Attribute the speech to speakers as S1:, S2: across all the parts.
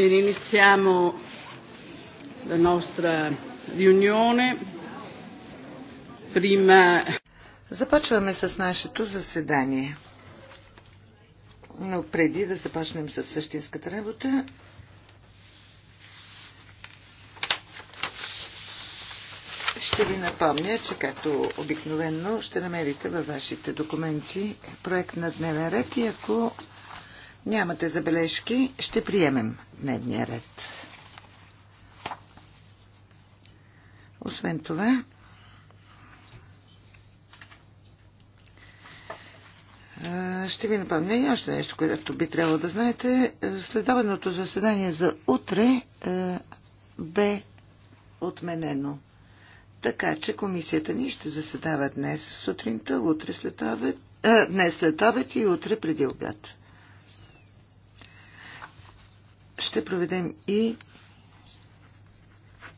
S1: Bene, iniziamo la nostra riunione. Prima...
S2: Започваме с нашето заседание. Но преди да започнем с същинската работа, ще ви напомня, че както обикновено ще намерите във вашите документи проект на дневен ред и ако Нямате забележки. Ще приемем дневния ред. Освен това, ще ви напомня и още нещо, което би трябвало да знаете. Следаваното заседание за утре бе отменено. Така че комисията ни ще заседава днес сутринта, утре след обед, а, днес след обед и утре преди обяд ще проведем и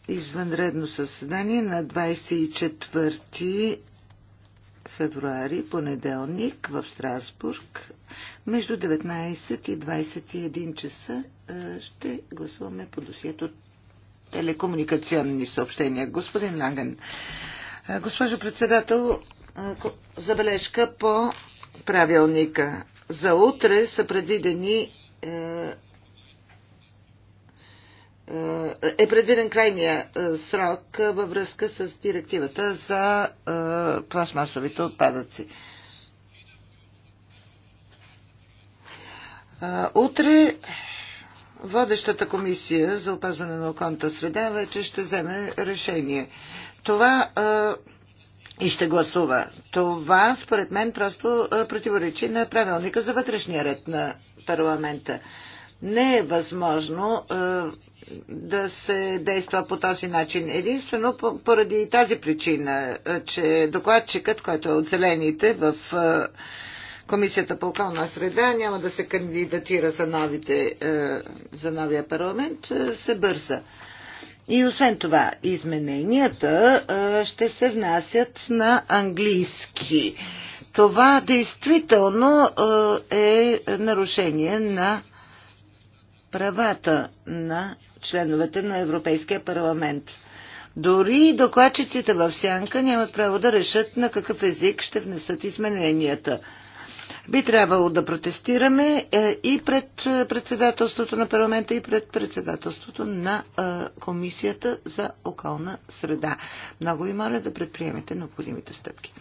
S2: извънредно съседание на 24 февруари, понеделник, в Страсбург. Между 19 и 21 часа ще гласуваме по досието телекомуникационни съобщения. Господин Ланген, госпожо председател, забележка по правилника. За утре са предвидени е, е предвиден крайния е, срок е, във връзка с директивата за е, пластмасовите отпадъци. Утре водещата комисия за опазване на оконта среда вече ще вземе решение. Това и ще гласува. Това, според мен, просто противоречи на правилника за вътрешния ред на парламента. Не е възможно да се действа по този начин. Единствено поради тази причина, е, че докладчикът, който е от зелените в е, Комисията по околна среда, няма да се кандидатира за, новите, е, за новия парламент, се бърза. И освен това, измененията ще се внасят на английски. Това действително е нарушение на правата на членовете на Европейския парламент. Дори докладчиците в сянка нямат право да решат на какъв език ще внесат измененията. Би трябвало да протестираме е, и пред е, председателството на парламента, и пред председателството на е, Комисията за околна среда. Много ви моля да предприемете необходимите стъпки.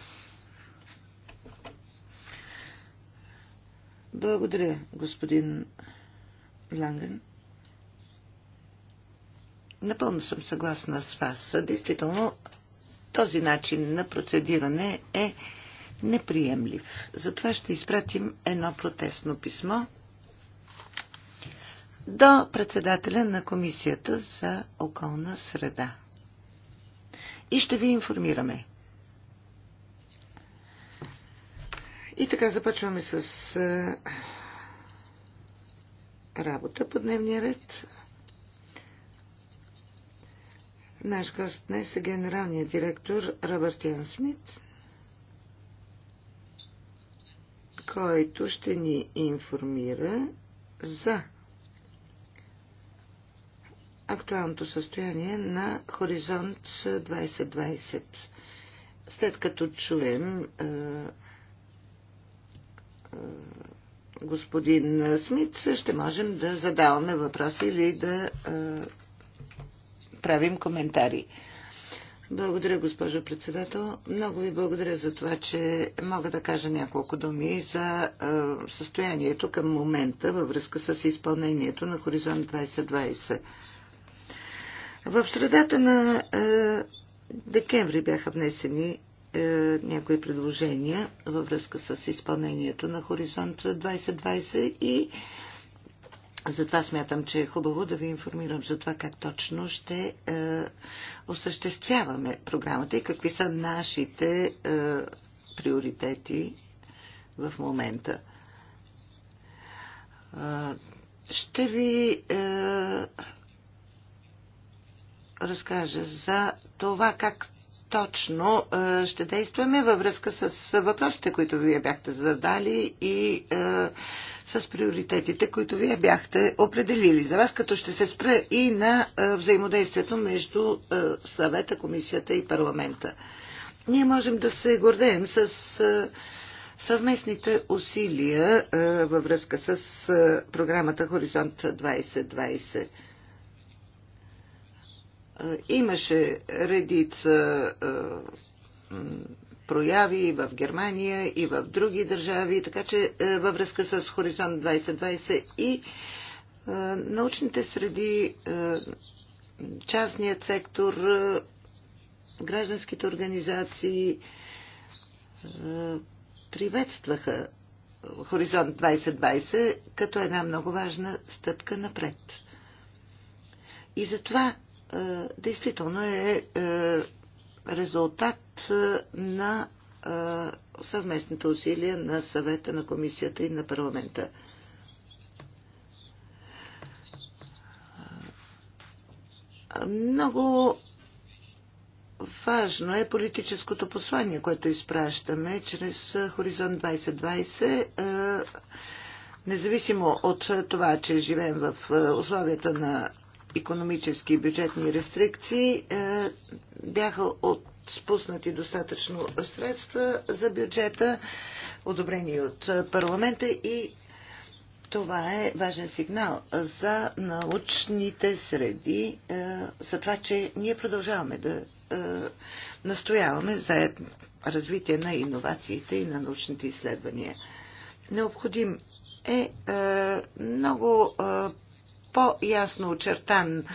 S2: Благодаря, господин Ланген. Напълно съм съгласна с вас. Действително, този начин на процедиране е неприемлив. Затова ще изпратим едно протестно писмо до председателя на Комисията за околна среда. И ще ви информираме. И така започваме с е, работа по дневния ред. Наш гост днес е генералният директор Робърт Ян Смит, който ще ни информира за актуалното състояние на Хоризонт 2020. След като чуем е, е, господин Смит, ще можем да задаваме въпроси или да е, правим коментари. Благодаря, госпожо председател. Много ви благодаря за това, че мога да кажа няколко думи за състоянието към момента във връзка с изпълнението на Хоризонт 2020. В средата на декември бяха внесени някои предложения във връзка с изпълнението на Хоризонт 2020 и затова смятам, че е хубаво да ви информирам за това как точно ще е, осъществяваме програмата и какви са нашите е, приоритети в момента. Е, ще ви е, разкажа за това как точно е, ще действаме във връзка с въпросите, които вие бяхте задали и е, с приоритетите, които вие бяхте определили за вас, като ще се спра и на е, взаимодействието между съвета, комисията и парламента. Ние можем да се гордеем с съвместните усилия във връзка с програмата Хоризонт 2020. Е, имаше редица е, прояви и в Германия, и в други държави, така че е, във връзка с Хоризонт 2020 и научните среди, частният сектор, гражданските организации приветстваха Хоризонт 2020 като една много важна стъпка напред. И затова е, действително е, е резултат е, на съвместните усилия на съвета, на комисията и на парламента. Много важно е политическото послание, което изпращаме чрез Хоризонт 2020. Независимо от това, че живеем в условията на економически и бюджетни рестрикции е, бяха отпуснати достатъчно средства за бюджета, одобрени от парламента и това е важен сигнал за научните среди, е, за това, че ние продължаваме да е, настояваме за развитие на иновациите и на научните изследвания. Необходим е много по-ясно очертан е,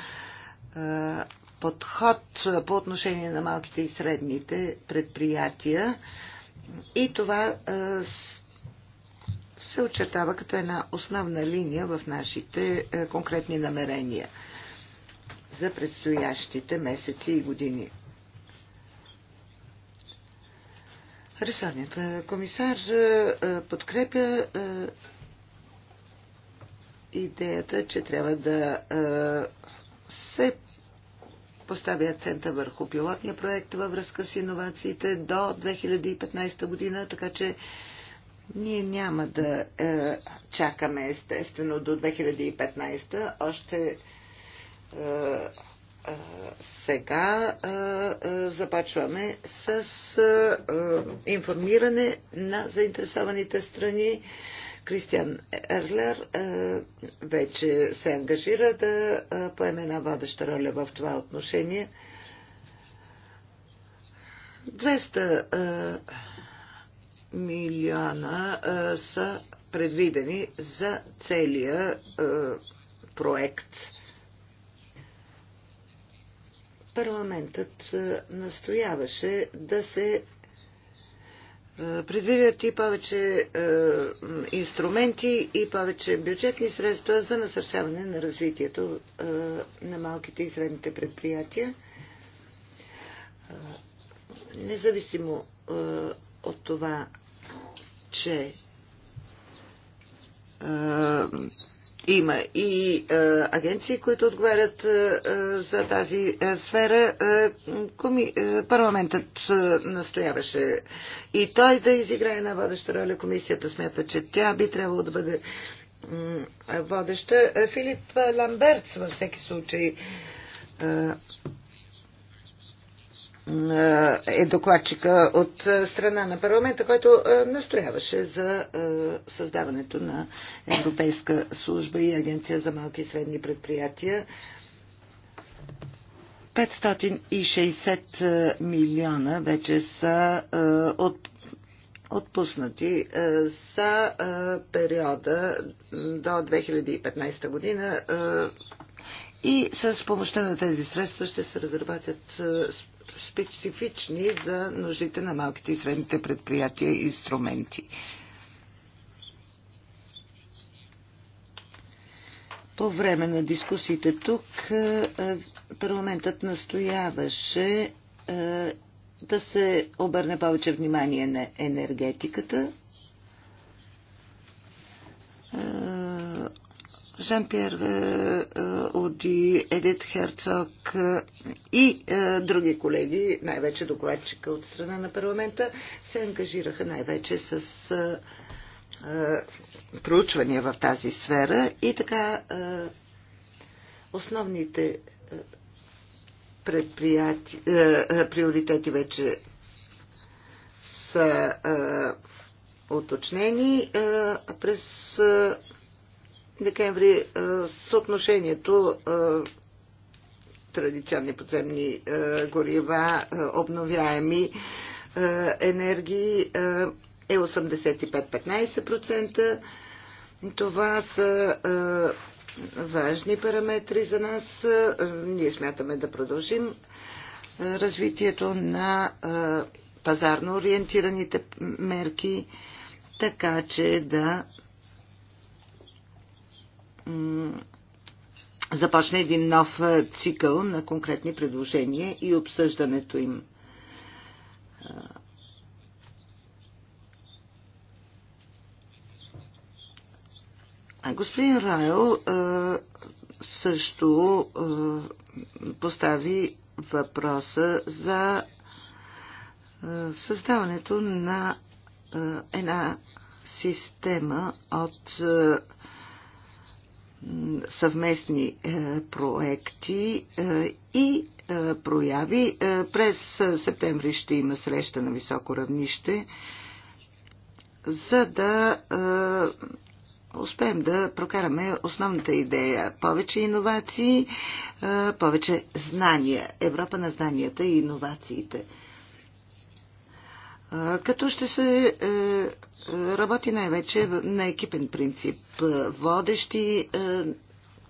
S2: подход по отношение на малките и средните предприятия и това е, се очертава като една основна линия в нашите е, конкретни намерения за предстоящите месеци и години. Ресорният комисар подкрепя идеята, че трябва да е, се поставя акцента върху пилотния проект във връзка с иновациите до 2015 година, така че ние няма да е, чакаме естествено до 2015. Още е, е, сега е, е, започваме с е, е информиране на заинтересованите страни. Е, Кристиан Ерлер е, вече се ангажира да е, поеме една водеща роля в това отношение. 200 е, милиона са предвидени за целия проект. Парламентът настояваше да се предвидят и повече е, инструменти и повече бюджетни средства за насърчаване на развитието е, на малките и средните предприятия. Е, независимо от това, че има и а, е, агенции, които отговарят а, е, е, за тази а, сфера. А, коми, а, парламентът а, настояваше и той да изиграе на водеща роля. Комисията смята, че тя би трябвало да бъде водеща. Филип Ламберц във всеки случай е докладчика от е, страна на парламента, който е, настояваше за е, създаването на Европейска служба и Агенция за малки и средни предприятия. 560 милиона вече са от отпуснати за периода до 2015 година и с помощта на тези средства ще се разработят специфични за нуждите на малките и средните предприятия и инструменти. По време на дискусиите тук е, парламентът настояваше е, да се обърне повече внимание на енергетиката е, Жан-Пьер е, е, Оди, Едит Херцог е, и други колеги, най-вече докладчика от страна на парламента, се ангажираха най-вече с проучвания в тази сфера и така основните предприяти... приоритети вече са уточнени през декември е, съотношението е, традиционни подземни е, горива, обновяеми енергии е 85-15%. Това са важни параметри за нас. Ние смятаме да продължим развитието на пазарно ориентираните мерки, така че да започне един нов цикъл на конкретни предложения и обсъждането им. А господин Райл също постави въпроса за създаването на една система от съвместни е, проекти е, и е, прояви. През септември ще има среща на високо равнище, за да успеем да прокараме основната идея повече иновации, повече знания, Европа на знанията и иновациите като ще се е, работи най-вече на екипен принцип. Е, водещи е,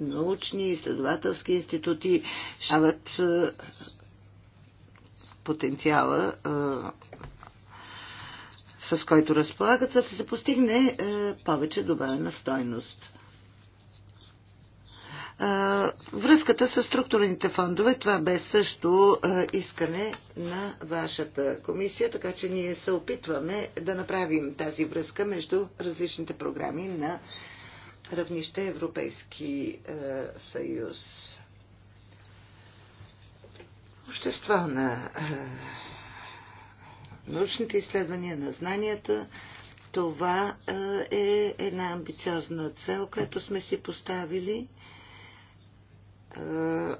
S2: научни изследователски институти шават потенциала, с който разполагат, за да се постигне повече добавена стойност. Връзката с структурните фондове, това бе също искане на вашата комисия, така че ние се опитваме да направим тази връзка между различните програми на равнище Европейски съюз. Общество на научните изследвания, на знанията, това е една амбициозна цел, която сме си поставили – е, е,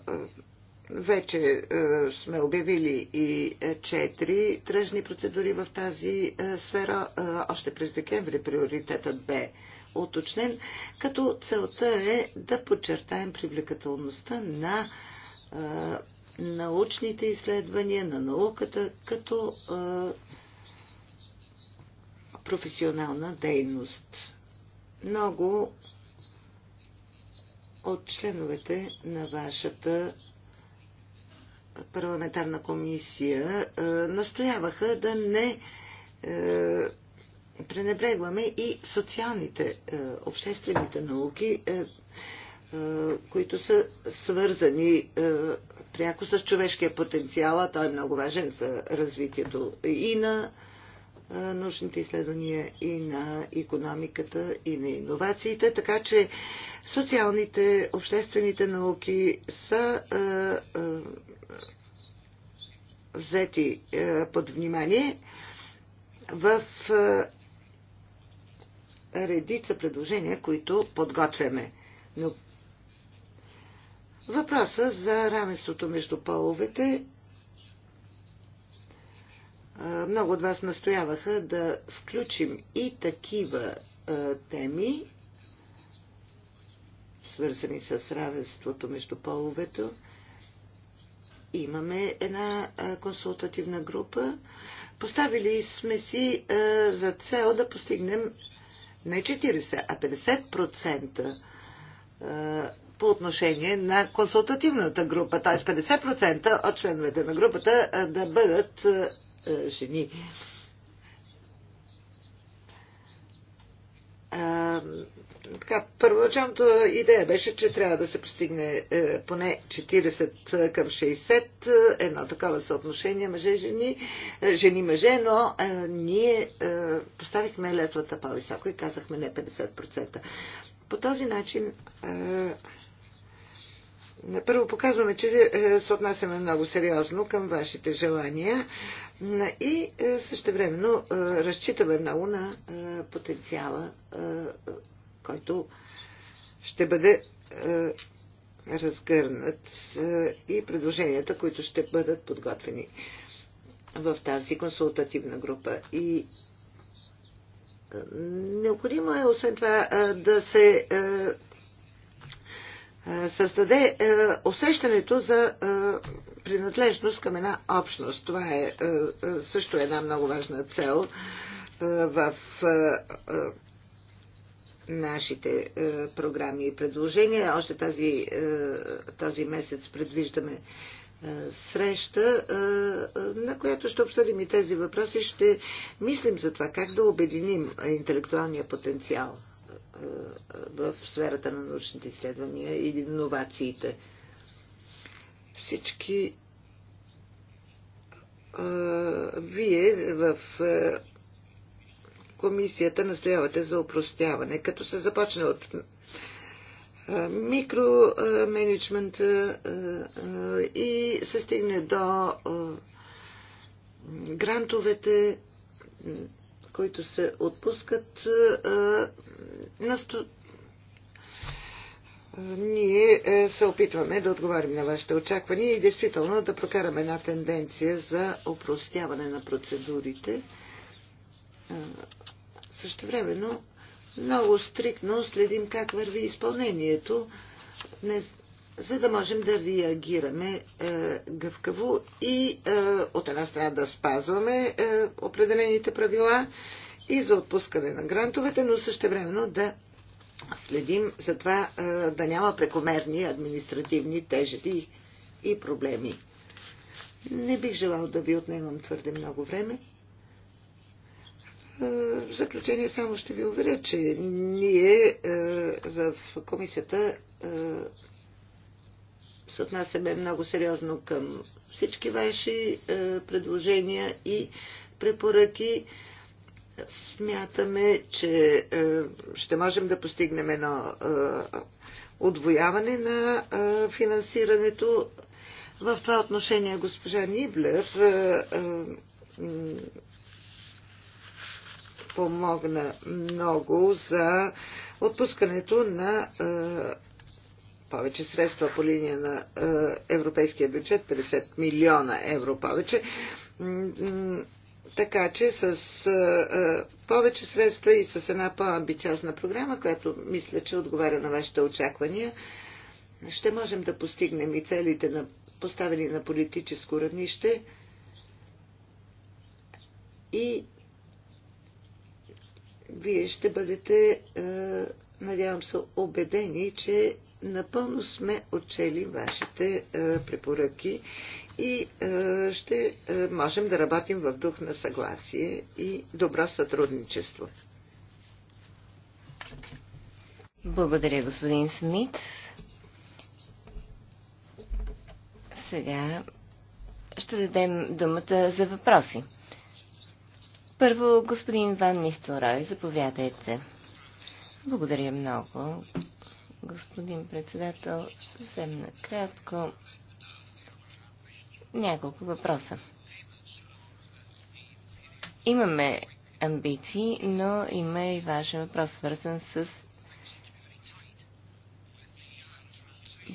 S2: вече е, сме обявили и четири тръжни процедури в тази сфера. Още през декември приоритетът бе уточнен, като целта е да подчертаем привлекателността на научните изследвания, на науката като професионална дейност. Много от членовете на вашата парламентарна комисия е, настояваха да не е, пренебрегваме и социалните, е, обществените науки, които са свързани пряко с човешкия потенциал, а той е много важен за развитието и на научните изследвания и на економиката и на иновациите, така че социалните, обществените науки са взети под внимание в редица предложения, които подготвяме. Но въпроса за равенството между половете много от вас настояваха да включим и такива теми, свързани с равенството между половето, Имаме една консултативна група. Поставили сме си за цел да постигнем не 40, а 50% по отношение на консултативната група, т.е. 50% от членовете на групата да бъдат е, жени. А, така, първоначалната идея беше, че трябва да се постигне е, поне 40 е, към 60, е, едно такова съотношение мъже-жени, жени-мъже, но е, ние е, поставихме летвата по-високо и казахме не 50%. По този начин е, първо показваме, че е, се отнасяме много сериозно към вашите желания и е, също времено е, разчитаме много на потенциала, който ще бъде разгърнат и предложенията, които ще бъдат подготвени в тази консултативна група. И Необходимо е, освен това, да се създаде усещането за принадлежност към една общност. Това е също една много важна цел в нашите програми и предложения. Още тази, този месец предвиждаме среща, на която ще обсъдим и тези въпроси. Ще мислим за това как да обединим интелектуалния потенциал в сферата на научните изследвания и иновациите. Всички вие в комисията настоявате за упростяване, като се започне от микроменеджмент и се стигне до грантовете, които се отпускат на сто... Ние е, се опитваме да отговарим на вашите очаквания и действително да прокараме една тенденция за опростяване на процедурите. Също времено много стриктно следим как върви изпълнението. Не, за да можем да реагираме е, гъвкаво и е, от една страна да спазваме е, определените правила и за отпускане на грантовете, но времено да следим за това е, да няма прекомерни административни тежести и проблеми. Не бих желал да ви отнемам твърде много време. Е, в заключение само ще ви уверя, че ние е, в комисията е, се отнасяме много сериозно към всички ваши е, предложения и препоръки. Смятаме, че е, ще можем да постигнем едно е, отвояване на финансирането. В това отношение госпожа Ниблер помогна много за отпускането на повече средства по линия на е, европейския бюджет, 50 милиона евро повече. Така че с а, е, е, повече средства и с една по-амбициозна програма, която мисля, че отговаря на вашите очаквания, ще можем да постигнем и целите на поставени на политическо равнище и вие ще бъдете, надявам се, убедени, че напълно сме отчели вашите е, препоръки и е, ще е, можем да работим в дух на съгласие и добро сътрудничество.
S3: Благодаря, господин Смит. Сега ще дадем думата за въпроси. Първо, господин Ван Нистелрой, заповядайте. Благодаря много, господин председател. Съвсем накратко няколко въпроса. Имаме амбиции, но има и важен въпрос, свързан с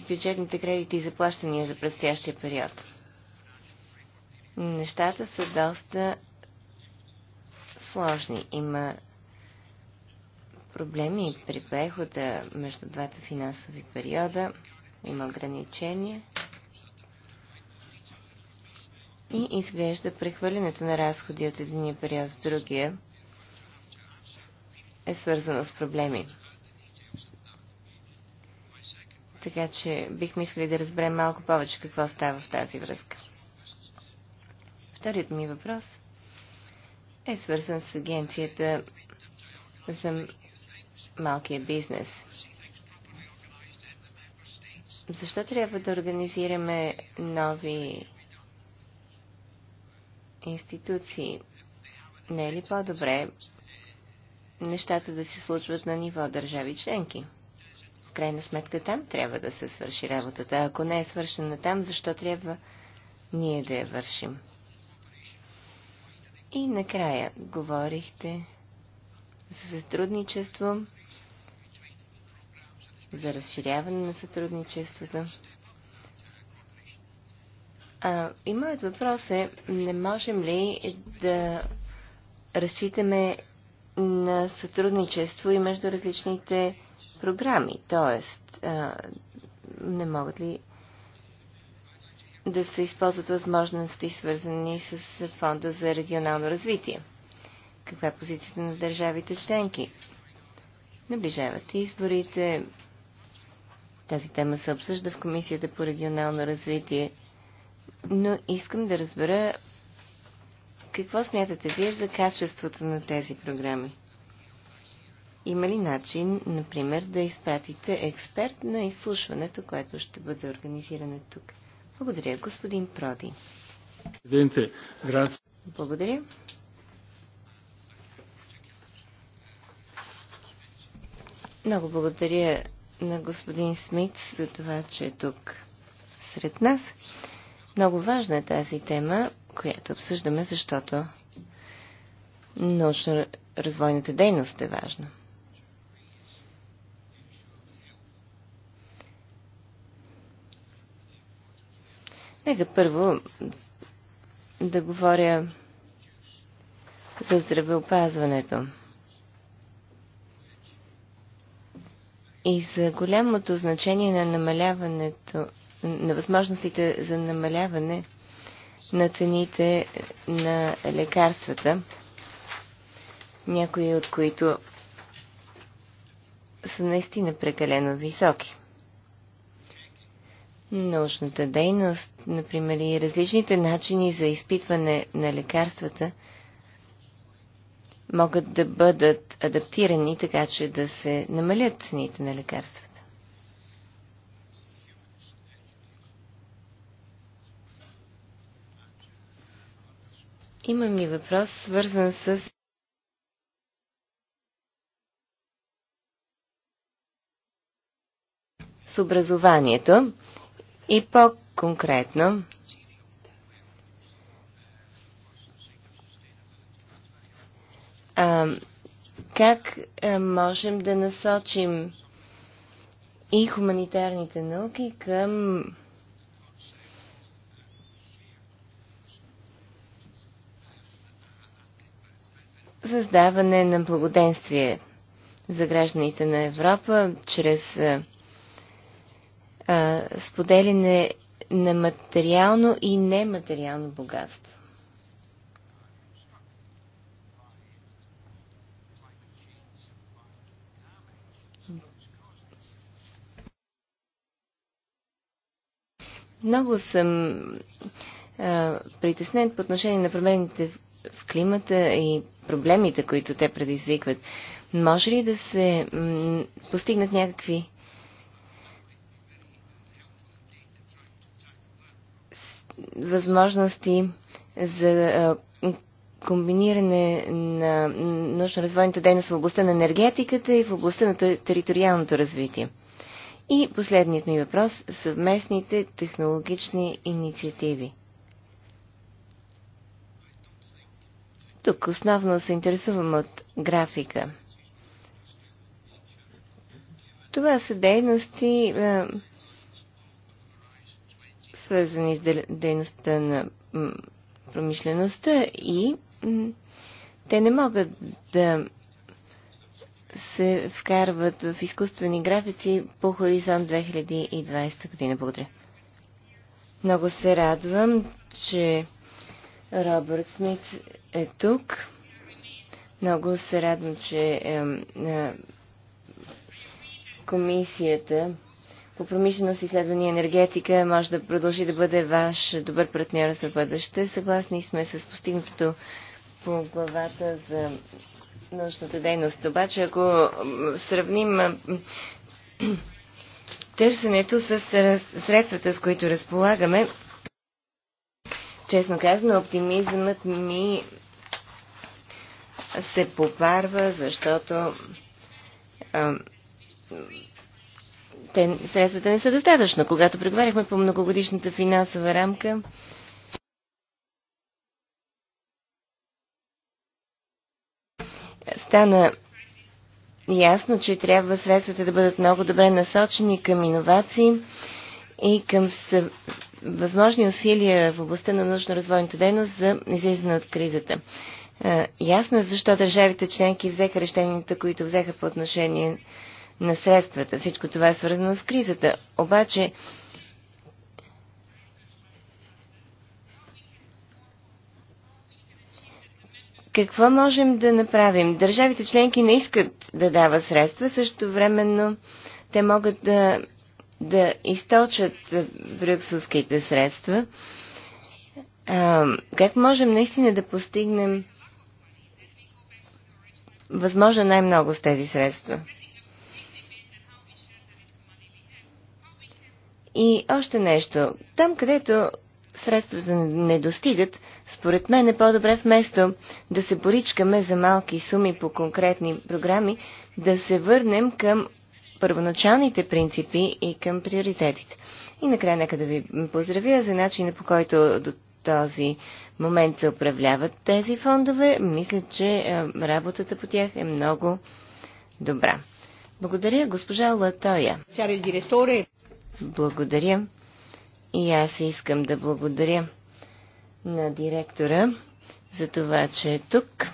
S3: бюджетните кредити и заплащания за предстоящия период. Нещата са доста сложни. Има проблеми при прехода между двата финансови периода. Има ограничения. И изглежда прехвърлянето на разходи от единия период в другия е свързано с проблеми. Така че бихме искали да разберем малко повече какво става в тази връзка. Вторият ми въпрос е свързан с агенцията за малкия бизнес. Защо трябва да организираме нови институции? Не е ли по-добре нещата да се случват на ниво държави членки? В крайна сметка там трябва да се свърши работата. ако не е свършена там, защо трябва ние да я вършим? И накрая говорихте за сътрудничество за разширяване на сътрудничеството. А, и моят въпрос е, не можем ли да разчитаме на сътрудничество и между различните програми? Тоест, а, не могат ли да се използват възможности, свързани с Фонда за регионално развитие? Каква е позицията на държавите членки? Наближават изборите, тази тема се обсъжда в Комисията по регионално развитие. Но искам да разбера какво смятате вие за качеството на тези програми. Има ли начин, например, да изпратите експерт на изслушването, което ще бъде организирано тук? Благодаря, господин Проди. Благодаря. Много благодаря на господин Смит за това, че е тук сред нас. Много важна е тази тема, която обсъждаме, защото научно-развойната дейност е важна. Нека първо да говоря за здравеопазването. и за голямото значение на намаляването, на възможностите за намаляване на цените на лекарствата, някои от които са наистина прекалено високи. Научната дейност, например, и различните начини за изпитване на лекарствата – могат да бъдат адаптирани така, че да се намалят цените на лекарствата. Имам и въпрос, свързан с с образованието и по-конкретно А, как а, можем да насочим и хуманитарните науки към създаване на благоденствие за гражданите на Европа чрез а, а, споделяне на материално и нематериално богатство. Много съм а, притеснен по отношение на промените в, климата и проблемите, които те предизвикват. Може ли да се постигнат някакви възможности за комбиниране на научно-развойната дейност в областта на енергетиката и в областта на териториалното развитие? И последният ми въпрос – съвместните технологични инициативи. Тук основно се интересувам от графика. Това са дейности, е, свързани с дейността на промишлеността и те не могат да се вкарват в изкуствени графици по хоризонт 2020 година. Благодаря. Много се радвам, че Робърт Смит е тук. Много се радвам, че е, е, комисията по промишленост, изследване и енергетика може да продължи да бъде ваш добър партньор за бъдеще. Съгласни сме с постигнатото по главата за научната дейност. Обаче, ако сравним търсенето с средствата, с които разполагаме, честно казано, оптимизмът ми се попарва, защото а, те, средствата не са достатъчно. Когато преговаряхме по многогодишната финансова рамка, стана ясно, че трябва средствата да бъдат много добре насочени към иновации и към възможни усилия в областта на научно-развойната дейност за излизане от кризата. Ясно е защо държавите членки взеха решенията, които взеха по отношение на средствата. Всичко това е свързано с кризата. Обаче Какво можем да направим? Държавите членки не искат да дават средства, също времено те могат да, да източат брюкселските средства. А, как можем наистина да постигнем възможно най-много с тези средства? И още нещо. Там, където средствата не достигат, според мен е по-добре вместо да се поричкаме за малки суми по конкретни програми, да се върнем към първоначалните принципи и към приоритетите. И накрая нека да ви поздравя за начина по който до този момент се управляват тези фондове. Мисля, че е, работата по тях е много добра. Благодаря, госпожа Латоя. Е Благодаря. И аз искам да благодаря на директора за това, че е тук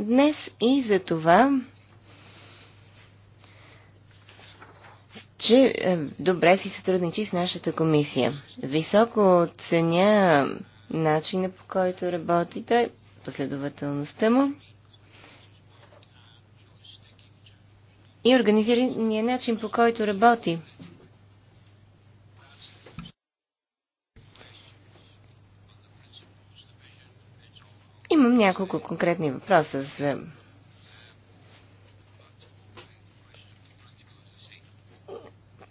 S3: днес и за това, че е, добре си сътрудничи с нашата комисия. Високо оценя начина по който работи той, последователността му и организирания начин по който работи. Имам няколко конкретни въпроса за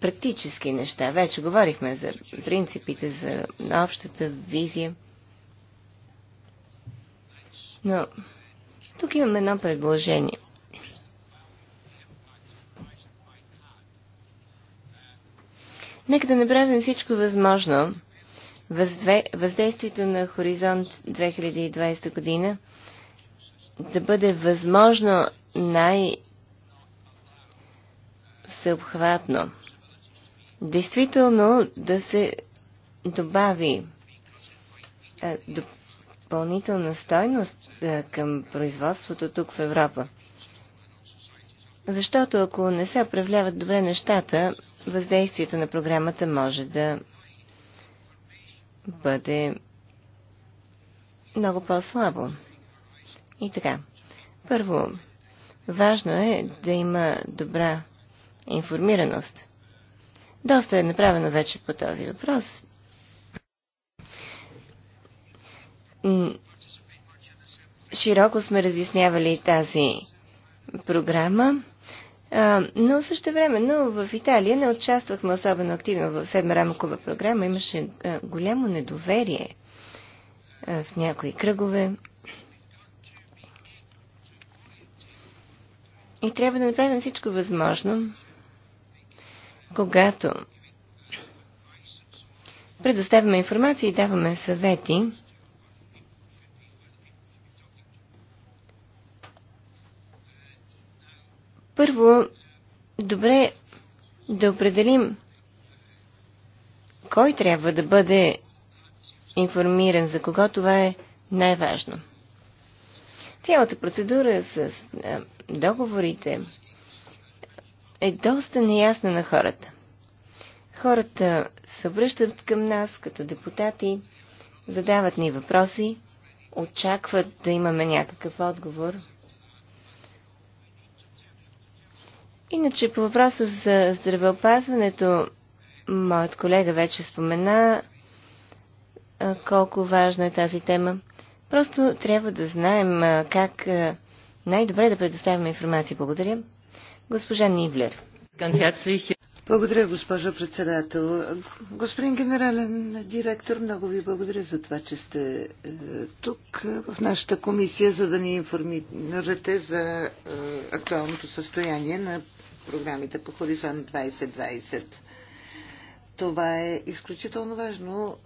S3: практически неща. Вече говорихме за принципите, за общата визия. Но тук имам едно предложение. Нека да направим всичко възможно, въздействието на Хоризонт 2020 година да бъде възможно най- всеобхватно. Действително да се добави а, допълнителна стойност а, към производството тук в Европа. Защото ако не се управляват добре нещата, въздействието на програмата може да бъде много по-слабо. И така. Първо, важно е да има добра информираност. Доста е направено вече по този въпрос. Широко сме разяснявали тази програма но също но в Италия не участвахме особено активно в седма рамкова програма. Имаше голямо недоверие в някои кръгове. И трябва да направим всичко възможно, когато предоставяме информация и даваме съвети, първо, добре да определим кой трябва да бъде информиран, за кого това е най-важно. Цялата процедура с а, е, договорите е доста неясна на хората. Хората се обръщат към нас като депутати, задават ни въпроси, очакват да имаме някакъв отговор – Иначе по въпроса за здравеопазването, моят колега вече спомена колко важна е тази тема. Просто трябва да знаем как най-добре да предоставяме информация. Благодаря. Госпожа Нивлер. Благодаря, госпожо председател.
S2: Господин генерален директор, много ви благодаря за това, че сте е, тук е, в нашата комисия, за да ни информирате за е, актуалното състояние на програмите по Хоризонт 2020. Това е изключително важно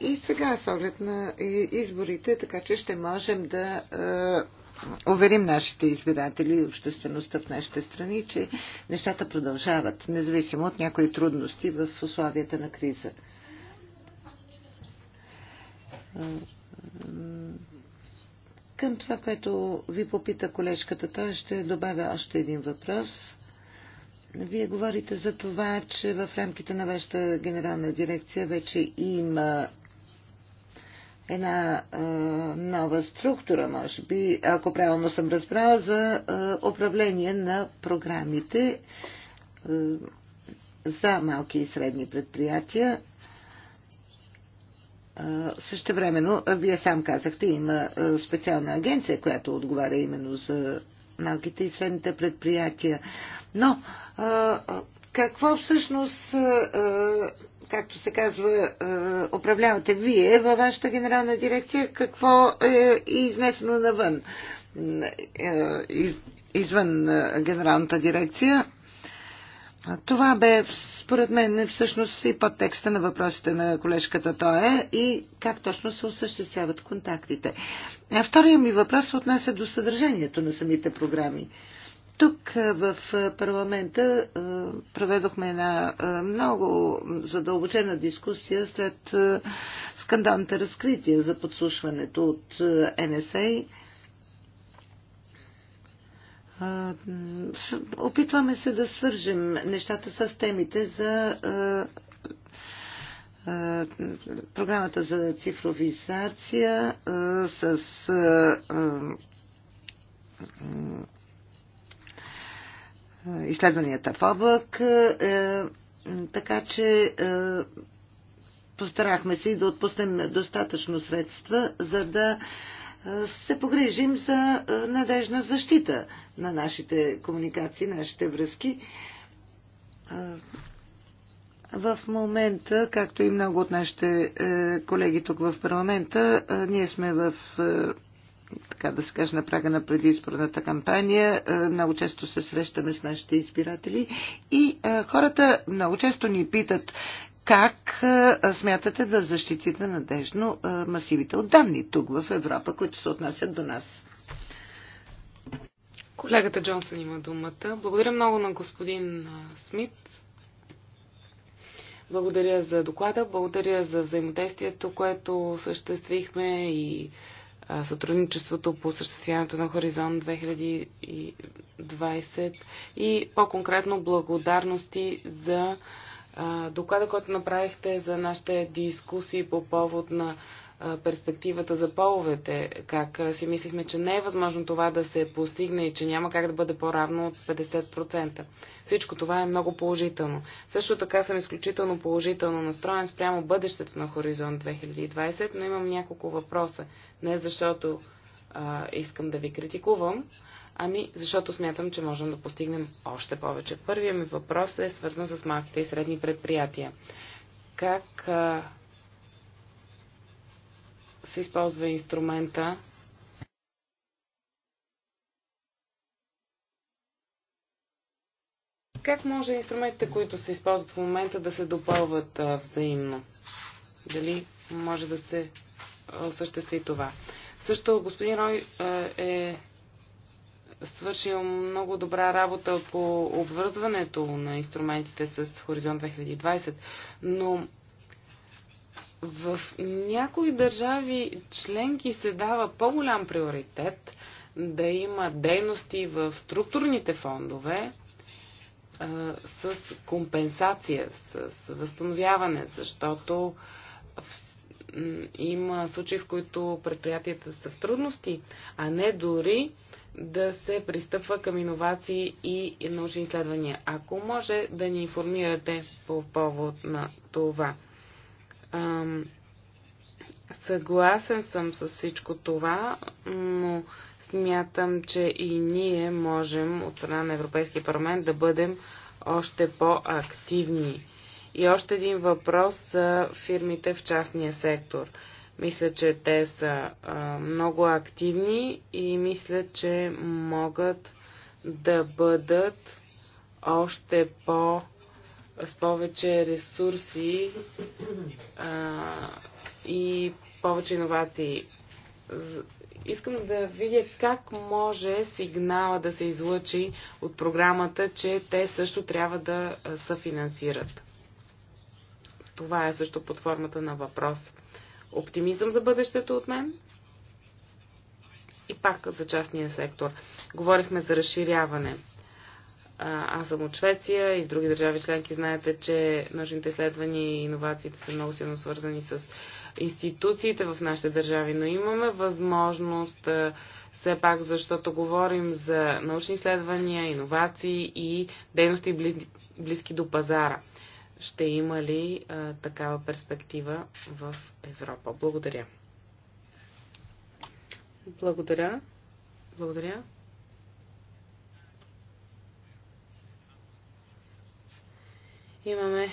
S2: и сега с оглед на изборите, така че ще можем да уверим нашите избиратели и обществеността в нашите страни, че нещата продължават, независимо от някои трудности в условията на криза. Към това, което ви попита колежката, той ще добавя още един въпрос. Вие говорите за това, че в рамките на вашата генерална дирекция вече има една а, нова структура, може би, ако правилно съм разбрала, за а, управление на програмите а, за малки и средни предприятия. Също времено, вие сам казахте, има специална агенция, която отговаря именно за малките и средните предприятия. Но какво всъщност, както се казва, управлявате вие във вашата генерална дирекция, какво е изнесено навън? Е, извън генералната дирекция, това бе, според мен, всъщност и подтекста на въпросите на колежката Тоя и как точно се осъществяват контактите. А втория ми въпрос се отнася до съдържанието на самите програми. Тук в парламента проведохме една много задълбочена дискусия след скандалните разкрития за подслушването от НСА Опитваме се да свържем нещата с темите за програмата за цифровизация с изследванията в облак, така че постарахме се и да отпуснем достатъчно средства, за да се погрижим за надежна защита на нашите комуникации, нашите връзки. В момента, както и много от нашите е, колеги тук в парламента, е, ние сме в е, така да се каже, на прага на предизборната кампания. Много често се срещаме с нашите избиратели и хората много често ни питат как смятате да защитите надежно масивите от данни тук в Европа, които се отнасят до нас?
S1: Колегата Джонсън има думата. Благодаря много на господин Смит. Благодаря за доклада, благодаря за взаимодействието, което съществихме и сътрудничеството по съществяването на Хоризонт 2020 и по-конкретно благодарности за доклада, който направихте за нашите дискусии по повод на перспективата за половете, как си мислихме, че не е възможно това да се постигне и че няма как да бъде по-равно от 50%. Всичко това е много положително. Също така съм изключително положително настроен спрямо бъдещето на Хоризонт 2020, но имам няколко въпроса. Не защото а, искам да ви критикувам, Ами, защото смятам, че можем да постигнем още повече. Първият ми въпрос е свързан с малките и средни предприятия. Как а, се използва инструмента Как може инструментите, които се използват в момента, да се допълват а, взаимно? Дали може да се осъществи това? Също господин Рой е свършил много добра работа по обвързването на инструментите с Хоризонт 2020, но в някои държави членки се дава по-голям приоритет да има дейности в структурните фондове а, с компенсация, с възстановяване, защото в, има случаи, в които предприятията са в трудности, а не дори да се пристъпва към иновации и научни изследвания. Ако може да ни информирате по повод на това. Ам, съгласен съм с всичко това, но смятам, че и ние можем от страна на Европейския парламент да бъдем още по-активни. И още един въпрос за фирмите в частния сектор – мисля, че те са а, много активни и мисля, че могат да бъдат още по с повече ресурси а, и повече иновации. Искам да видя как може сигнала да се излъчи от програмата, че те също трябва да съфинансират. Това е също под формата на въпрос оптимизъм за бъдещето от мен. И пак за частния сектор. Говорихме за разширяване. Аз съм от Швеция и в други държави членки знаете, че научните изследвания и иновациите са много силно свързани с институциите в нашите държави, но имаме възможност, все пак, защото говорим за научни изследвания, иновации и дейности близки до пазара – ще има ли а, такава перспектива в Европа. Благодаря. Благодаря. Благодаря. Имаме.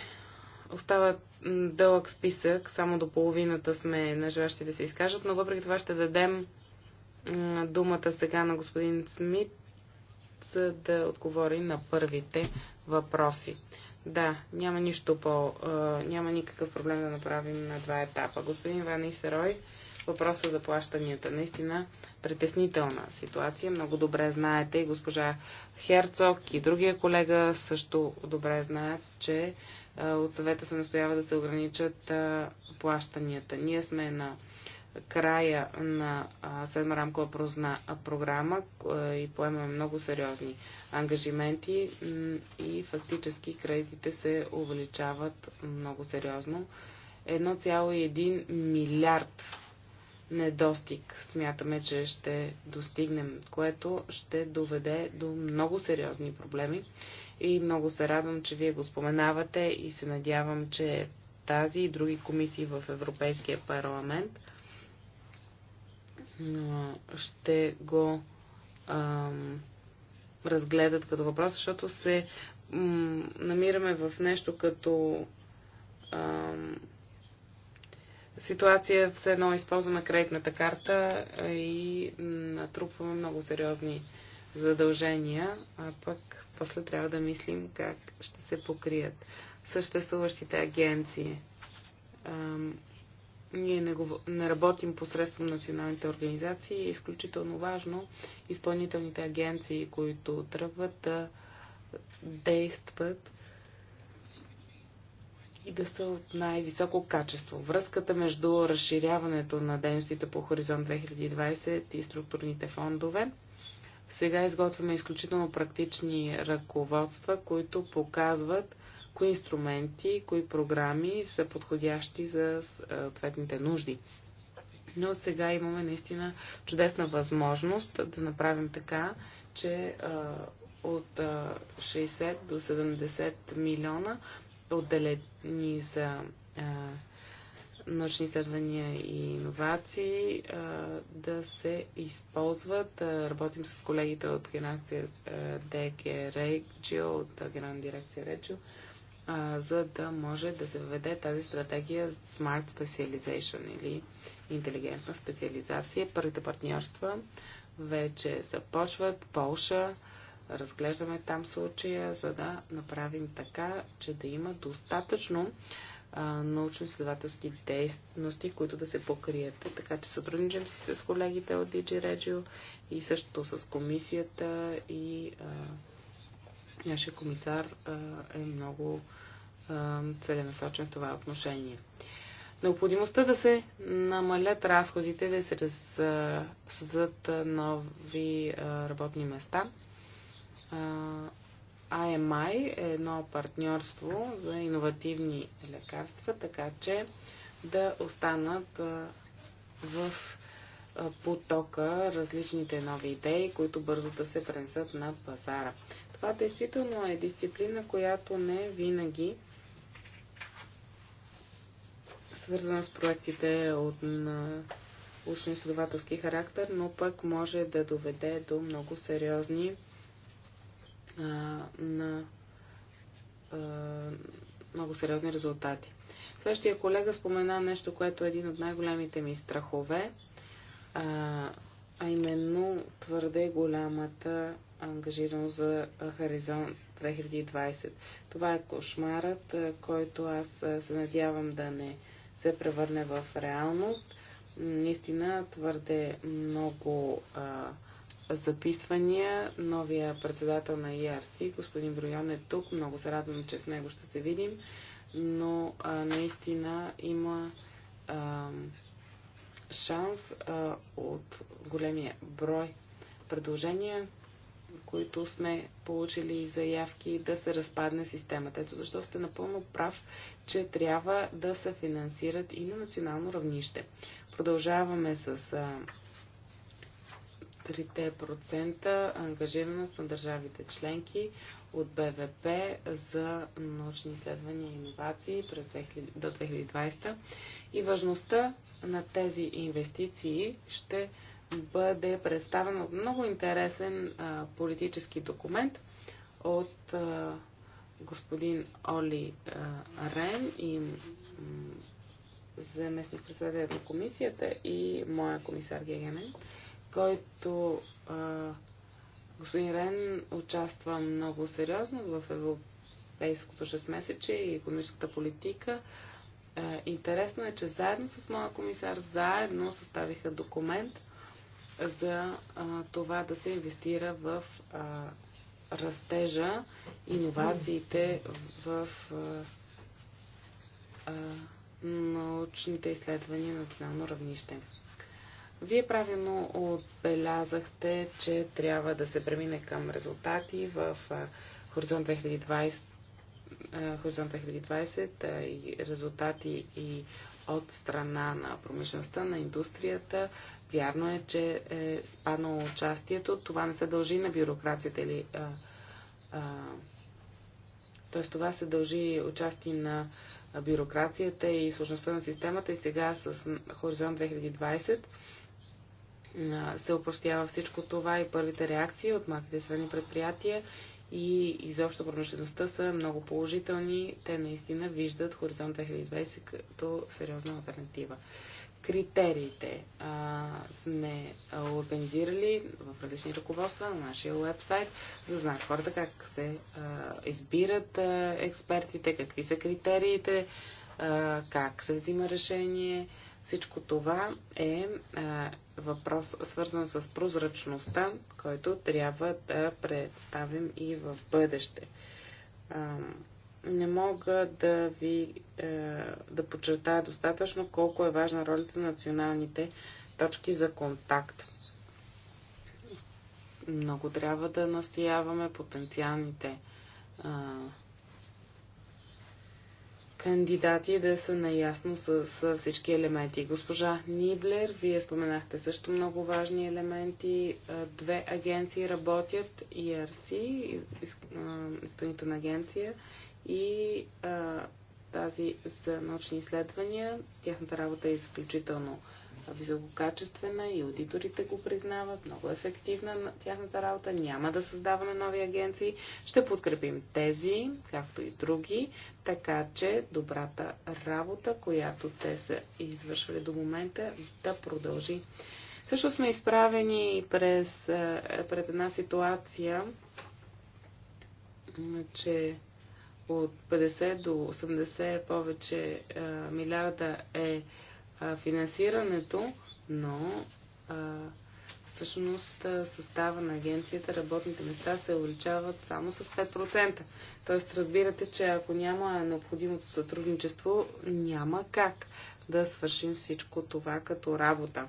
S1: Остава дълъг списък, само до половината сме на желащи да се изкажат, но въпреки това ще дадем думата сега на господин Смит, за да отговори на първите въпроси. Да, няма нищо по... А, няма никакъв проблем да направим на два етапа. Господин Иван Исерой, въпроса за плащанията. Наистина притеснителна ситуация. Много добре знаете и госпожа Херцог и другия колега също добре знаят, че а, от съвета се настоява да се ограничат а, плащанията. Ние сме на края на седма рамкова прозна, програма и поемаме много сериозни ангажименти и фактически кредитите се увеличават много сериозно. 1,1 милиард недостиг смятаме, че ще достигнем, което ще доведе до много сериозни проблеми. И много се радвам, че вие го споменавате и се надявам, че тази и други комисии в Европейския парламент – ще го ам, разгледат като въпрос, защото се намираме в нещо като ам, ситуация, все едно използваме кредитната карта и натрупваме много сериозни задължения, а пък после трябва да мислим как ще се покрият съществуващите агенции. Ам, ние не, го, не работим посредством националните организации, е изключително важно изпълнителните агенции, които тръгват да действат и да са от най-високо качество. Връзката между разширяването на дейностите по Хоризонт 2020 и структурните фондове. Сега изготвяме изключително практични ръководства, които показват кои инструменти, кои програми са подходящи за е, ответните нужди. Но сега имаме наистина чудесна възможност да направим така, че а, е, от а, е, 60 до 70 милиона отделени за а, научни изследвания и иновации да се използват. Работим с колегите от генерация ДГ Регио, от генерална дирекция Регио, а, за да може да се въведе тази стратегия Smart Specialization или интелигентна специализация. Първите партньорства вече започват. Полша, разглеждаме там случая, за да направим така, че да има достатъчно научно-изследователски действности, които да се покрият. Така че сътрудничам си с колегите от DG Regio и също с комисията и а, Нашия комисар е много целенасочен в това отношение. Необходимостта да се намалят разходите, да се създадат нови работни места. IMI е едно партньорство за иновативни лекарства, така че да останат в потока различните нови идеи, които бързо да се пренесат на пазара. Това действително е дисциплина, която не е винаги свързана с проектите от учно изследователски характер, но пък може да доведе до много сериозни а, на а, много сериозни резултати. Следващия колега спомена нещо, което е един от най-големите ми страхове. А, а именно твърде голямата ангажираност за Хоризонт 2020. Това е кошмарът, който аз се надявам да не се превърне в реалност. Наистина твърде много а, записвания. Новия председател на ERC, господин Бройон е тук. Много се радвам, че с него ще се видим. Но а, наистина има а, шанс а, от големия брой предложения, които сме получили заявки да се разпадне системата. Ето защо сте напълно прав, че трябва да се финансират и на национално равнище. Продължаваме с а, 3% ангажираност на държавите членки от БВП за научни изследвания и иновации през 2000, до 2020 и важността на тези инвестиции ще бъде представен от много интересен а, политически документ от а, господин Оли а, Рен и заместник председател на комисията и моя комисар Гегенен който а, господин Рен участва много сериозно в европейското 6 месече и економическата политика. А, интересно е, че заедно с моя комисар, заедно съставиха документ за а, това да се инвестира в а, растежа, иновациите в а, а, научните изследвания на национално равнище. Вие правилно отбелязахте, че трябва да се премине към резултати в Хоризонт 2020, Хоризонт 2020 и резултати и от страна на промишлеността, на индустрията. Вярно е, че е спаднало участието. Това не се дължи на бюрокрацията или. Тоест това се дължи участие на бюрокрацията и сложността на системата и сега с Хоризонт 2020 се упростява всичко това и първите реакции от малките и средни предприятия и изобщо промишлеността са много положителни. Те наистина виждат Хоризонт 2020 като сериозна альтернатива. Критериите а, сме организирали в различни ръководства на нашия вебсайт, за да знаят хората как се а, избират а, експертите, какви са критериите, а, как се взима решение. Всичко това е а, въпрос, свързан с прозрачността, който трябва да представим и в бъдеще. Не мога да ви е, да подчертая достатъчно колко е важна ролята на националните точки за контакт. Много трябва да настояваме потенциалните кандидати да са наясно с, с всички елементи. Госпожа Нидлер, вие споменахте също много важни елементи. Две агенции работят, ERC, изпълнителна агенция и а, тази за научни изследвания. Тяхната работа е изключително висококачествена и аудиторите го признават, много ефективна на тяхната работа, няма да създаваме нови агенции. Ще подкрепим тези, както и други, така че добрата работа, която те са извършвали до момента, да продължи. Също сме изправени през, пред една ситуация, че от 50 до 80 повече милиарда е а, финансирането, но а, всъщност състава на агенцията, работните места се увеличават само с 5%. Тоест разбирате, че ако няма необходимото сътрудничество, няма как да свършим всичко това като работа.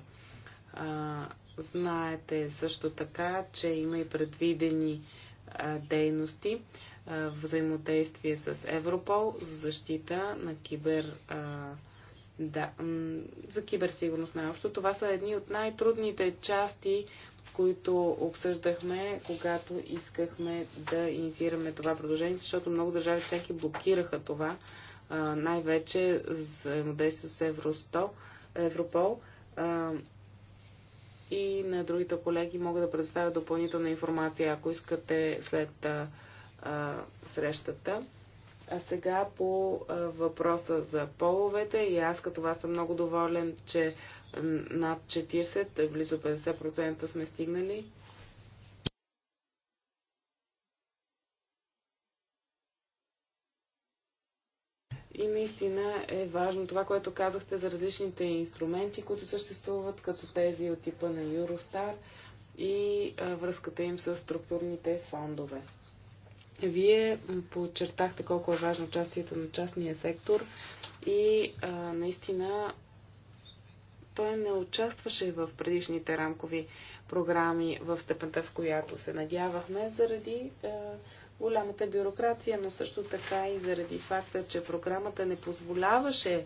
S1: А, знаете също така, че има и предвидени а, дейности а, взаимодействие с Европол за защита на кибер. А, да, за киберсигурност най-общо. Това са едни от най-трудните части, които обсъждахме, когато искахме да инициираме това продължение, защото много държави всеки блокираха това, най-вече взаимодействие с Евросто, Европол. И на другите колеги мога да предоставя допълнителна информация, ако искате след срещата. А сега по въпроса за половете и аз като вас съм много доволен, че над 40, близо 50% сме стигнали. И наистина е важно това, което казахте за различните инструменти, които съществуват, като тези от типа на Юростар и а, връзката им с структурните фондове. Вие подчертахте колко е важно участието на частния сектор и а, наистина той не участваше в предишните рамкови програми в степента, в която се надявахме, заради а, голямата бюрокрация, но също така и заради факта, че програмата не позволяваше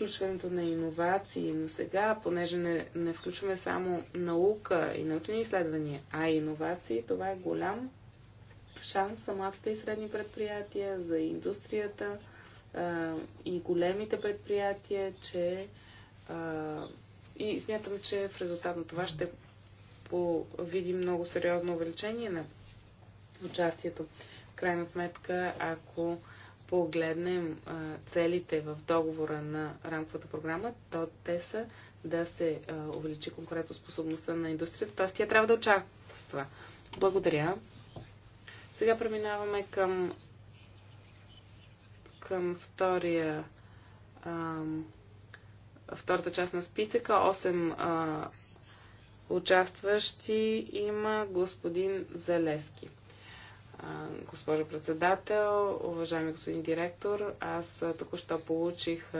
S1: включването на иновации, но сега, понеже не, не включваме само наука и научни изследвания, а иновации, това е голям шанс за малките и средни предприятия, за индустрията а, и големите предприятия, че а, и смятам, че в резултат на това ще видим много сериозно увеличение на участието. В крайна сметка, ако погледнем целите в договора на рамковата програма, то те са да се увеличи конкурентоспособността на индустрията, т.е. тя трябва да участва. Благодаря. Сега преминаваме към, към втория, втората част на списъка. 8 а, участващи има господин Залески госпожо председател, уважаеми господин директор. Аз току-що получих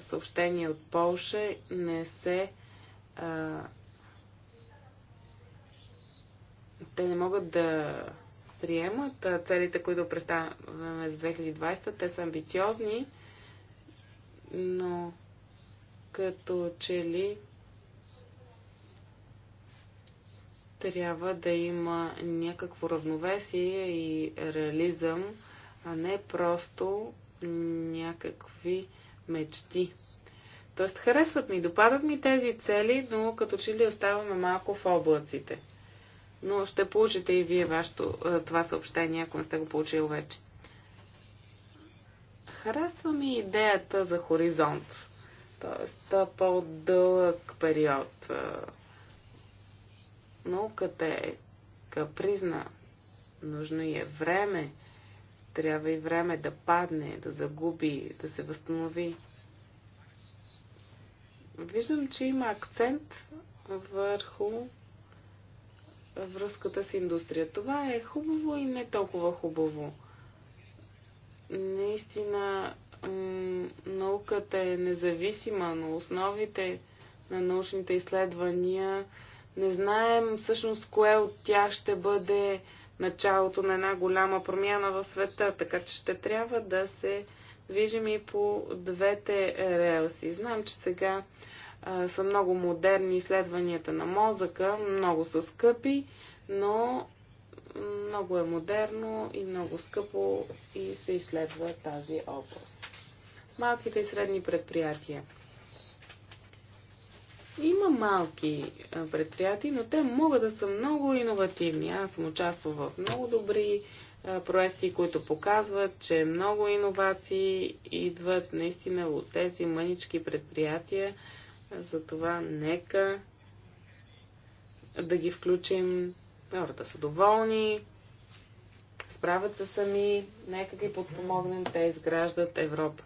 S1: съобщение от Полша. Не се. А, те не могат да приемат целите, които представяме за 2020. Те са амбициозни, но като че ли трябва да има някакво равновесие и реализъм, а не просто някакви мечти. Тоест, харесват ми, допадат ми тези цели, но като че ли оставаме малко в облаците. Но ще получите и вие вашето, е, това съобщение, ако не сте го получили вече. Харесва ми идеята за хоризонт. Тоест, по-дълъг период е, Науката е капризна, нужно и е време. Трябва и време да падне, да загуби, да се възстанови. Виждам, че има акцент върху връзката с индустрия. Това е хубаво и не толкова хубаво. Наистина, науката е независима, но основите на научните изследвания не знаем всъщност кое от тях ще бъде началото на една голяма промяна в света, така че ще трябва да се движим и по двете релси. Знам, че сега а, са много модерни изследванията на мозъка, много са скъпи, но много е модерно и много скъпо и се изследва тази област. Малките и средни предприятия. Има малки предприятия, но те могат да са много иновативни. Аз съм участвал в много добри проекти, които показват, че много иновации идват наистина от тези мънички предприятия. Затова нека да ги включим. Хората са доволни, справят се сами, нека ги подпомогнем, те изграждат Европа.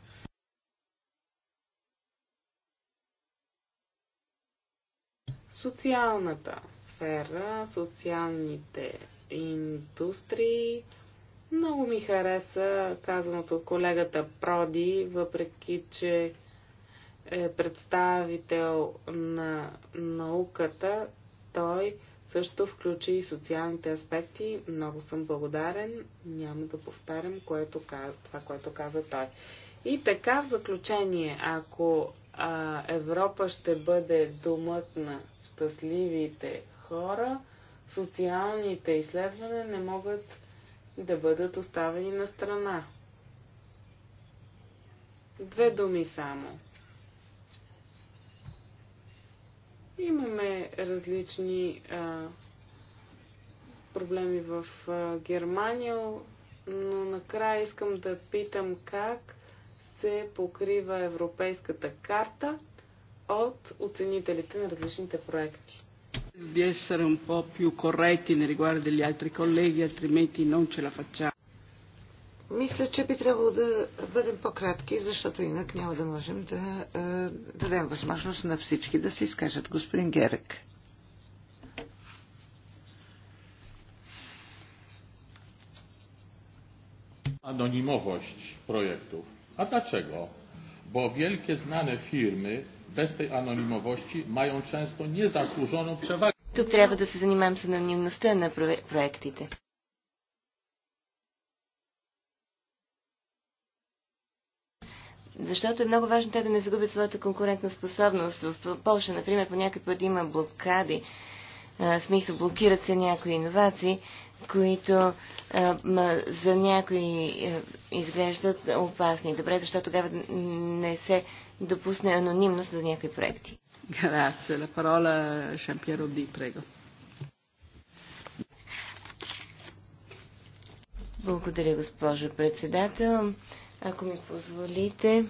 S1: социалната сфера, социалните индустрии. Много ми хареса казаното от колегата Проди, въпреки че е представител на науката, той също включи и социалните аспекти. Много съм благодарен. Няма да повтарям което, това, което каза той. И така, в заключение, ако а, Европа ще бъде домът на щастливите хора, социалните изследвания не могат да бъдат оставени на страна. Две думи само. Имаме различни а, проблеми в а, Германия, но накрая искам да питам как се покрива европейската карта от оценителите на различните проекти. Di essere un po' più corretti nei riguardi degli altri colleghi, altrimenti non ce la facciamo. Мисля,
S2: че би трябвало да бъдем по-кратки, защото инак няма да можем да е, дадем възможност на всички да се изкажат. Господин Герек. Анонимовост проектов. A dlaczego? Bo wielkie znane firmy bez tej anonimowości mają często
S1: niezasłużoną przewagę.
S3: Tu trzeba da се zanimam с анонимността на projektite. Защото е много важно те да не загубят своята конкурентна способност. В Польша, например, по някакъв път има блокади в смисъл блокират се някои иновации, които за някои изглеждат опасни. Добре, защото тогава не се допусне анонимност за някои проекти? Grazie. La parola Jean-Pierre prego. Благодаря, госпожо председател. Ако ми позволите,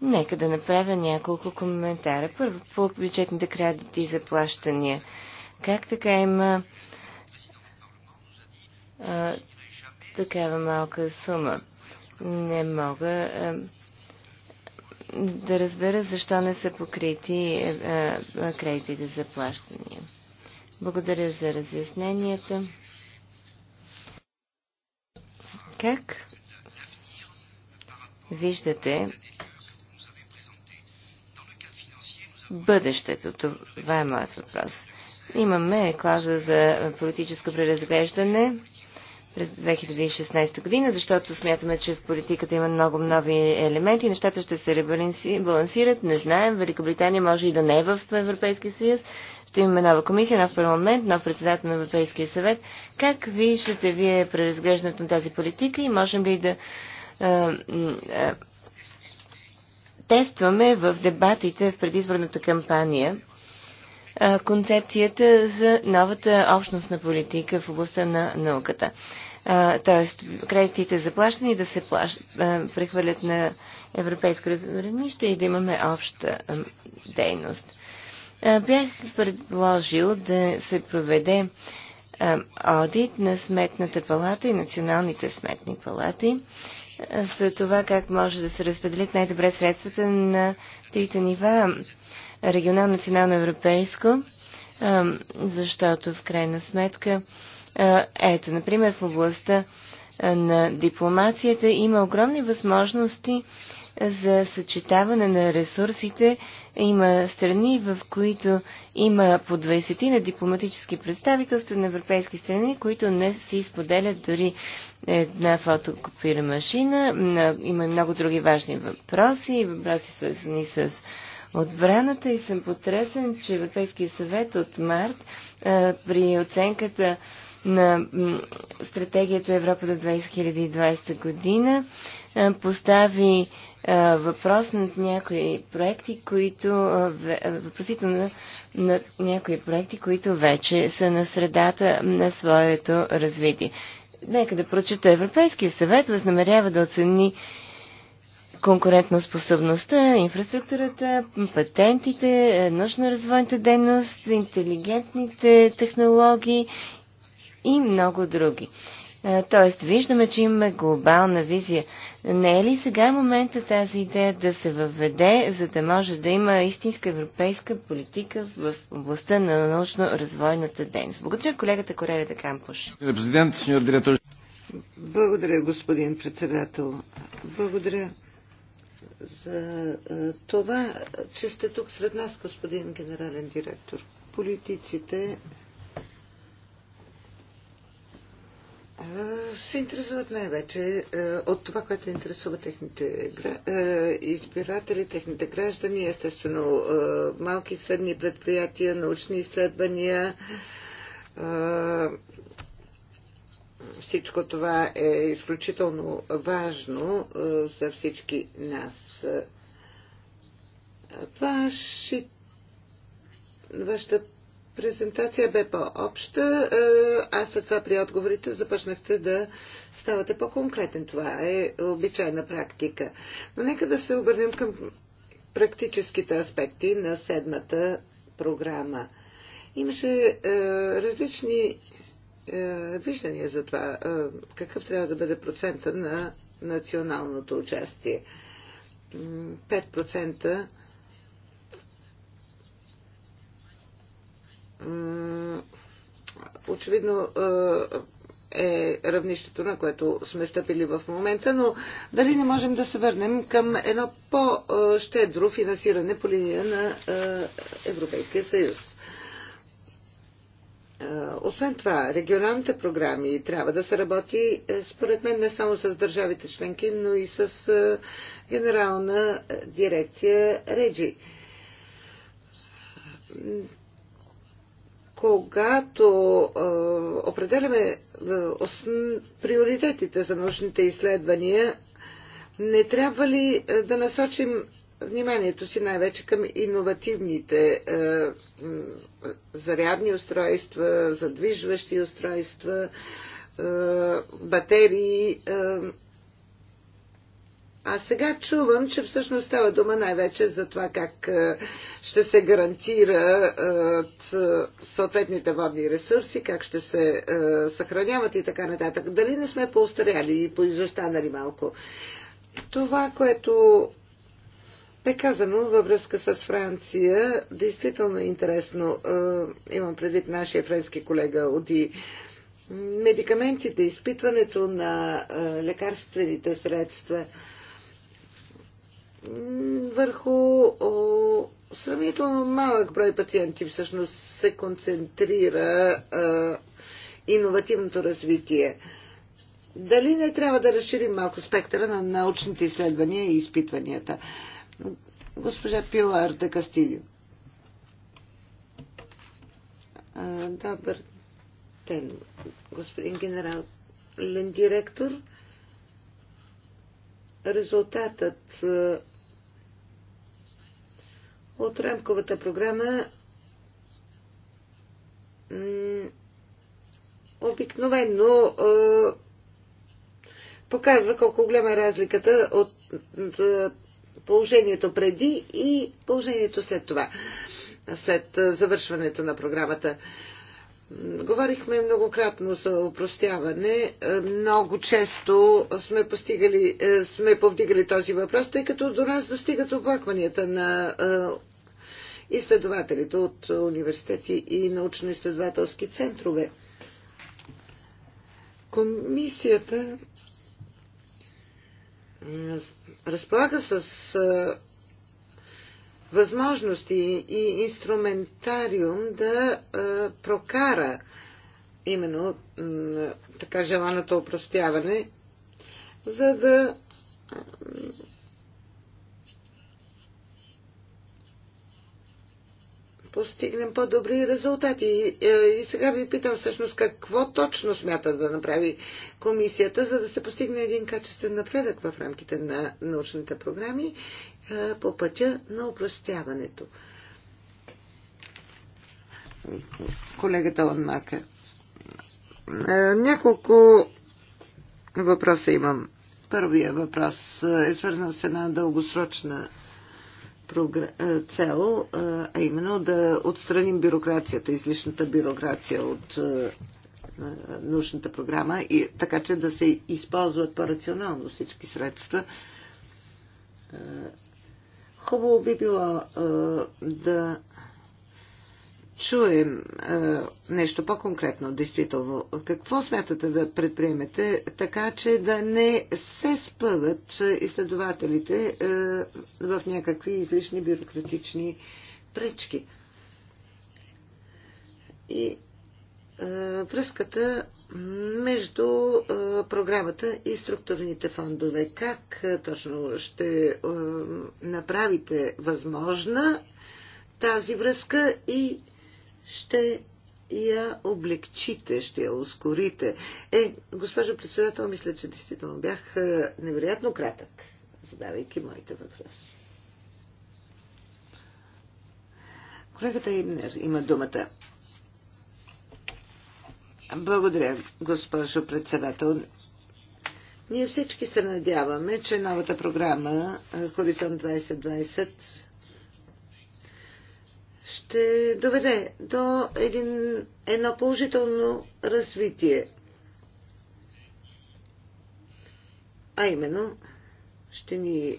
S3: Нека да направя няколко коментара. Първо по бюджетните кредити и заплащания. Как така има а, такава малка сума? Не мога а, да разбера защо не са покрити а, кредитите за плащания. Благодаря за разясненията. Как виждате бъдещето? Това е моят въпрос. Имаме клаза за политическо преразглеждане през 2016 година, защото смятаме, че в политиката има много нови елементи, нещата ще се балансират, не знаем, Великобритания може и да не е в Европейския съюз, ще имаме нова комисия, нов парламент, нов председател на Европейския съвет. Как виждате вие преразглеждането на тази политика и можем ли да а, а, тестваме в дебатите в предизборната кампания концепцията за новата общностна политика в областта на науката. Тоест, кредитите за плащане да се прехвърлят на европейско равнище и да имаме обща дейност. Бях предложил да се проведе одит на Сметната палата и националните сметни палати за това как може да се разпределят най-добре средствата на трите нива регионално, национално, европейско, защото в крайна сметка, ето, например, в областта на дипломацията има огромни възможности за съчетаване на ресурсите. Има страни, в които има по 20 на дипломатически представителства на европейски страни, които не си изподелят дори една фотокопира машина. Има много други важни въпроси, въпроси свързани с отбраната и съм потресен, че Европейския съвет от март при оценката на стратегията Европа до 2020 година постави въпрос над някои проекти, които въпросително на някои проекти, които вече са на средата на своето развитие. Нека да прочета. Европейския съвет възнамерява да оцени конкурентна способността, инфраструктурата, патентите, е, научно-развойната дейност, интелигентните технологии и много други. Тоест, виждаме, че имаме глобална визия. Не е ли сега момента тази идея да се въведе, за да може да има истинска европейска политика в областта на научно-развойната дейност? Благодаря колегата Корея де Кампуш. Президент, директор.
S2: Благодаря, господин председател. Благодаря за това, че сте тук сред нас, господин генерален директор. Политиците се интересуват най-вече от това, което интересува техните избиратели, техните граждани, естествено малки и средни предприятия, научни изследвания. Всичко това е изключително важно за всички нас. Вашите вашата презентация бе по-обща, е, а след това при отговорите започнахте да ставате по-конкретен. Това е обичайна практика. Но нека да се обърнем към практическите аспекти на седмата програма. Имаше е, различни е, виждания за това, е, какъв трябва да бъде процента на националното участие. 5% очевидно е, е равнището, на което сме стъпили в момента, но дали не можем да се върнем към едно по-щедро финансиране по линия на е, Европейския съюз. Е, освен това, регионалните програми трябва да се работи, според мен, не само с държавите членки, но и с генерална дирекция Реджи когато е, определяме е, осн... приоритетите за научните изследвания, не трябва ли е, да насочим вниманието си най-вече към иновативните е, зарядни устройства, задвижващи устройства, е, батерии, е, а сега чувам, че всъщност става дума най-вече за това как е, ще се гарантират е, съответните водни ресурси, как ще се е, съхраняват и така нататък. Дали не сме поустаряли и поизостанали малко? Това, което е казано във връзка с Франция, действително е интересно. Имам предвид нашия френски колега Оди. Медикаментите, изпитването на лекарствените средства – върху сравнително малък брой пациенти всъщност се концентрира иновативното развитие. Дали не трябва да разширим малко спектъра на научните изследвания и изпитванията? Госпожа Пилар де Кастилио. Добър ден, господин Лен директор. Резултатът от рамковата програма обикновено е, показва колко голяма е разликата от е, положението преди и положението след това, след е, завършването на програмата. Говорихме многократно за упростяване. Много често сме, постигали, сме повдигали този въпрос, тъй като до нас достигат оплакванията на изследователите от университети и научно-изследователски центрове. Комисията разполага с възможности и инструментариум да прокара именно така желаното опростяване, за да постигнем по-добри резултати. Е, и сега ви питам всъщност какво точно смята да направи комисията, за да се постигне един качествен напредък в рамките на научните програми е, по пътя на упростяването. Колегата Ланмака. Е, няколко въпроса имам. Първия въпрос е свързан с една дългосрочна цел, а именно да отстраним бюрокрацията, излишната бюрокрация от научната програма, и, така че да се използват по-рационално всички средства. Хубаво би било да чуем а, нещо по-конкретно, действително. Какво смятате да предприемете, така че да не се спъват изследователите а, в някакви излишни бюрократични пречки? И а, връзката между а, програмата и структурните фондове. Как а, точно ще а, направите възможна тази връзка и ще я облегчите, ще я ускорите. Е, госпожо председател, мисля, че действително бях е, невероятно кратък, задавайки моите въпроси. Колегата Имнер има думата. Благодаря, госпожо председател. Ние всички се надяваме, че новата програма е, Хоризонт 2020 ще доведе до един, едно положително развитие. А именно, ще ни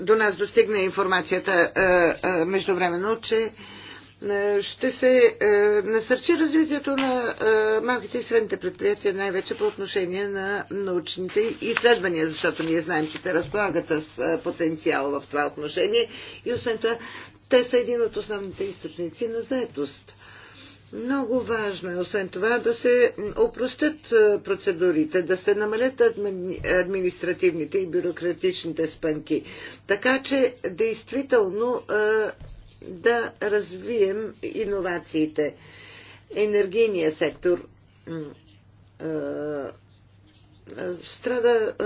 S2: до нас достигне информацията е, е, междувременно, че е, ще се е, насърчи развитието на е, малките и средните предприятия, най-вече по отношение на научните изследвания, защото ние знаем, че те разполагат с потенциал в това отношение и освен това те са един от основните източници на заетост. Много важно е, освен това, да се опростят процедурите, да се намалят адми... административните и бюрократичните спънки. Така че, действително, да развием иновациите. Енергийния сектор страда,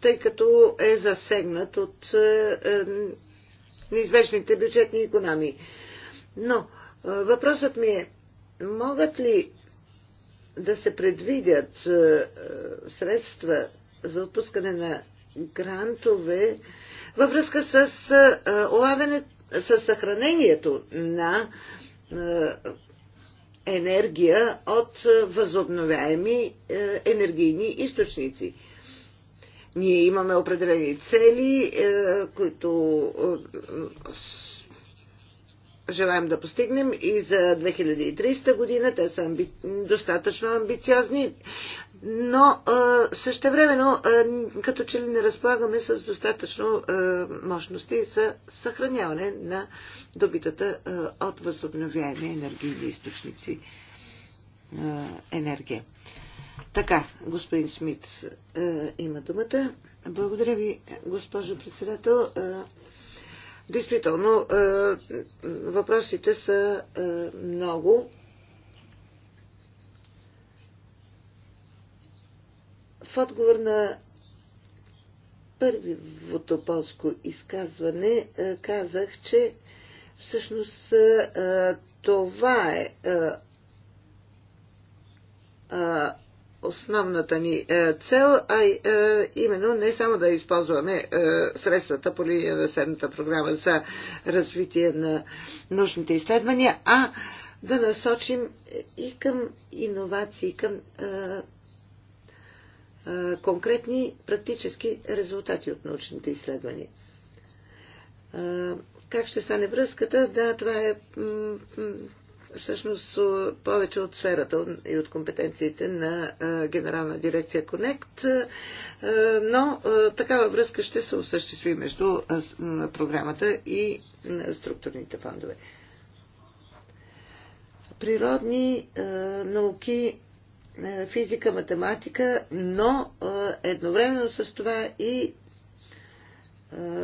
S2: тъй като е засегнат от неизбежните бюджетни економии. Но въпросът ми е, могат ли да се предвидят средства за отпускане на грантове във връзка с улавяне, с съхранението на енергия от възобновяеми енергийни източници. Ние имаме определени цели, които желаем да постигнем и за 2030 година. Те са амби... достатъчно амбициозни но същевременно като че ли не разполагаме с достатъчно мощности за съхраняване на добитата от възобновяеми енергийни източници енергия. Така, господин Смит има думата. Благодаря ви, госпожо председател. Действително, въпросите са много В отговор на първото полско изказване е, казах, че всъщност е, това е, е основната ни цел, а именно не само да използваме средствата по линия на седмата програма за развитие на научните изследвания, а да насочим и към иновации, към конкретни практически резултати от научните изследвания. Как ще стане връзката? Да, това е всъщност повече от сферата и от компетенциите на Генерална дирекция Конект, но такава връзка ще се осъществи между програмата и структурните фондове. Природни науки е, физика, математика, но е, едновременно с това и е,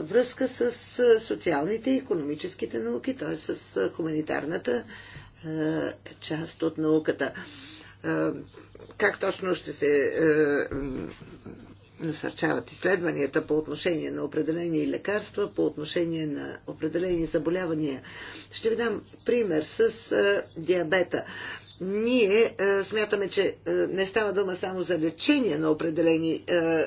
S2: връзка с социалните и економическите науки, т.е. с хуманитарната част от науката. Как точно ще се насърчават изследванията по отношение на определени лекарства, по отношение на определени заболявания. Ще ви дам пример с диабета ние е, смятаме, че е, не става дума само за лечение на определени е,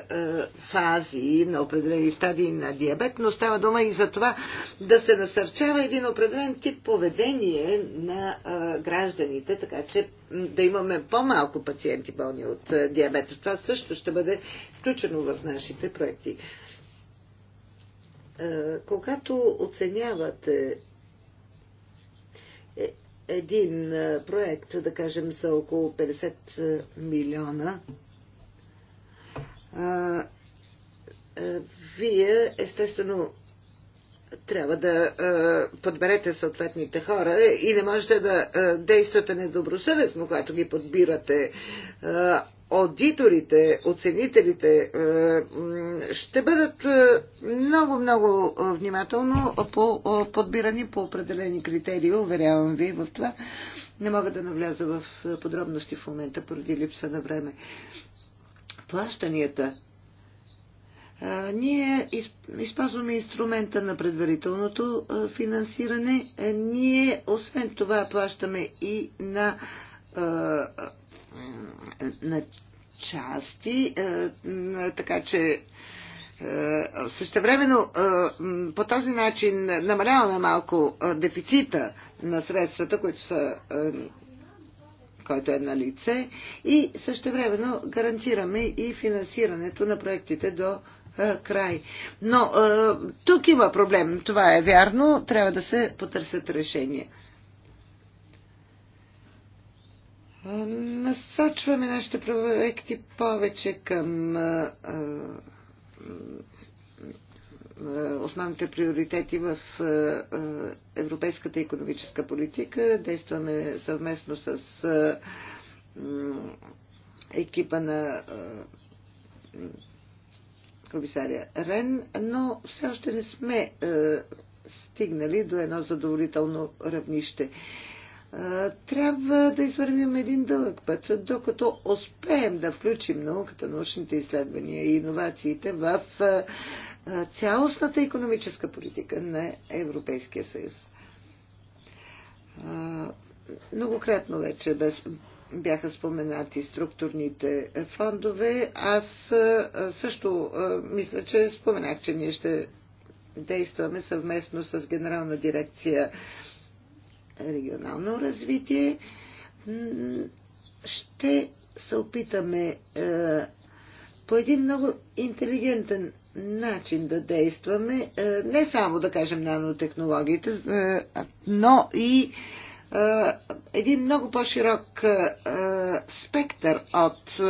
S2: фази, на определени стадии на диабет, но става дума и за това да се насърчава един определен тип поведение на гражданите, така че да имаме по-малко пациенти болни от диабет. Това също ще бъде включено в нашите проекти. Когато оценявате един проект, да кажем, са около 50 милиона. Вие, естествено, трябва да подберете съответните хора и не можете да действате недобросъвестно, когато ги подбирате аудиторите, оценителите е, ще бъдат много-много е, е, внимателно подбирани по определени критерии, уверявам ви в това. Не мога да навляза в подробности в момента поради липса на време. Плащанията. Ние използваме инструмента на предварителното финансиране. Ние, освен това, плащаме и на на части, е, така че е, Същевременно е, по този начин намаляваме малко дефицита на средствата, които са, който е на лице и същевременно гарантираме и финансирането на проектите до край. Но тук има проблем, това е вярно, трябва да се потърсят решения. насочваме нашите проекти повече към основните приоритети в европейската економическа политика. Действаме съвместно с екипа на комисаря Рен, но все още не сме стигнали до едно задоволително равнище трябва да извървим един дълъг път, докато успеем да включим науката, научните изследвания и иновациите в цялостната економическа политика на Европейския съюз. Многократно вече без, бяха споменати структурните фондове. Аз също мисля, че споменах, че ние ще действаме съвместно с Генерална дирекция регионално развитие. Ще се опитаме е, по един много интелигентен начин да действаме, е, не само да кажем нанотехнологиите, е, но и един много по-широк спектър от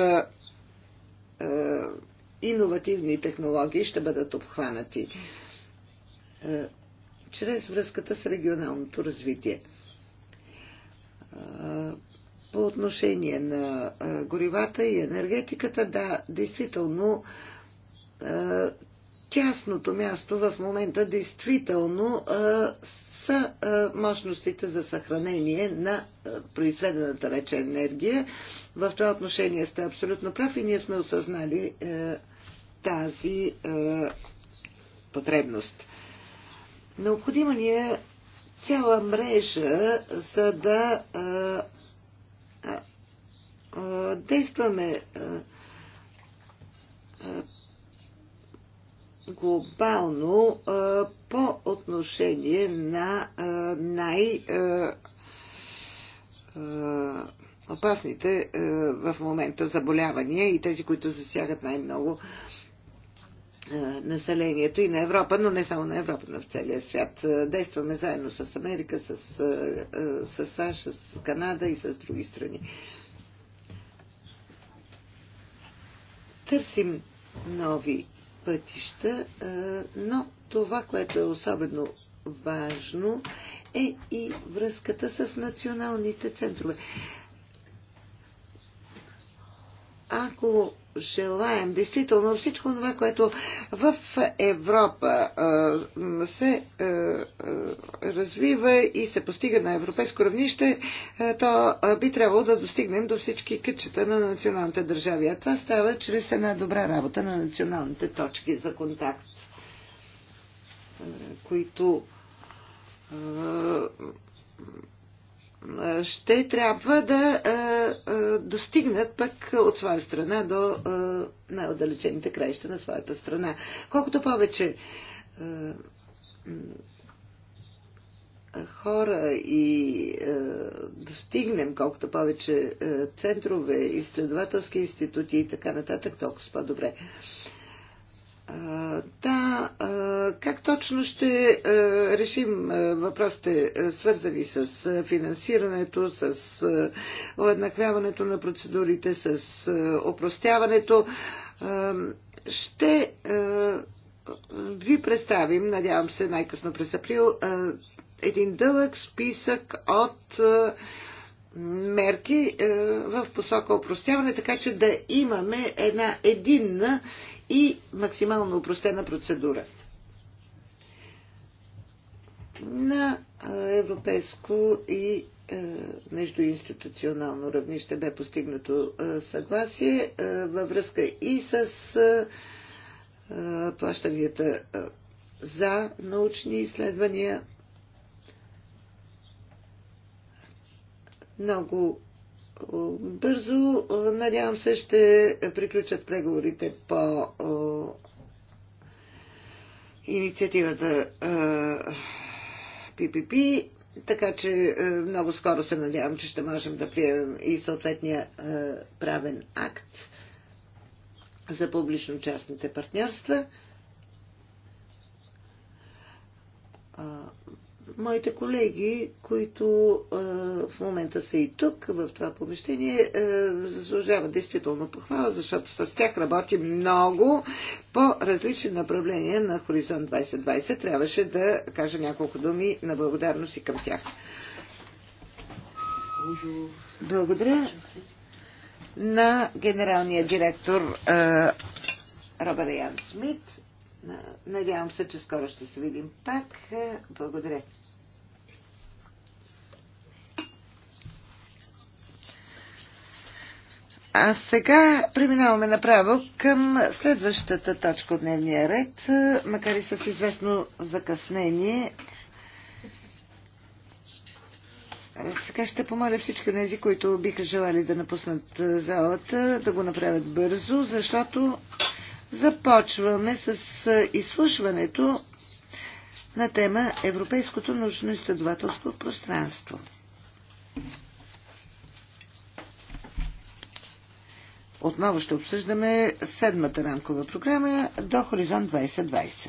S2: иновативни технологии ще бъдат обхванати чрез връзката с регионалното развитие. По отношение на горивата и енергетиката, да, действително тясното място в момента действително са мощностите за съхранение на произведената вече енергия. В това отношение сте абсолютно прав и ние сме осъзнали тази потребност. Необходима ни е цяла мрежа, за да действаме глобално по отношение на най- опасните в момента заболявания и тези, които засягат най-много населението и на Европа, но не само на Европа, но в целия свят. Действаме заедно с Америка, с, с САЩ, с Канада и с други страни. Търсим нови пътища, но това, което е особено важно, е и връзката с националните центрове. Ако желаем действително всичко това, което в Европа се развива и се постига на европейско равнище, то би трябвало да достигнем до всички кътчета на националните държави. А това става чрез една добра работа на националните точки за контакт, които ще трябва да достигнат пък от своя страна до най-отдалечените краища на своята страна. Колкото повече хора и достигнем колкото повече центрове, изследователски институти и така нататък, толкова по-добре. Да, как точно ще решим въпросите, свързани с финансирането, с уеднаквяването на процедурите, с опростяването? Ще ви представим, надявам се най-късно през април, един дълъг списък от мерки в посока опростяване, така че да имаме една единна и максимално упростена процедура. На европейско и междуинституционално равнище бе постигнато съгласие във връзка и с плащанията за научни изследвания. Много бързо. Надявам се, ще приключат преговорите по инициативата ППП, така че много скоро се надявам, че ще можем да приемем и съответния правен акт за публично-частните партньорства моите колеги, които а, в момента са и тук, в това помещение, а, заслужават действително похвала, защото с тях работи много по различни направления на Хоризонт 2020. Трябваше да кажа няколко думи на благодарност и към тях. Благодаря на генералния директор Робер Ян Смит Надявам се, че скоро ще се видим пак. Благодаря. А сега преминаваме направо към следващата точка от дневния ред, макар и с известно закъснение. Сега ще помоля всички от тези, които биха желали да напуснат залата, да го направят бързо, защото Започваме с е, изслушването на тема Европейското научно-изследователско пространство. Отново ще обсъждаме седмата рамкова програма до Хоризонт 2020.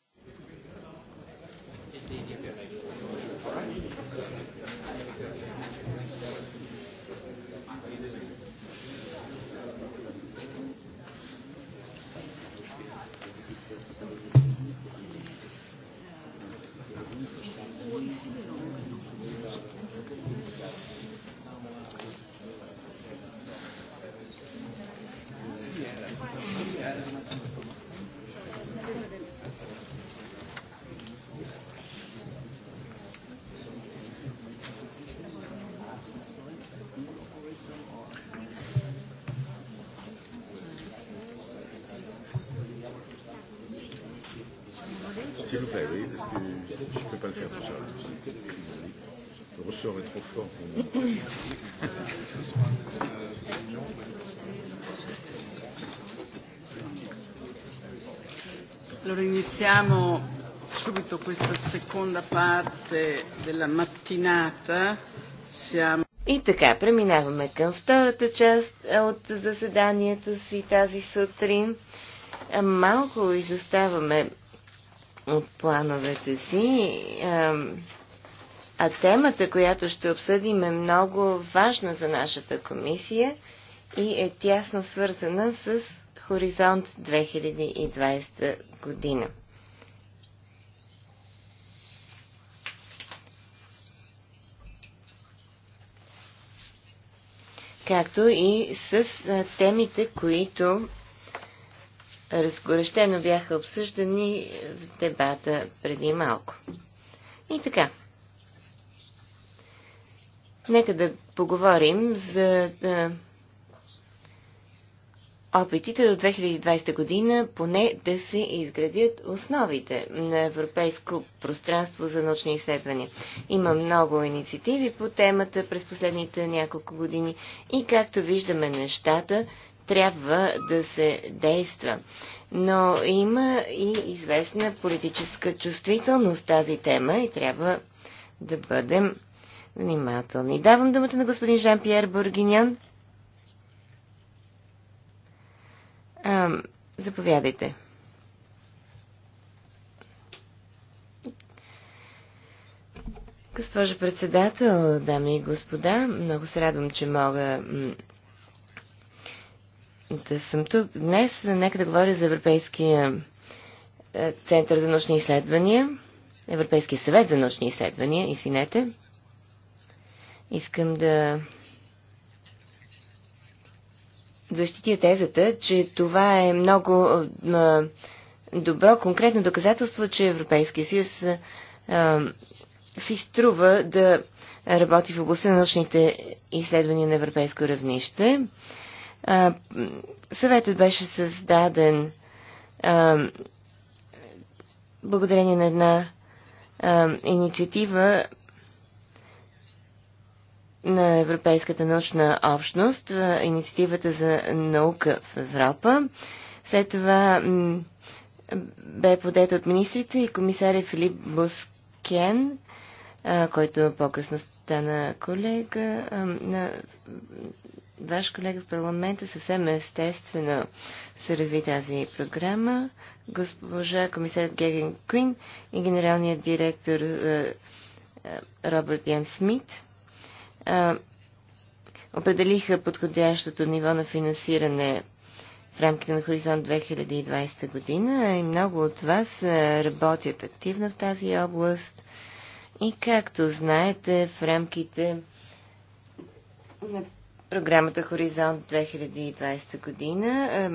S3: seconda parte della mattinata. Siamo... И така, преминаваме към втората част от заседанието си тази сутрин. Малко изоставаме от плановете си, а темата, която ще обсъдим е много важна за нашата комисия и е тясно свързана с Хоризонт 2020 година. както и с темите, които разгорещено бяха обсъждани в дебата преди малко. И така. Нека да поговорим за опитите до 2020 година поне да се изградят основите на европейско пространство за научни изследвания. Има много инициативи по темата през последните няколко години и както виждаме нещата, трябва да се действа. Но има и известна политическа чувствителност тази тема и трябва да бъдем внимателни. Давам думата на господин Жан-Пьер Бургинян А, заповядайте. Госпожо председател, дами и господа, много се радвам, че мога да съм тук. Днес нека да говоря за Европейския е, център за научни изследвания, Европейския съвет за научни изследвания, извинете. Искам да защитя тезата, че това е много добро конкретно доказателство, че Европейския съюз си струва да работи в областта на научните изследвания на европейско равнище. А, съветът беше създаден а, благодарение на една а, инициатива на Европейската научна общност, инициативата за наука в Европа. След това бе подета от министрите и комисаря Филип Бускен, който по-късно стана колега, на ваш колега в парламента. Съвсем естествено се разви тази програма. Госпожа комисарят Геген Куин и генералният директор Робърт Ян Смит – а, определиха подходящото ниво на финансиране в рамките на Хоризонт 2020 година и много от вас работят активно в тази област. И както знаете, в рамките на програмата Хоризонт 2020 година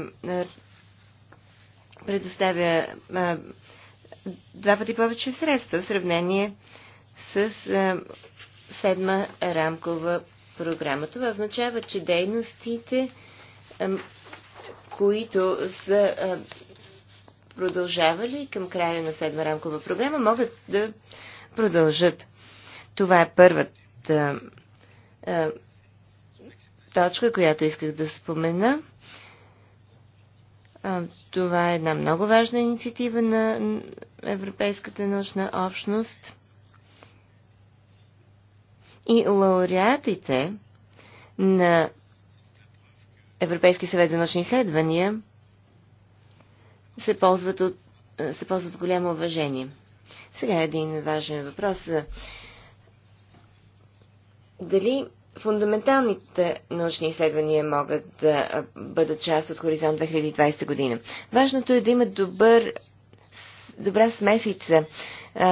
S3: предоставя два пъти повече средства в сравнение с седма рамкова програма. Това означава, че дейностите, които са продължавали към края на седма рамкова програма, могат да продължат. Това е първата точка, която исках да спомена. Това е една много важна инициатива на Европейската научна общност – и лауреатите на Европейски съвет за научни изследвания се ползват, от, се ползват с голямо уважение. Сега е един важен въпрос. Дали фундаменталните научни изследвания могат да бъдат част от Хоризонт 2020 година? Важното е да има добър, добра смесица е,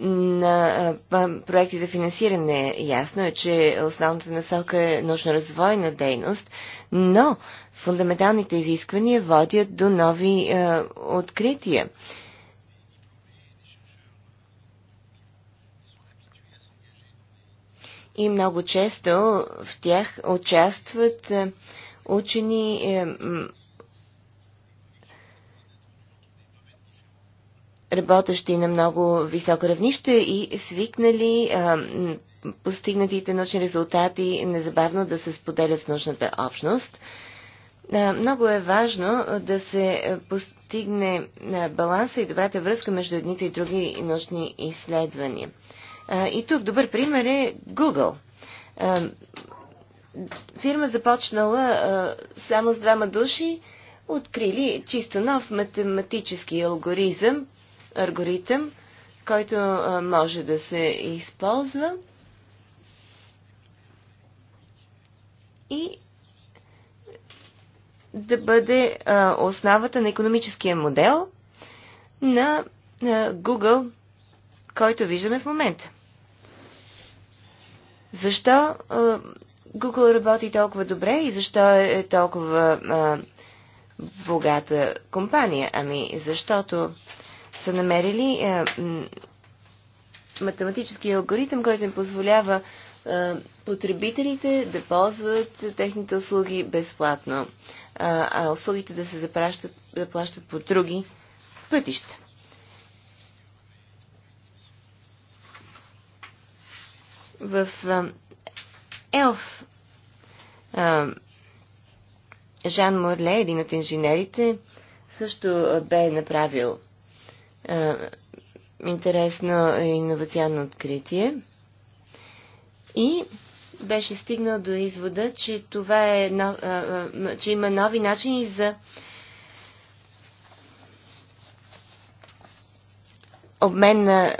S3: на е, проекти за финансиране. Ясно е, че основната насока е научно-развойна дейност, но фундаменталните изисквания водят до нови е, открития. И много често в тях участват учени работещи на много високо равнище и свикнали а, постигнатите научни резултати незабавно да се споделят с научната общност. А, много е важно да се постигне баланса и добрата връзка между едните и други научни изследвания. А, и тук добър пример е Google. А, фирма започнала само с двама души, открили чисто нов математически алгоризъм, алгоритъм, който може да се използва. И да бъде основата на економическия модел на Google, който виждаме в момента. Защо Google работи толкова добре и защо е, е толкова богата компания? Ами, защото са намерили е, математически алгоритъм, който им позволява е, потребителите да ползват техните услуги безплатно, а, е, а услугите да се запращат, да плащат по други пътища. В е, Елф е, Жан Морле, един от инженерите, също бе направил е, интересно иновационно откритие. И беше стигнал до извода, че, това е, е, е че има нови начини за обмен на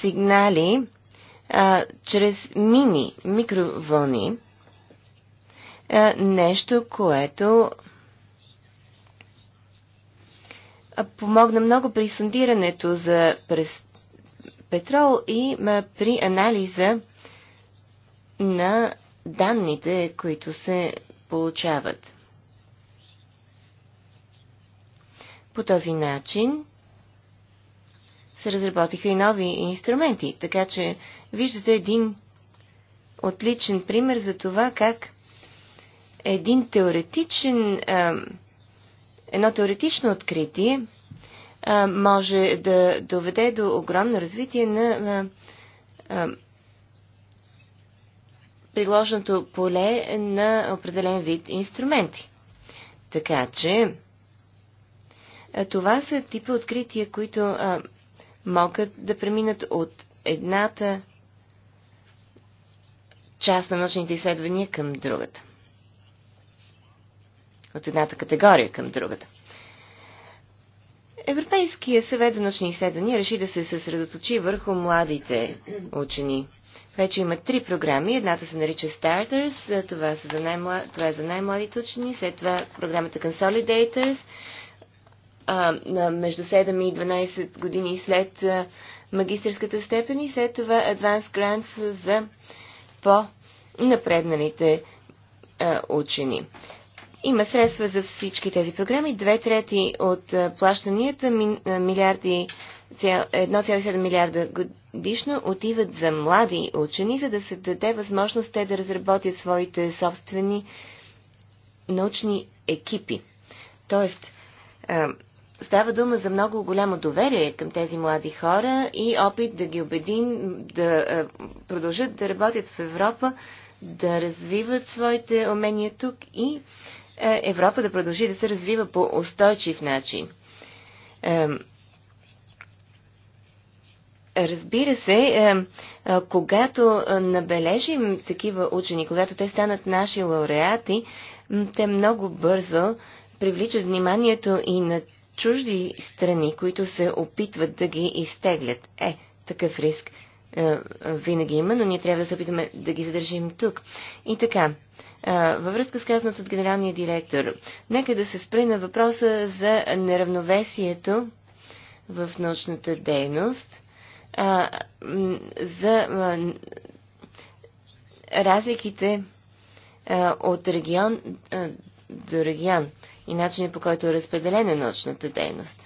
S3: сигнали а, чрез мини микровълни. А, нещо, което помогна много при сондирането за петрол и при анализа на данните, които се получават. По този начин се разработиха и нови инструменти, така че виждате един отличен пример за това как един теоретичен едно теоретично откритие а, може да доведе до огромно развитие на а, приложното поле на определен вид инструменти. Така че, това са типа открития, които а, могат да преминат от едната част на научните изследвания към другата от едната категория към другата. Европейския съвет за научни изследвания реши да се съсредоточи върху младите учени. Вече има три програми. Едната се нарича Starters, това, са за най-млад... това е за най-младите учени, след това програмата Consolidators, а, между 7 и 12 години след а, магистърската степен и след това Advanced Grants за по-напредналите учени. Има средства за всички тези програми. Две трети от плащанията, милиарди, 1,7 милиарда годишно, отиват за млади учени, за да се даде възможност те да разработят своите собствени научни екипи. Тоест, Става дума за много голямо доверие към тези млади хора и опит да ги убедим да продължат да работят в Европа, да развиват своите умения тук и е, Европа да продължи да се развива по устойчив начин. Разбира се, когато набележим такива учени, когато те станат наши лауреати, те много бързо привличат вниманието и на чужди страни, които се опитват да ги изтеглят. Е, такъв риск е, винаги има, но ние трябва да се опитаме да ги задържим тук. И така, е, във връзка с казаното от генералния директор, нека да се спре на въпроса за неравновесието в научната дейност, за разликите от регион до регион и начинът по който е разпределена научната дейност.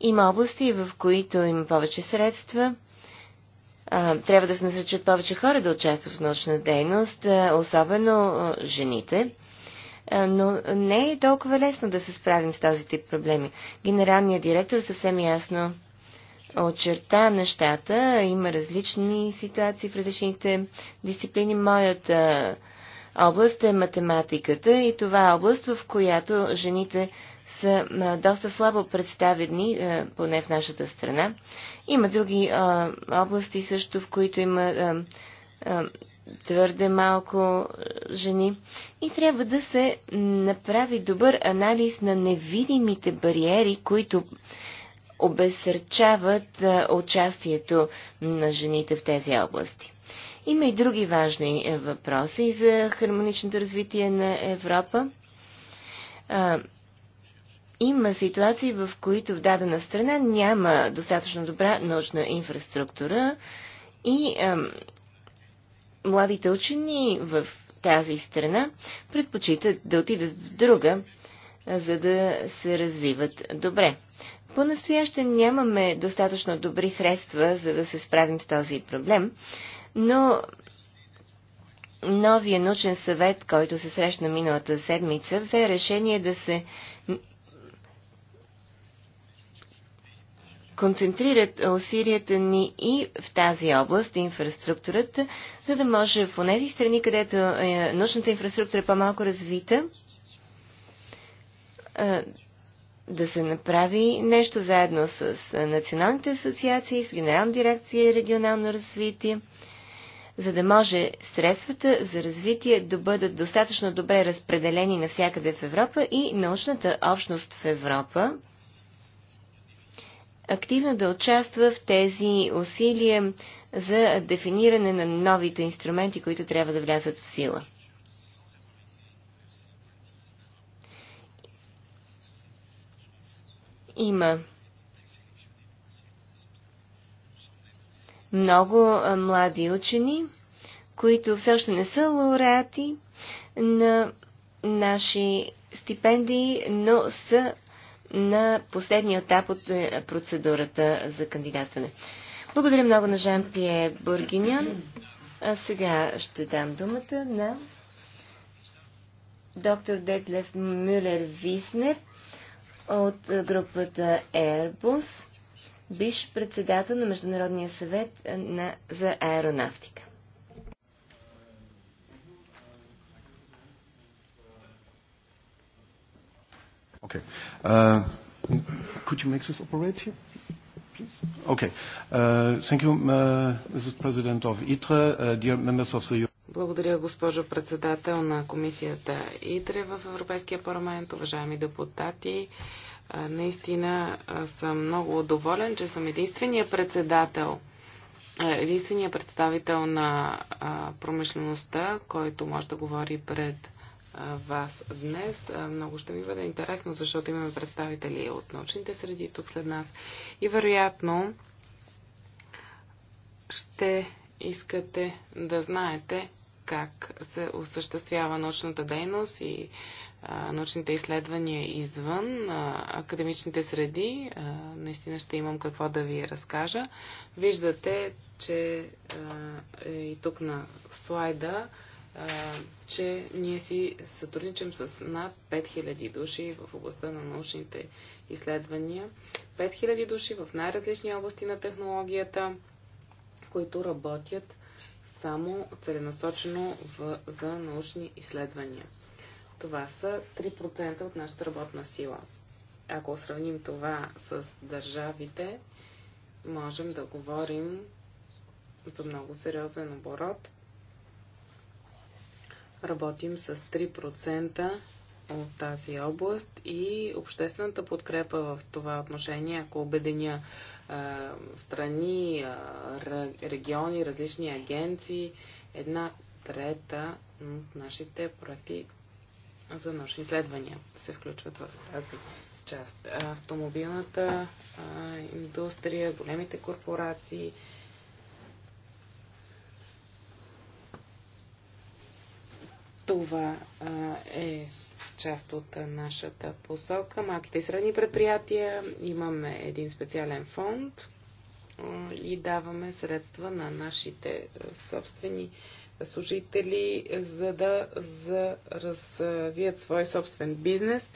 S3: Има области, в които има повече средства, трябва да се насръчат повече хора да участват в научна дейност, особено жените. Но не е толкова лесно да се справим с този тип проблеми. Генералният директор съвсем ясно очерта нещата. Има различни ситуации в различните дисциплини. Моята област е математиката и това е област, в която жените са доста слабо представени, поне в нашата страна. Има други а, области също, в които има а, а, твърде малко жени. И трябва да се направи добър анализ на невидимите бариери, които обесърчават а, участието на жените в тези области. Има и други важни въпроси за хармоничното развитие на Европа. А, има ситуации, в които в дадена страна няма достатъчно добра научна инфраструктура и ам, младите учени в тази страна предпочитат да отидат в друга, за да се развиват добре. по настояще нямаме достатъчно добри средства, за да се справим с този проблем, но новия научен съвет, който се срещна миналата седмица, взе решение да се концентрират усилията ни и в тази област, инфраструктурата, за да може в тези страни, където е, научната инфраструктура е по-малко развита, да се направи нещо заедно с националните асоциации, с Генерална дирекция регионално развитие, за да може средствата за развитие да бъдат достатъчно добре разпределени навсякъде в Европа и научната общност в Европа активно да участва в тези усилия за дефиниране на новите инструменти, които трябва да влязат в сила. Има много млади учени, които все още не са лауреати на наши стипендии, но са на последния етап от е, процедурата за кандидатстване. Благодаря много на Жан-Пие Бургинян. А сега ще дам думата на доктор Детлев Мюлер Виснер от групата Airbus, биш председател на Международния съвет е, на, за аеронавтика. Okay. Uh, could you make this operate here? please? Okay. Uh, thank you, uh, Mrs. President of ITRE, uh, dear members of the
S1: Благодаря, госпожо председател на комисията ИТРЕ в Европейския парламент, уважаеми депутати. Наистина съм много доволен, че съм единствения председател, единствения представител на промишлеността, който може да говори пред вас днес. Много ще ми бъде интересно, защото имаме представители от научните среди тук след нас и вероятно ще искате да знаете как се осъществява научната дейност и а, научните изследвания извън а, академичните среди. А, наистина ще имам какво да ви разкажа. Виждате, че а, е и тук на слайда а, че ние си сътрудничим с над 5000 души в областта на научните изследвания. 5000 души в най-различни области на технологията, които работят само целенасочено в, за научни изследвания. Това са 3% от нашата работна сила. Ако сравним това с държавите, можем да говорим за много сериозен оборот – Работим с 3% от тази област и обществената подкрепа в това отношение, ако обединя страни, региони, различни агенции, една трета от нашите проекти за научни изследвания се включват в тази част. Автомобилната индустрия, големите корпорации, Това е част от нашата посока. Малките и средни предприятия. Имаме един специален фонд и даваме средства на нашите собствени служители, за да за развият свой собствен бизнес.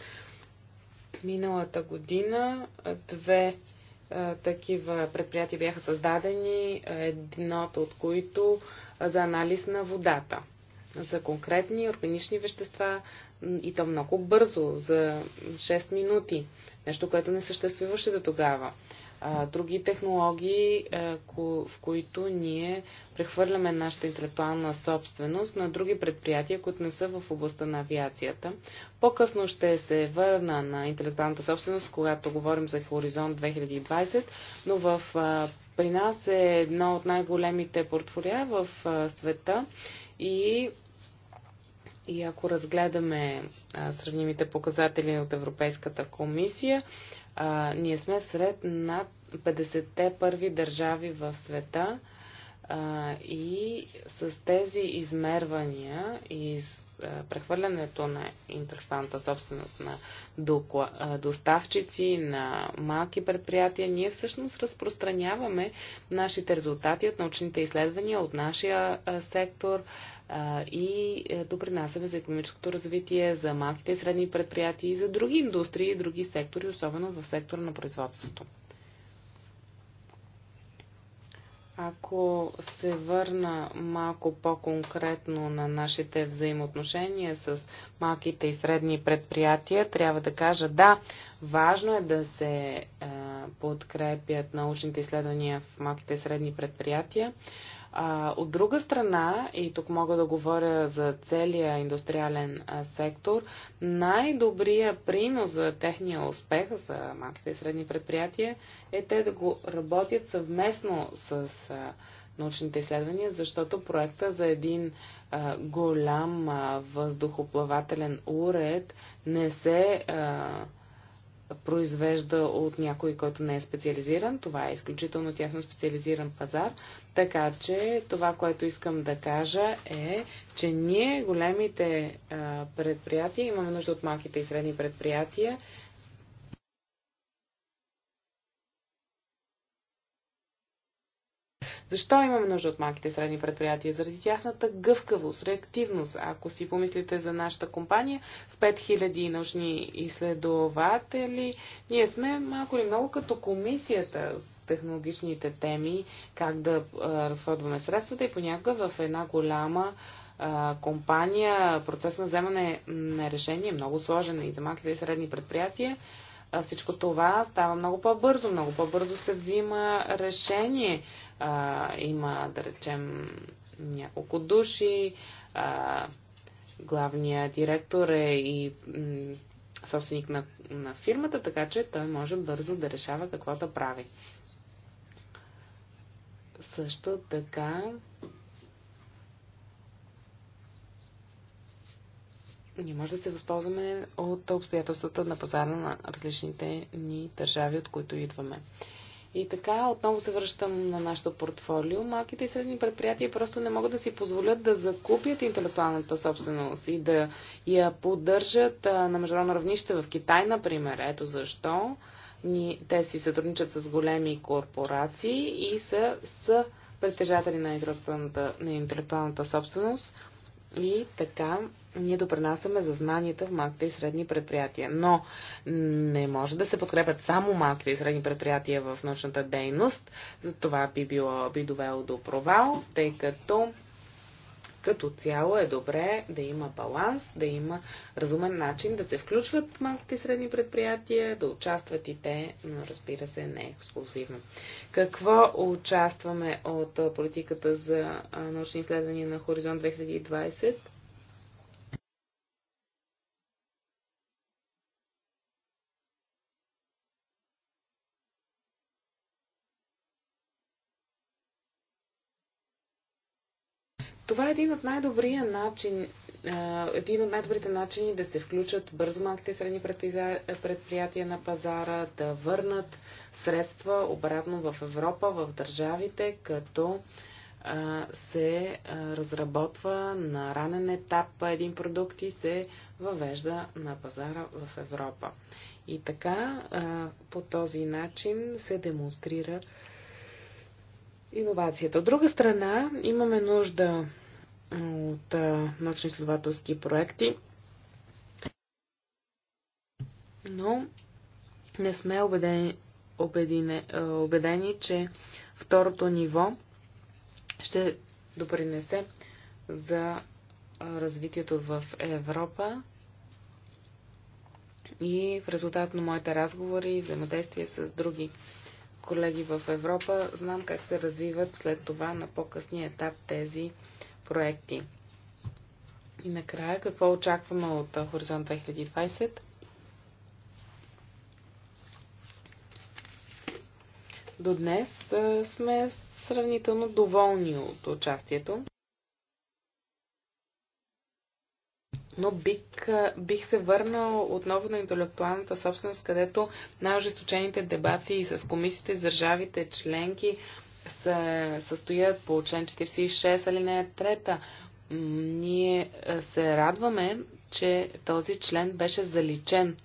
S1: Миналата година две такива предприятия бяха създадени, едното от които за анализ на водата за конкретни органични вещества и то много бързо, за 6 минути. Нещо, което не съществуваше до тогава. Други технологии, в които ние прехвърляме нашата интелектуална собственост на други предприятия, които не са в областта на авиацията. По-късно ще се върна на интелектуалната собственост, когато говорим за Хоризонт 2020, но в, при нас е едно от най-големите портфолия в света и и ако разгледаме а, сравнимите показатели от Европейската комисия, а, ние сме сред над 50-те първи държави в света а, и с тези измервания и с прехвърлянето на интерфанта собственост на доставчици, на малки предприятия, ние всъщност разпространяваме нашите резултати от научните изследвания, от нашия сектор и е, допринасяме за економическото развитие, за малките и средни предприятия и за други индустрии и други сектори, особено в сектора на производството. Ако се върна малко по-конкретно на нашите взаимоотношения с малките и средни предприятия, трябва да кажа да, важно е да се е, подкрепят научните изследвания в малките и средни предприятия, а, от друга страна, и тук мога да говоря за целия индустриален а, сектор, най-добрият принос за техния успех за малките и средни предприятия е те да го работят съвместно с а, научните изследвания, защото проекта за един а, голям а, въздухоплавателен уред не се а, произвежда от някой, който не е специализиран. Това е изключително тясно специализиран пазар. Така че това, което искам да кажа е, че ние, големите а, предприятия, имаме нужда от малките и средни предприятия Защо имаме нужда от малките и средни предприятия? Заради тяхната гъвкавост, реактивност. Ако си помислите за нашата компания, с 5000 научни изследователи, ние сме малко или много като комисията с технологичните теми, как да а, разходваме средствата и понякога в една голяма а, компания процес на вземане на решение е много сложен и за малките и средни предприятия всичко това става много по-бързо, много по-бързо се взима решение а, има, да речем, няколко души, а, главният директор е и собственик на, на фирмата, така че той може бързо да решава какво да прави. Също така ние може да се възползваме от обстоятелствата на пазара на различните ни държави, от които идваме. И така, отново се връщам на нашето портфолио. Малките и средни предприятия просто не могат да си позволят да закупят интелектуалната собственост и да я поддържат на международно равнище в Китай, например. Ето защо те си сътрудничат с големи корпорации и са, са притежатели на интелектуалната, на интелектуалната собственост и така ние допринасяме за знанията в малките и средни предприятия. Но не може да се подкрепят само малките и средни предприятия в научната дейност. За това би, било, би довело до провал, тъй като като цяло е добре да има баланс, да има разумен начин да се включват малките и средни предприятия, да участват и те, но разбира се не е ексклюзивно. Какво участваме от политиката за научни изследвания на Хоризонт 2020? Това е един от най-добрия начин, един от най-добрите начини да се включат бързо малките средни предприятия на пазара, да върнат средства обратно в Европа, в държавите, като се разработва на ранен етап един продукт и се въвежда на пазара в Европа. И така по този начин се демонстрира иновацията. От друга страна, имаме нужда от научно-изследователски проекти. Но не сме убедени, убедени, убедени, че второто ниво ще допринесе за развитието в Европа и в резултат на моите разговори и взаимодействие с други колеги в Европа, знам как се развиват след това на по-късния етап тези проекти. И накрая, какво очакваме от Хоризонт 2020? До днес сме сравнително доволни от участието. но бих, бих се върнал отново на интелектуалната собственост, където най-ожесточените дебати с комисиите, с държавите, членки се състоят по член 46 алинея 3. Ние е, се радваме, че този член беше заличен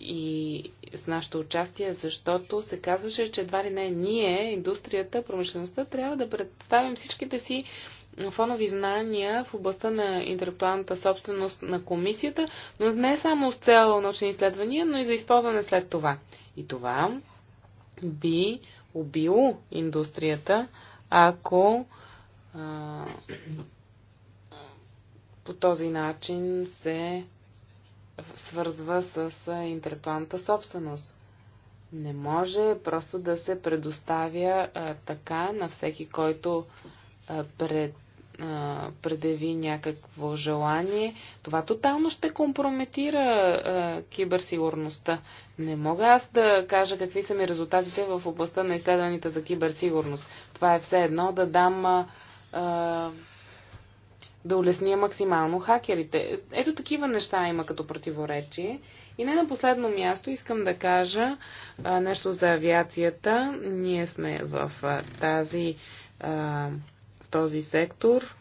S1: и с нашето участие, защото се казваше, че едва ли не ние, индустрията, промишлеността, трябва да представим всичките си фонови знания в областта на интелектуалната собственост на комисията, но не само с цел научни изследвания, но и за използване след това. И това би индустрията, ако а, по този начин се свързва с интелектуалната собственост. Не може просто да се предоставя а, така на всеки, който а, пред предяви някакво желание, това тотално ще компрометира а, киберсигурността. Не мога аз да кажа какви са ми резултатите в областта на изследваните за киберсигурност. Това е все едно да дам. А, а, да улесня максимално хакерите. Ето такива неща има като противоречие. И не на последно място искам да кажа а, нещо за авиацията. Ние сме в а, тази а, този сектор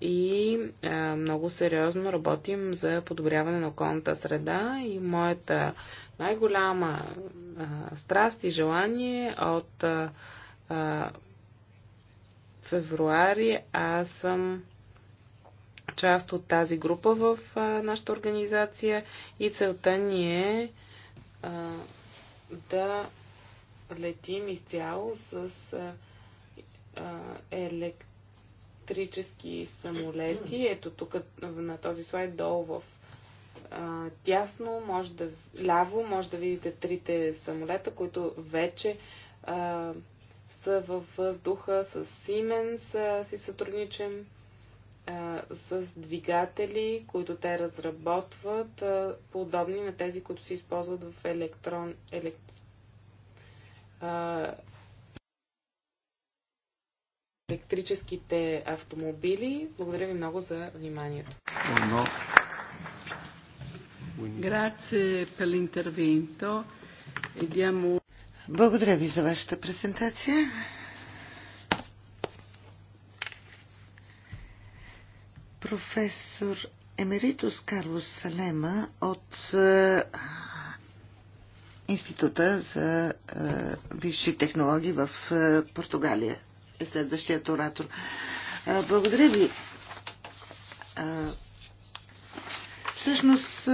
S1: и а, много сериозно работим за подобряване на околната среда и моята най-голяма страст и желание е от а, а, февруари аз съм част от тази група в а, нашата организация и целта ни е а, да летим изцяло с а, електро електрически самолети. Ето тук на този слайд долу в а, може да, ляво, може да видите трите самолета, които вече а, са във въздуха с Siemens, а, си сътрудничен, а, с двигатели, които те разработват, а, подобни на тези, които се използват в електрон, елект, а, електрическите автомобили. Благодаря ви много за вниманието.
S2: E Благодаря ви за вашата презентация. Професор Емеритус Карлос Салема от е, Института за е, висши технологии в е, Португалия е следващият оратор. Благодаря ви. Всъщност,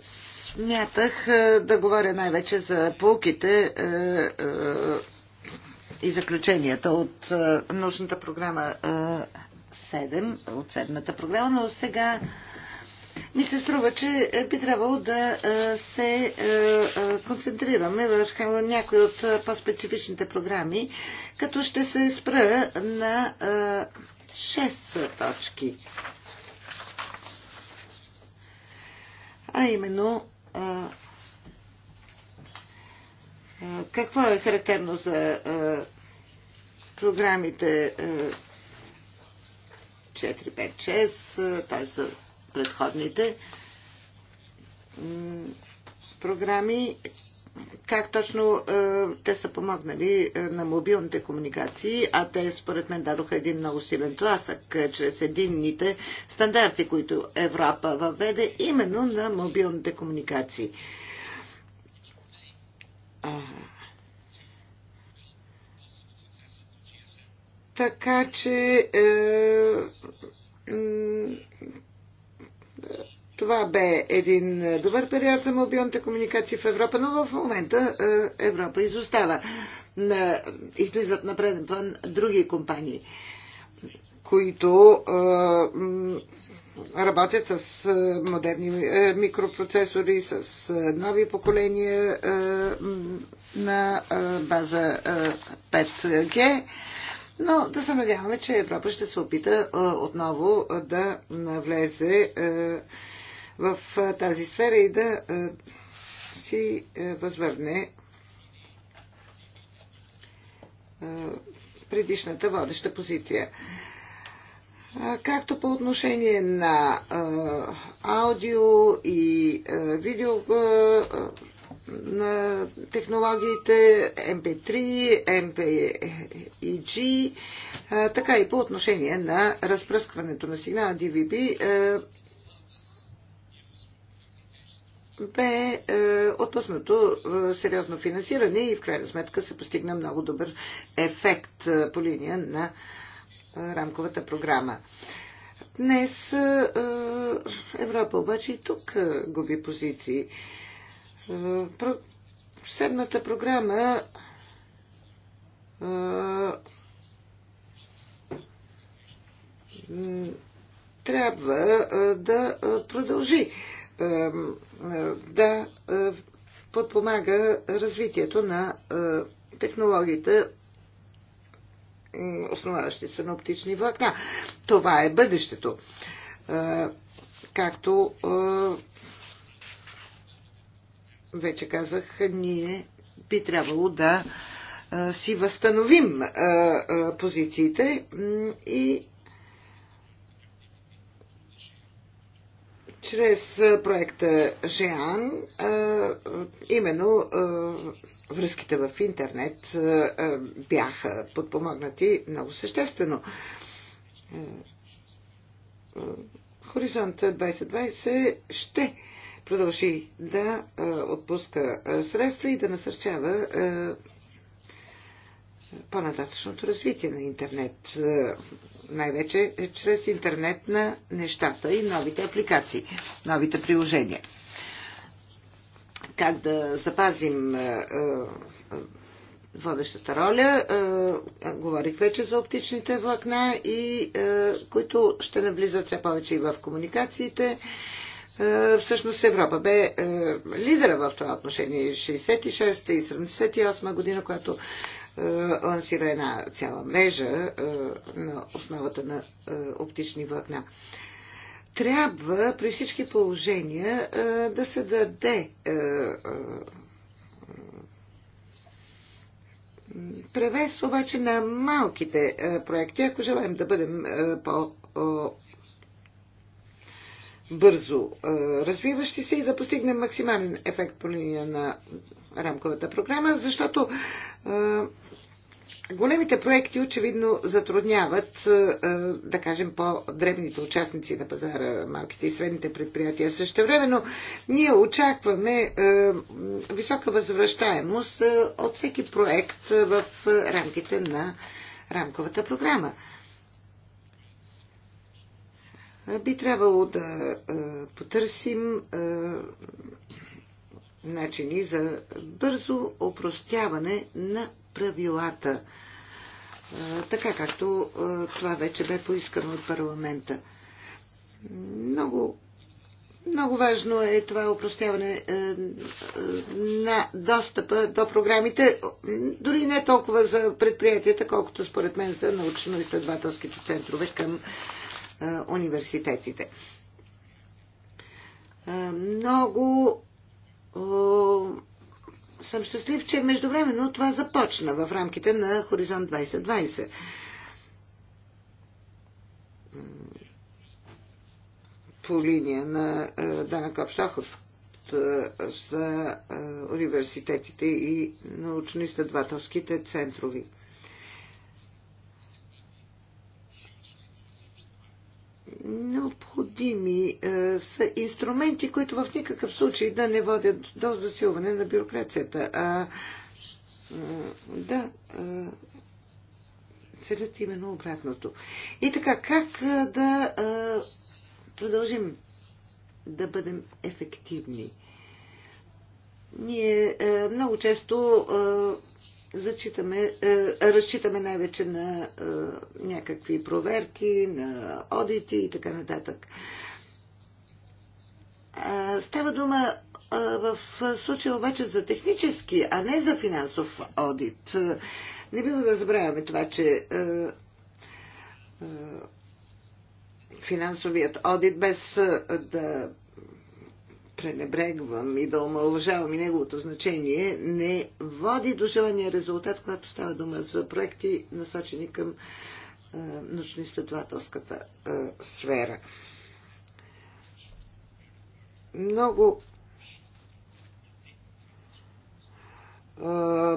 S2: смятах да говоря най-вече за полките и заключенията от научната програма 7, от седмата програма, но сега ми се струва, че е, би трябвало да е, се е, концентрираме върху някои от по-специфичните програми, като ще се спра на 6 точки. А именно какво е характерно за програмите 4, 5, 6, т.е предходните програми. Как точно е, те са помогнали е, на мобилните комуникации, а те според мен дадоха един много силен тласък е, чрез единните стандарти, които Европа въведе именно на мобилните комуникации. Така че е, това бе един добър период за мобилните комуникации в Европа, но в момента е, Европа изостава. Излизат на преден план други компании, които е, работят с е, модерни микропроцесори, с нови поколения на база 5G. Но да се надяваме, че Европа ще се опита отново да влезе в тази сфера и да си възвърне предишната водеща позиция. Както по отношение на аудио и видео на технологиите MP3, MPEG, така и по отношение на разпръскването на сигнала DVB бе отпуснато сериозно финансиране и в крайна сметка се постигна много добър ефект по линия на рамковата програма. Днес Европа обаче и тук губи позиции. Седмата програма трябва да продължи да подпомага развитието на технологията, основаващи се на оптични влакна. Това е бъдещето. Както вече казах, ние би трябвало да си възстановим позициите и чрез проекта ЖЕАН, именно връзките в интернет бяха подпомогнати много съществено. Хоризонт 2020 ще продължи да отпуска средства и да насърчава по-нататъчното развитие на интернет, най-вече чрез интернет на нещата и новите апликации, новите приложения. Как да запазим водещата роля. Говорих вече за оптичните влакна, и които ще навлизат все повече и в комуникациите. Е, всъщност Европа бе е, лидера в това отношение 66-та и 78-та година, която е, лансира една цяла мрежа на основата на оптични влакна. Трябва при всички положения да се даде превес обаче на малките проекти, ако желаем да бъдем по бързо развиващи се и да постигнем максимален ефект по линия на рамковата програма, защото големите проекти очевидно затрудняват, да кажем, по древните участници на пазара, малките и средните предприятия. Също но ние очакваме висока възвръщаемост от всеки проект в рамките на рамковата програма би трябвало да потърсим начини за бързо опростяване на правилата, така както това вече бе поискано от парламента. Много, много важно е това опростяване на достъпа до програмите, дори не толкова за предприятията, колкото според мен за научно-изследователските центрове към университетите. Много съм щастлив, че междувременно това започна в рамките на Хоризонт 2020. По линия на Дана Общахов за университетите и научно-изследователските центрови Необходими е, са инструменти, които в никакъв случай да не водят до засилване на бюрокрацията. А, е, да, е, седят именно обратното. И така, как е, да е, продължим да бъдем ефективни? Ние е, много често. Е, зачитаме, е, разчитаме най-вече на е, някакви проверки, на одити и така нататък. Става дума е, в случая обаче за технически, а не за финансов одит. Не бива да забравяме това, че финансовият одит без да пренебрегвам и да омалжавам и неговото значение, не води до желания резултат, когато става дума за проекти, насочени към е, научно-изследователската е, сфера. Много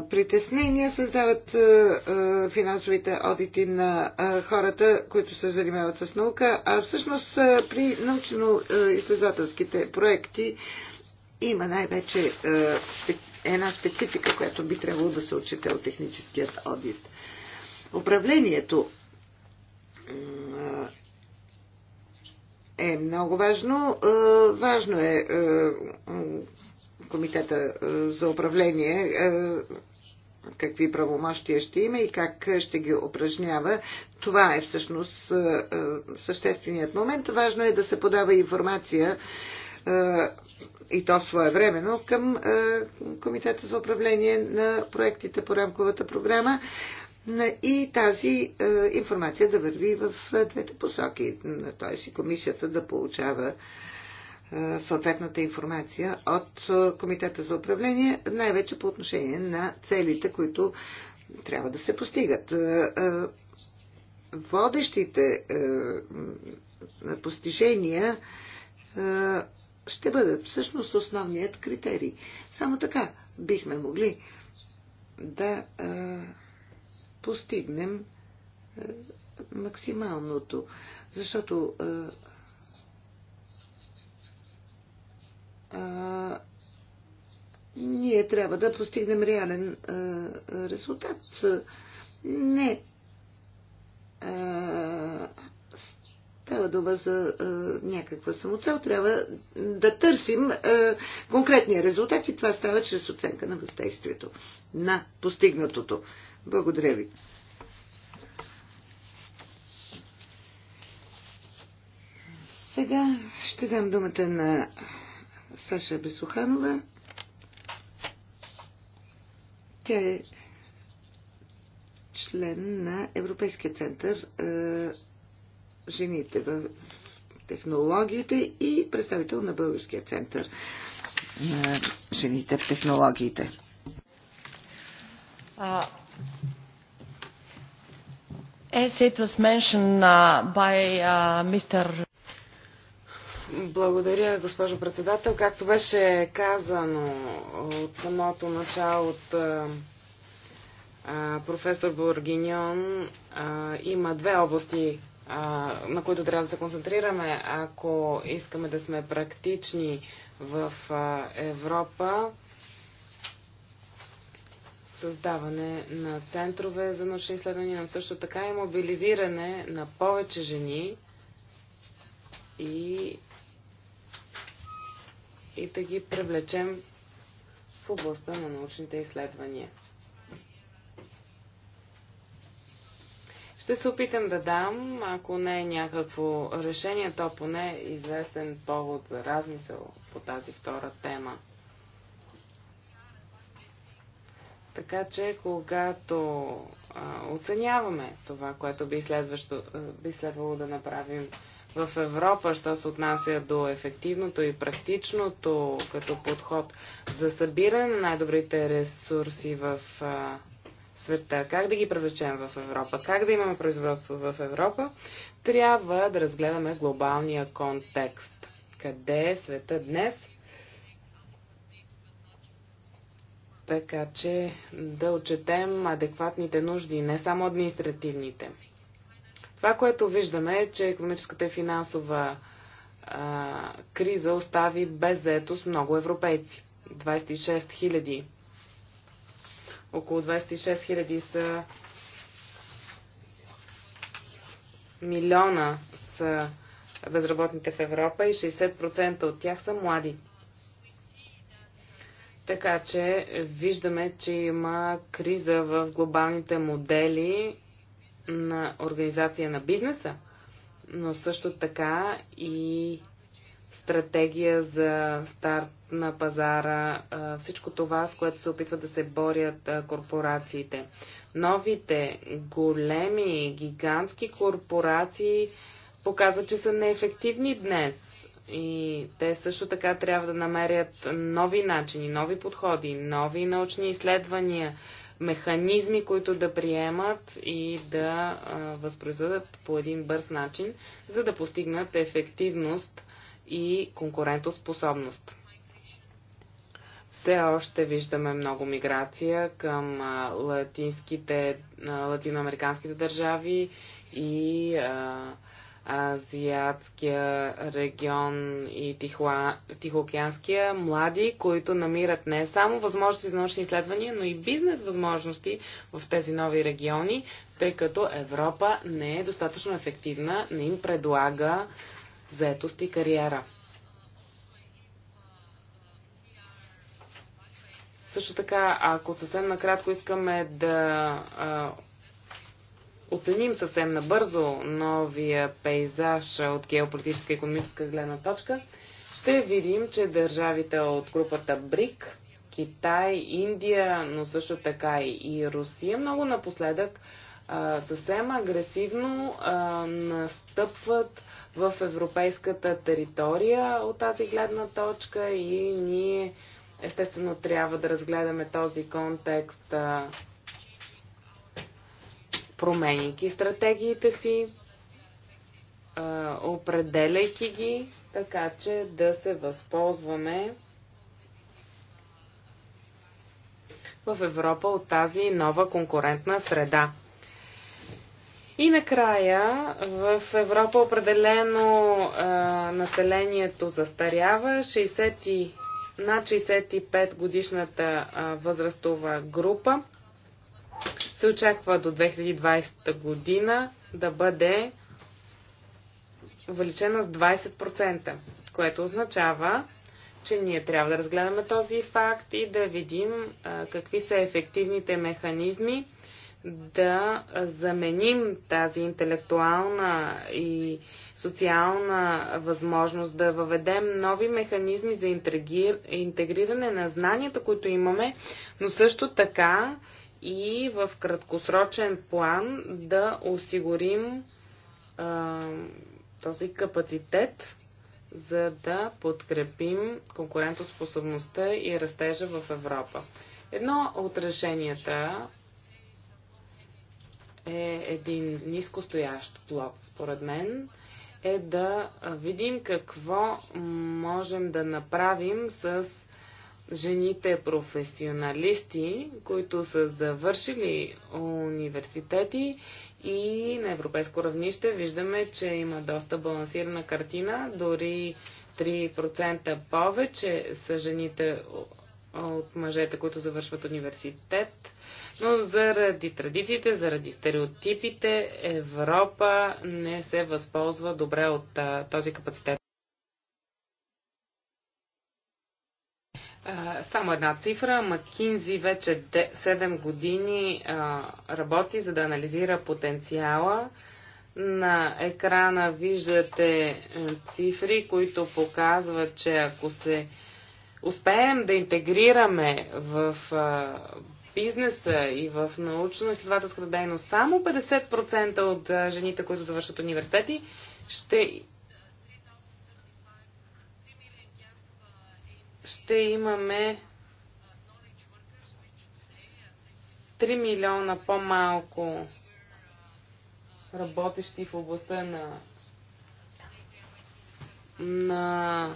S2: притеснения създават финансовите одити на хората, които се занимават с наука, а всъщност при научно-изследователските проекти има най-вече една специфика, която би трябвало да се отчете от техническият одит. Управлението е много важно. Важно е комитета е, за управление е, какви правомощия ще има и как ще ги упражнява. Това е всъщност е, същественият момент. Важно е да се подава информация и то своевременно към Комитета за управление на проектите по рамковата програма и тази информация да върви в двете посоки. Т.е. и комисията да получава е, съответната информация от е, Комитета за управление, най-вече по отношение на целите, които трябва да се постигат. Е, водещите постижения ще бъдат всъщност основният критерий. Само така бихме могли да постигнем максималното, защото а, ние трябва да постигнем реален а, резултат. Не. А, става дума за а, някаква самоцел. Трябва да търсим а, конкретния резултат и това става чрез оценка на въздействието на постигнатото. Благодаря ви. Сега ще дам думата на Саша Бесуханова. Тя е член на Европейския център е, жените в технологиите и представител на Българския център на жените в технологиите.
S1: Uh, as it was mentioned uh, by uh, Mr. Благодаря, госпожо председател. Както беше казано от самото начало от а, професор Бургиньон, а, има две области, а, на които трябва да се концентрираме, ако искаме да сме практични в а, Европа. Създаване на центрове за научни изследвания, но също така и мобилизиране на повече жени и и да ги привлечем в областта на научните изследвания. Ще се опитам да дам, ако не е някакво решение, то поне е известен повод за размисъл по тази втора тема. Така че, когато а, оценяваме това, което би, би следвало да направим в Европа, що се отнася до ефективното и практичното като подход за събиране на най-добрите ресурси в а, света, как да ги привлечем в Европа, как да имаме производство в Европа, трябва да разгледаме глобалния контекст. Къде е света днес? Така че да отчетем адекватните нужди, не само административните. Това, което виждаме е, че економическата и финансова а, криза остави без заетост много европейци. 26 000. Около 26 000 са милиона са безработните в Европа и 60% от тях са млади. Така че виждаме, че има криза в глобалните модели на организация на бизнеса, но също така и стратегия за старт на пазара, всичко това, с което се опитват да се борят корпорациите. Новите големи, гигантски корпорации показват, че са неефективни днес. И те също така трябва да намерят нови начини, нови подходи, нови научни изследвания, механизми, които да приемат и да а, възпроизведат по един бърз начин, за да постигнат ефективност и конкурентоспособност. Все още виждаме много миграция към а, латинските, а, латиноамериканските държави и а, азиатския регион и Тихла... тихоокеанския млади, които намират не само възможности за научни изследвания, но и бизнес възможности в тези нови региони, тъй като Европа не е достатъчно ефективна, не им предлага заетост и кариера. Също така, ако съвсем накратко искаме да оценим съвсем набързо новия пейзаж от геополитическа и економическа гледна точка, ще видим, че държавите от групата БРИК, Китай, Индия, но също така и Русия, много напоследък съвсем агресивно настъпват в европейската територия от тази гледна точка и ние естествено трябва да разгледаме този контекст променяйки стратегиите си, определяйки ги, така че да се възползваме в Европа от тази нова конкурентна среда. И накрая, в Европа определено а, населението застарява. 60 над 65 годишната а, възрастова група се очаква до 2020 година да бъде увеличена с 20%, което означава, че ние трябва да разгледаме този факт и да видим а, какви са ефективните механизми да заменим тази интелектуална и социална възможност, да въведем нови механизми за интегриране на знанията, които имаме, но също така и в краткосрочен план да осигурим а, този капацитет, за да подкрепим конкурентоспособността и растежа в Европа. Едно от решенията е един нискостоящ блок, според мен, е да видим какво можем да направим с жените професионалисти, които са завършили университети и на европейско равнище виждаме, че има доста балансирана картина, дори 3% повече са жените от мъжете, които завършват университет. Но заради традициите, заради стереотипите, Европа не се възползва добре от този капацитет. само една цифра. Макинзи вече 7 години работи, за да анализира потенциала. На екрана виждате е, цифри, които показват, че ако се успеем да интегрираме в бизнеса и в научно-изследователската дейност само 50% от жените, които завършат университети, ще ще имаме 3 милиона по-малко работещи в областта на, на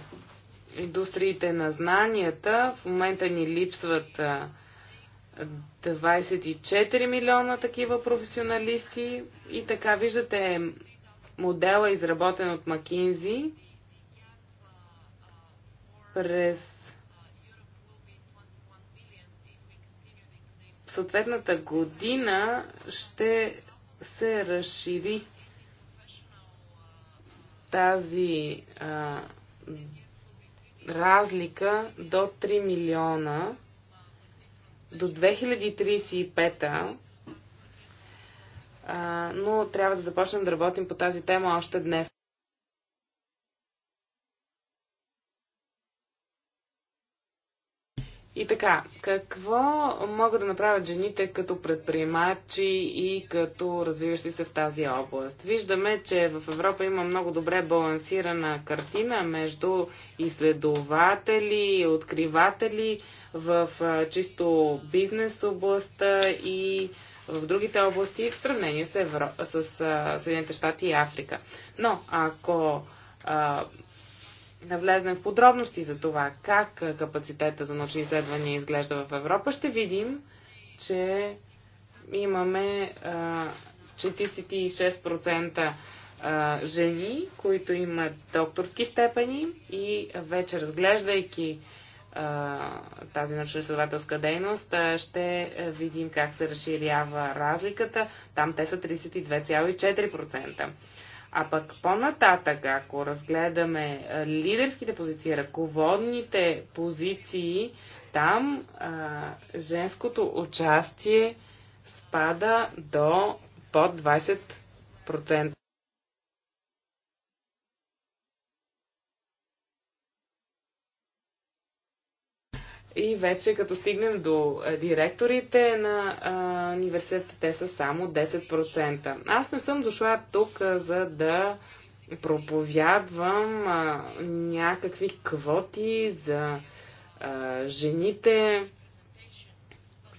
S1: индустриите на знанията. В момента ни липсват 24 милиона такива професионалисти и така виждате модела, изработен от Макинзи през съответната година ще се разшири тази а, разлика до 3 милиона до 2035, та но трябва да започнем да работим по тази тема още днес. И така, какво могат да направят жените като предприемачи и като развиващи се в тази област? Виждаме, че в Европа има много добре балансирана картина между изследователи, откриватели в чисто бизнес областта и в другите области в сравнение с, Евро... с Съединените щати и Африка. Но ако да влезнем в подробности за това как капацитета за научни изследвания изглежда в Европа, ще видим, че имаме 46% жени, които имат докторски степени и вече разглеждайки тази научно-изследователска дейност, ще видим как се разширява разликата. Там те са 32,4%. А пък по-нататък, ако разгледаме лидерските позиции, ръководните позиции, там а, женското участие спада до под 20%. И вече като стигнем до директорите на а, университета, те са само 10%. Аз не съм дошла тук, а, за да проповядвам а, някакви квоти за а, жените,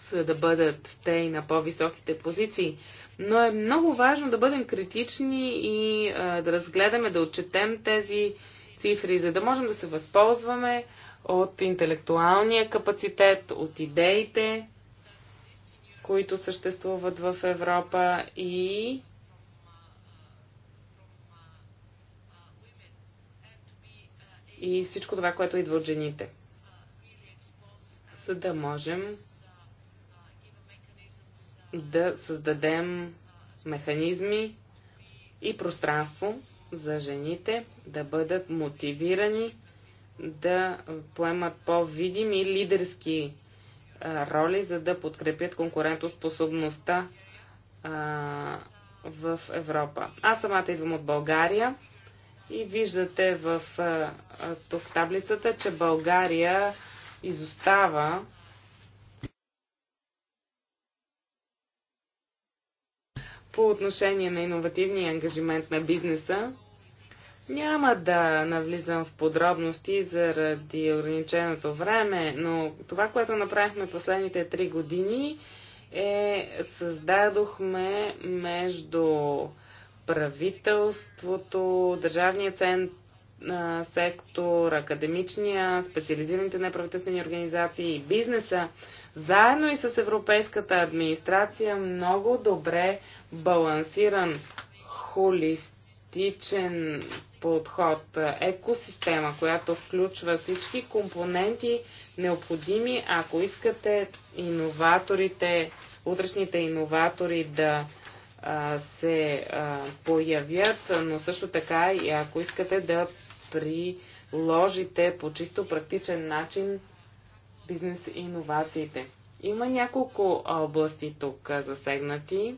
S1: за да бъдат те и на по-високите позиции. Но е много важно да бъдем критични и а, да разгледаме, да отчетем тези цифри, за да можем да се възползваме от интелектуалния капацитет, от идеите, които съществуват в Европа и и всичко това, което идва от жените. За да можем да създадем механизми и пространство за жените да бъдат мотивирани да поемат по-видими лидерски а, роли, за да подкрепят конкурентоспособността в Европа. Аз самата идвам от България и виждате в, а, тук в таблицата, че България изостава по отношение на иновативния ангажимент на бизнеса няма да навлизам в подробности заради ограниченото време, но това, което направихме последните три години е създадохме между правителството, държавния център, сектор, академичния, специализираните неправителствени организации и бизнеса, заедно и с европейската администрация, много добре балансиран, холистичен подход. Екосистема, която включва всички компоненти необходими, ако искате иноваторите, утрешните иноватори да а, се а, появят, но също така и ако искате да приложите по чисто практичен начин бизнес иновациите. Има няколко области тук засегнати.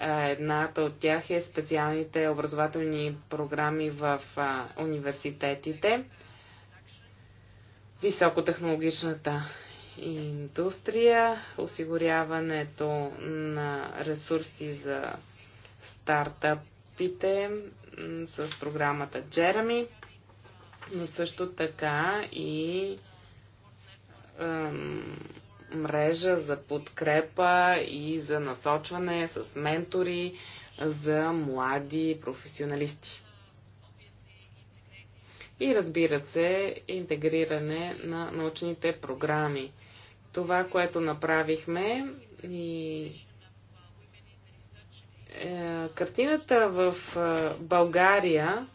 S1: Едната от тях е специалните образователни програми в университетите, високотехнологичната индустрия, осигуряването на ресурси за стартъпите с програмата Джереми, но също така и мрежа за подкрепа и за насочване с ментори за млади професионалисти. И разбира се, интегриране на научните програми. Това, което направихме и е, картината в е, България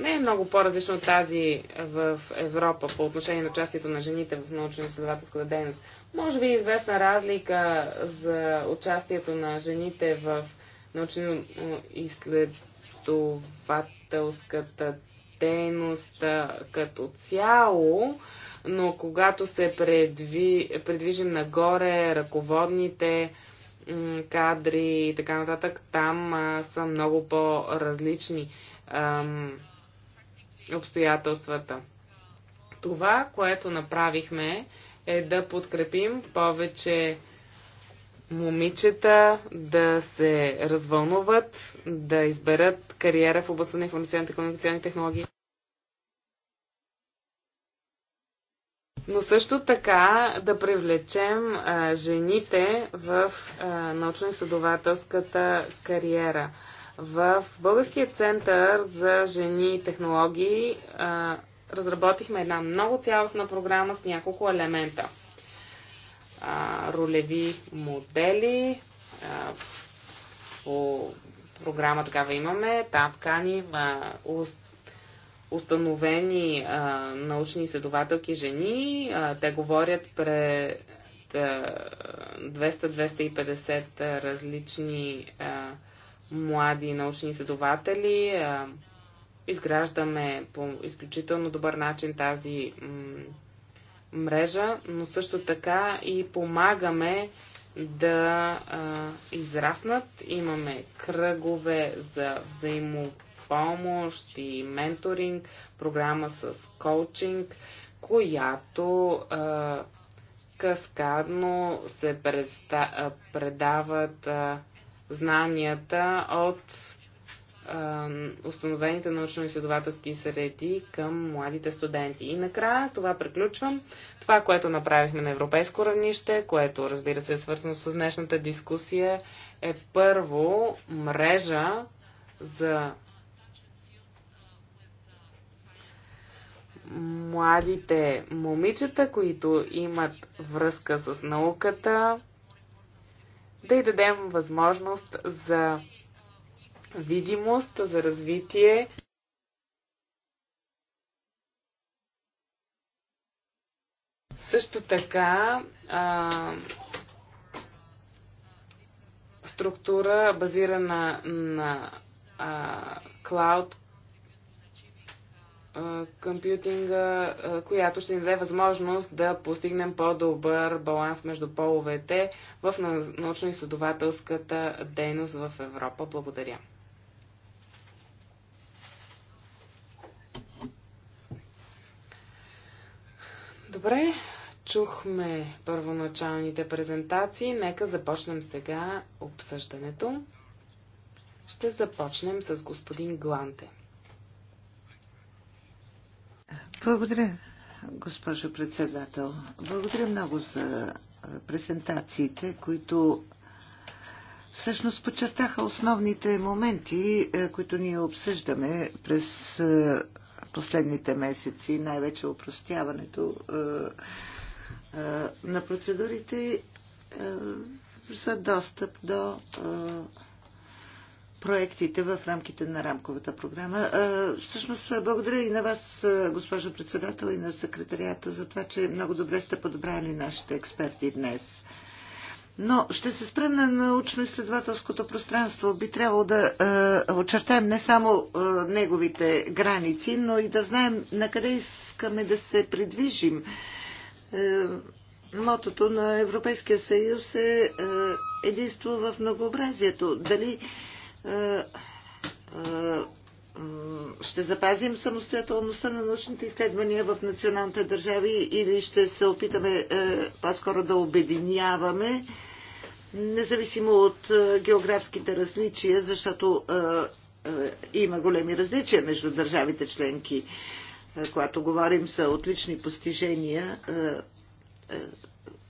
S1: не е много по различно от тази в Европа по отношение на участието на жените в научно-изследователската дейност. Може би е известна разлика за участието на жените в научно-изследователската дейност като цяло, но когато се предви, предвижим нагоре, ръководните кадри и така нататък, там а, са много по-различни. Ам, обстоятелствата. Това, което направихме, е да подкрепим повече момичета да се развълнуват, да изберат кариера в областта на информационните и комуникационни технологии. Но също така да привлечем а, жените в научно-изследователската кариера. В Българския център за жени и технологии а, разработихме една много цялостна програма с няколко елемента. А, ролеви модели, а, по програма такава имаме, тапкани, ткани, уст, установени а, научни изследователки жени. А, те говорят пред 200-250 различни а, млади научни изследователи. Е, изграждаме по изключително добър начин тази мрежа, но също така и помагаме да а, израснат. Имаме кръгове за взаимопомощ и менторинг, програма с коучинг, която а, каскадно се предста, а, предават а, знанията от установените научно-изследователски среди към младите студенти. И накрая с това приключвам. Това, което направихме на европейско равнище, което разбира се е свързано с днешната дискусия, е първо мрежа за младите момичета, които имат връзка с науката, да й дадем възможност за видимост, за развитие. Също така а, структура базирана на а, cloud компютинга, която ще ни даде възможност да постигнем по-добър баланс между половете в научно-изследователската дейност в Европа. Благодаря. Добре, чухме първоначалните презентации. Нека започнем сега обсъждането. Ще започнем с господин Гланте.
S2: Благодаря, госпожо председател. Благодаря много за презентациите, които всъщност подчертаха основните моменти, които ние обсъждаме през последните месеци, най-вече упростяването на процедурите за достъп до проектите в рамките на рамковата програма. Всъщност, благодаря и на вас, госпожо председател, и на секретарията за това, че много добре сте подобрали нашите експерти днес. Но ще се спрем на научно-изследователското пространство. Би трябвало да е, очертаем не само е, неговите граници, но и да знаем на къде искаме да се придвижим. Е, мотото на Европейския съюз е, е единство в многообразието. Дали е, е, е, ще запазим самостоятелността на научните изследвания в националните държави или ще се опитаме е, по-скоро да обединяваме, независимо от географските различия, защото има големи различия между държавите членки, когато говорим за отлични постижения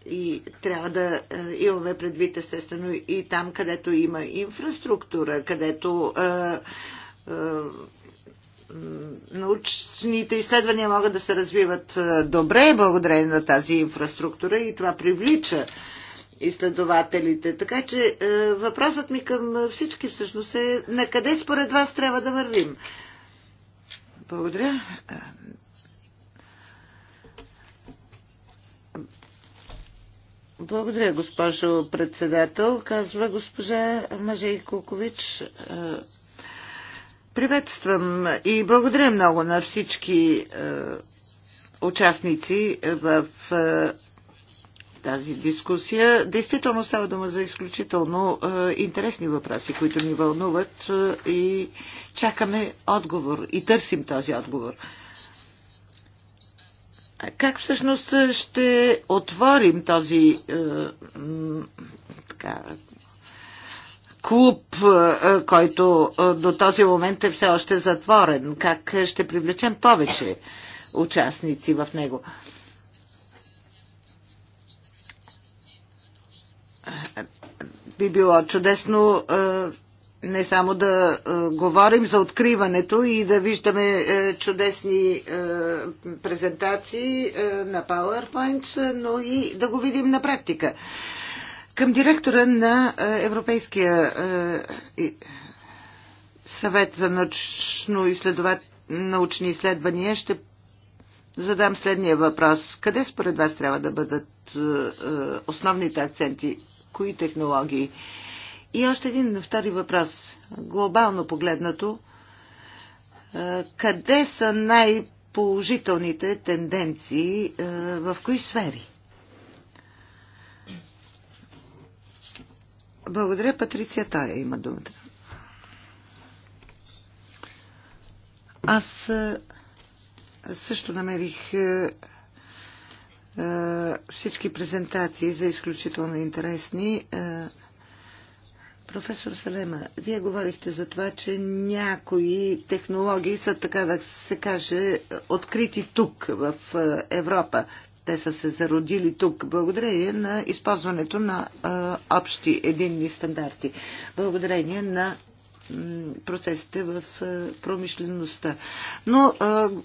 S2: и трябва да е, имаме предвид естествено и там, където има инфраструктура, където е, е, научните изследвания могат да се развиват добре благодарение на тази инфраструктура и това привлича изследователите. Така че въпросът ми към всички всъщност е на къде според вас трябва да вървим. Благодаря. Благодаря, госпожо председател, казва госпожа Мажей Кукович. Е, приветствам и благодаря много на всички е, участници в е, тази дискусия. Действително става дума за изключително интересни въпроси, които ни вълнуват и чакаме отговор и търсим този отговор. Как всъщност е, ще отворим този е, така, клуб, е, е, който е, до този момент е все още затворен? Как е, ще привлечем повече участници в него? Би било чудесно. Е, не само да е, говорим за откриването и да виждаме е, чудесни е, презентации на PowerPoint, но и да го видим на практика. Към директора на Европейския съвет за научно изследоват... научни изследвания ще задам следния въпрос. Къде според вас трябва да бъдат основните акценти? Кои технологии? И още един втори въпрос. Глобално погледнато, е, къде са най-положителните тенденции, е, в кои сфери? Благодаря, Патриция Тая има думата. Аз е, също намерих всички презентации за изключително интересни. Професор Салема, вие говорихте за това, че някои технологии са, така да се каже, открити тук, в е, Европа. Те са се зародили тук, благодарение на използването на а, е, общи единни стандарти, благодарение на процесите в промишлеността. Но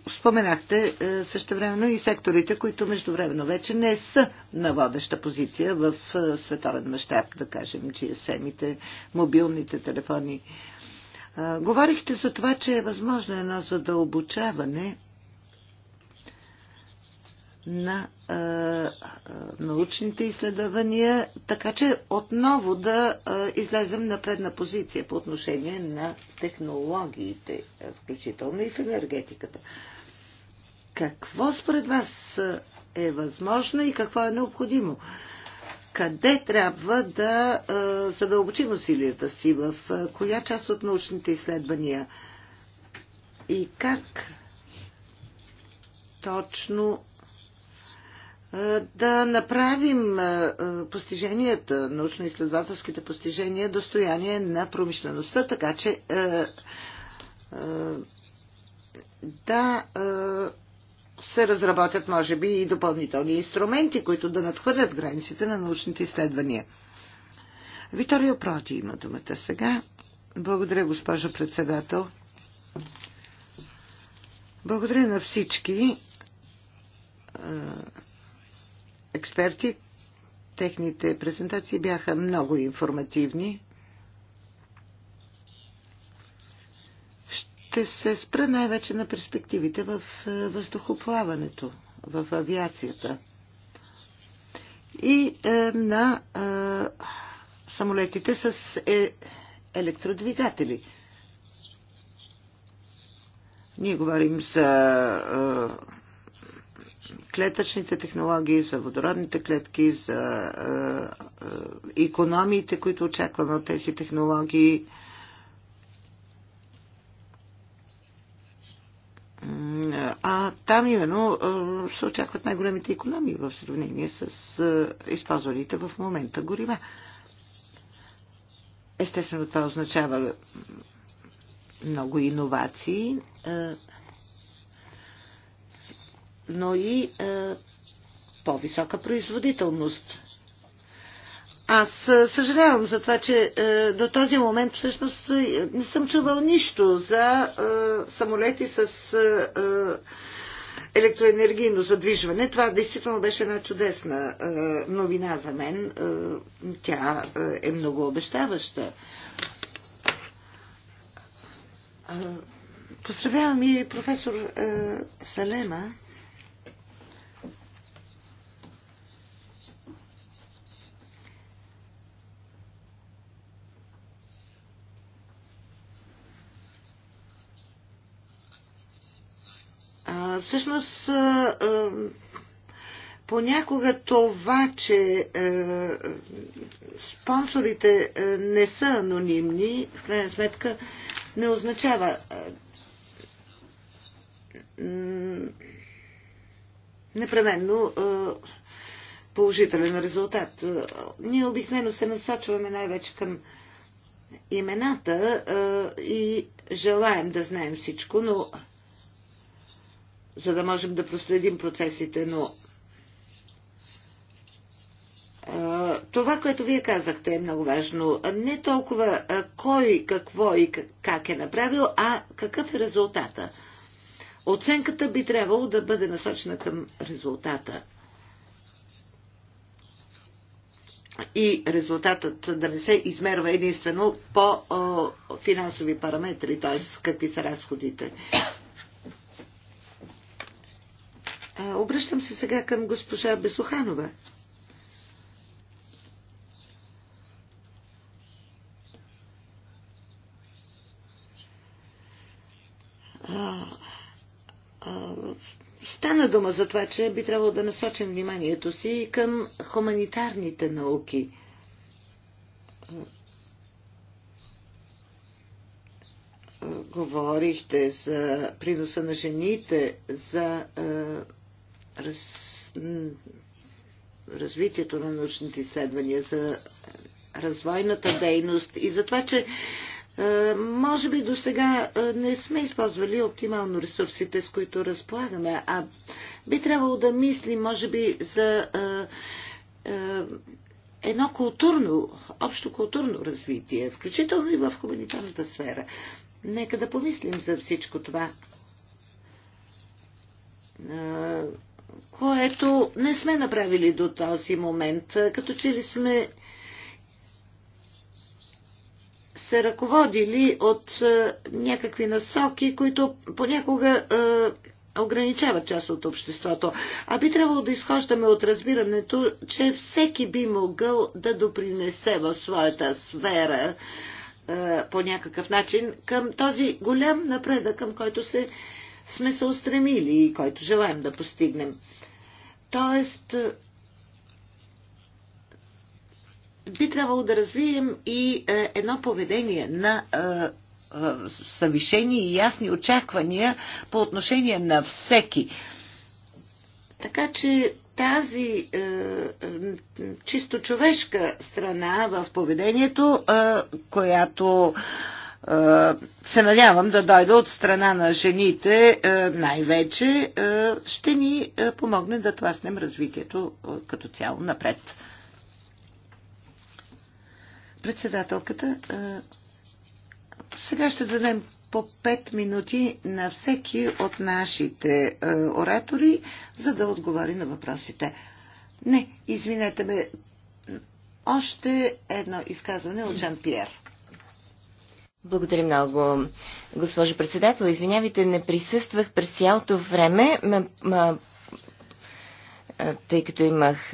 S2: споменахте същевременно и секторите, които междувременно вече не са на водеща позиция в световен мащаб, да кажем, GSM-ите, мобилните телефони. Говорихте за това, че е възможно едно задълбочаване на а, а, научните изследвания, така че отново да а, излезем на предна позиция по отношение на технологиите, включително и в енергетиката. Какво според вас е възможно и какво е необходимо? Къде трябва да а, задълбочим усилията си? В а, коя част от научните изследвания? И как точно да направим постиженията, научно-изследователските постижения, достояние на промишлеността, така че да се разработят, може би, и допълнителни инструменти, които да надхвърлят границите на научните изследвания. Виторио Проти има думата сега. Благодаря, госпожо председател. Благодаря на всички експерти. Техните презентации бяха много информативни. Ще се спра най-вече на перспективите в е, въздухоплаването, в авиацията и е, на е, самолетите с електродвигатели. Ние говорим за клетъчните технологии, за водородните клетки, за економиите, е, които очакваме от тези технологии. А там именно е, се очакват най-големите економии в сравнение с е, използваните в момента горива. Естествено, това означава много иновации но и е, по-висока производителност. Аз е, съжалявам за това, че е, до този момент всъщност е, не съм чувал нищо за е, самолети с е, електроенергийно задвижване. Това действително беше една чудесна е, новина за мен. Е, тя е много обещаваща. Поздравявам и професор е, Салема. Всъщност, понякога това, че спонсорите не са анонимни, в крайна сметка не означава. непременно положителен резултат. Ние обикновено се насочваме най-вече към имената и желаем да знаем всичко, но за да можем да проследим процесите, но това, което вие казахте е много важно. Не толкова кой, какво и как е направил, а какъв е резултата. Оценката би трябвало да бъде насочена към резултата. И резултатът да не се измерва единствено по финансови параметри, т.е. какви са разходите. Обръщам се сега към госпожа Безуханова. Стана дума за това, че би трябвало да насочим вниманието си към хуманитарните науки. Говорихте за приноса на жените, за раз, развитието на научните изследвания, за развойната дейност и за това, че може би до сега не сме използвали оптимално ресурсите, с които разполагаме, а би трябвало да мислим, може би, за едно културно, общо културно развитие, включително и в хуманитарната сфера. Нека да помислим за всичко това което не сме направили до този момент. Като че ли сме се ръководили от е, някакви насоки, които понякога е, ограничават част от обществото. А би трябвало да изхождаме от разбирането, че всеки би могъл да допринесе в своята сфера е, по някакъв начин към този голям напредък, към който се сме се устремили и който желаем да постигнем. Тоест, би трябвало да развием и е, едно поведение на е, е, съвишени и ясни очаквания по отношение на всеки. Така че тази е, чисто човешка страна в поведението, е, която е, се надявам да дойда от страна на жените, е, най-вече е, ще ни помогне да тласнем развитието
S3: като цяло напред.
S2: Председателката, сега ще дадем по 5 минути на всеки от нашите оратори, за да отговори на въпросите.
S3: Не, извинете ме, още едно изказване от Жан Пьер. Благодаря много, госпожо председател. Извинявайте, не присъствах през цялото време, тъй като имах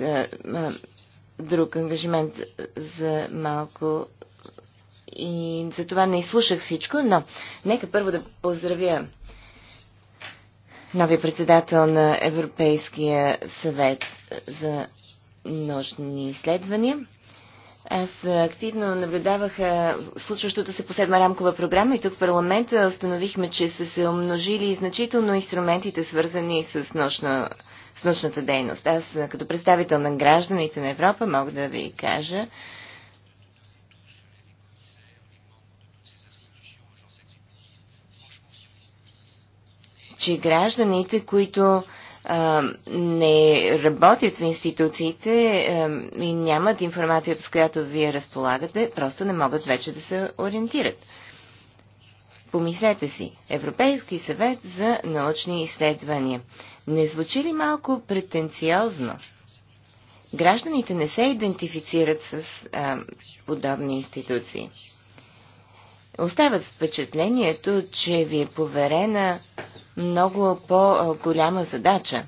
S3: друг ангажимент за малко и за това не изслушах всичко, но нека първо да поздравя новия председател на Европейския съвет за научни изследвания. Аз активно наблюдавах случващото се по седма рамкова програма и тук в парламента установихме, че са се умножили значително инструментите, свързани с, нощна, с нощната дейност. Аз като представител на гражданите на Европа мога да ви кажа, че гражданите, които не работят в институциите и нямат информацията, с която вие разполагате, просто не могат вече да се ориентират. Помислете си. Европейски съвет за научни изследвания. Не звучи ли малко претенциозно? Гражданите не се идентифицират с а, подобни институции остават впечатлението, че ви е поверена много по-голяма задача.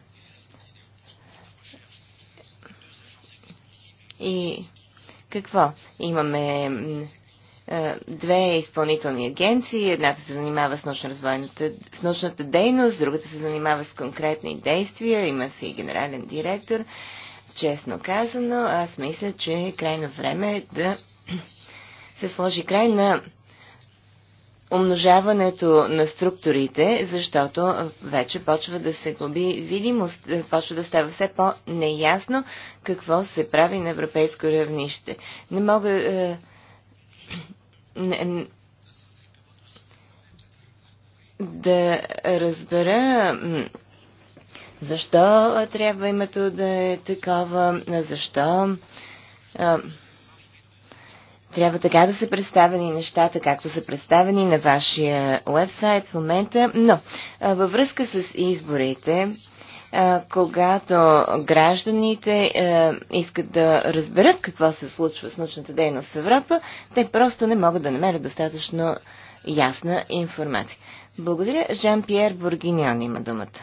S3: И какво? Имаме две изпълнителни агенции. Едната се занимава с, с научната дейност, другата се занимава с конкретни действия. Има си и генерален директор. Честно казано, аз мисля, че е крайно време да се сложи край на умножаването на структурите, защото вече почва да се губи видимост, почва да става все по-неясно какво се прави на европейско равнище. Не мога... Е, не, да разбера защо трябва името да е такова, защо... Трябва така да са представени нещата, както са представени на вашия уебсайт в момента. Но във връзка с изборите, когато гражданите искат да разберат какво се случва с научната дейност в Европа, те просто не могат да намерят достатъчно ясна информация. Благодаря. Жан-Пьер Бургиньон има думата.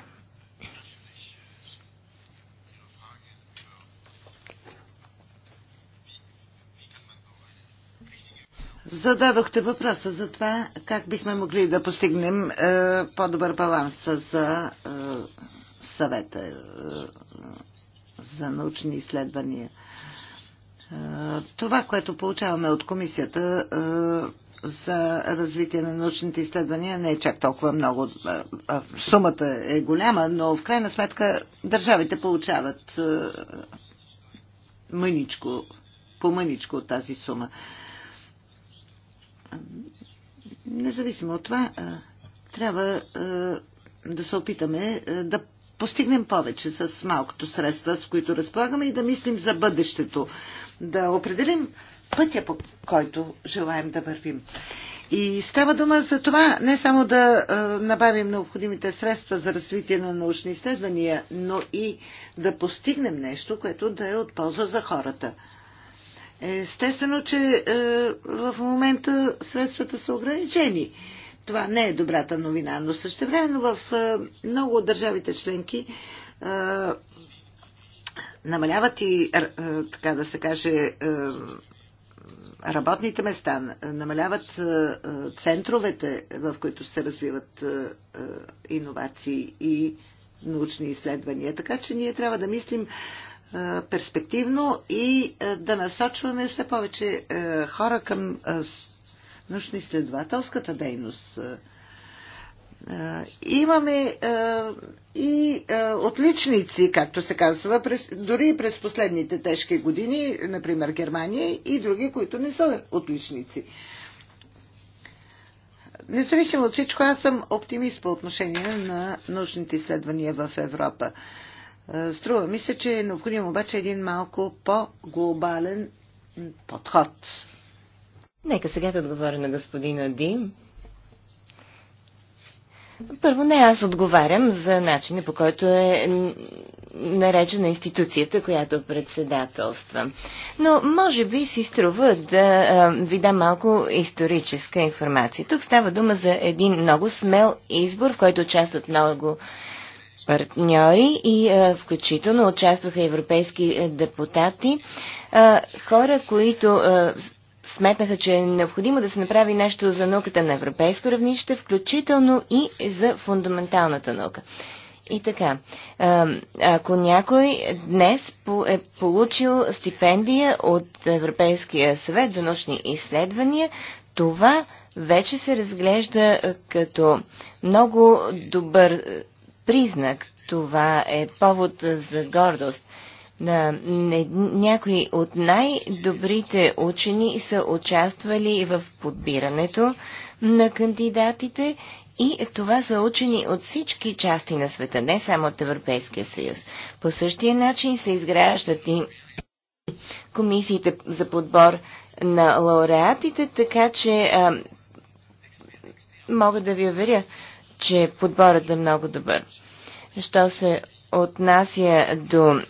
S2: Зададохте въпроса за това как бихме могли да постигнем е, по-добър баланс за е, съвета е, за научни изследвания. Е, това, което получаваме от комисията е, за развитие на научните изследвания, не е чак толкова много. Е, сумата е голяма, но в крайна сметка държавите получават е, мъничко, по мъничко от тази сума. Е, Независимо от това, трябва да се опитаме да постигнем повече с малкото средства, с които разполагаме и да мислим за бъдещето, да определим пътя, по който желаем да вървим. И става дума за това не само да е, набавим необходимите средства за развитие на научни изследвания, но и да постигнем нещо, което да е от полза за хората. Естествено, че е, в момента средствата са ограничени. Това не е добрата новина, но същевременно в е, много от държавите членки е, намаляват и, така да се каже, работните места, намаляват центровете, в които се развиват иновации и научни изследвания. Така че ние трябва да мислим перспективно и да насочваме все повече хора към научно-изследователската дейност. Имаме и отличници, както се казва, дори през последните тежки години, например Германия и други, които не са отличници. Независимо от всичко, аз съм оптимист по отношение на научните изследвания в Европа. Е, струва ми се, че е необходим
S3: обаче един малко по-глобален подход. Нека сега да отговоря на господина Дим. Първо не аз отговарям за начина по който е наречена институцията, която председателства. Но може би си струва да е, ви дам малко историческа информация. Тук става дума за един много смел избор, в който участват много партньори и е, включително участваха европейски е, депутати, е, хора, които сметнаха, че е необходимо да се направи нещо за науката на европейско равнище, включително и за фундаменталната наука. И така, ако някой днес е получил стипендия от Европейския съвет за научни изследвания, това вече се разглежда като много добър признак. Това е повод за гордост. Някои от най-добрите учени са участвали в подбирането на кандидатите и това са учени от всички части на света, не само от Европейския съюз. По същия начин се изграждат и комисиите за подбор на лауреатите, така че а, мога да ви уверя, че подборът е много добър. Що се отнася до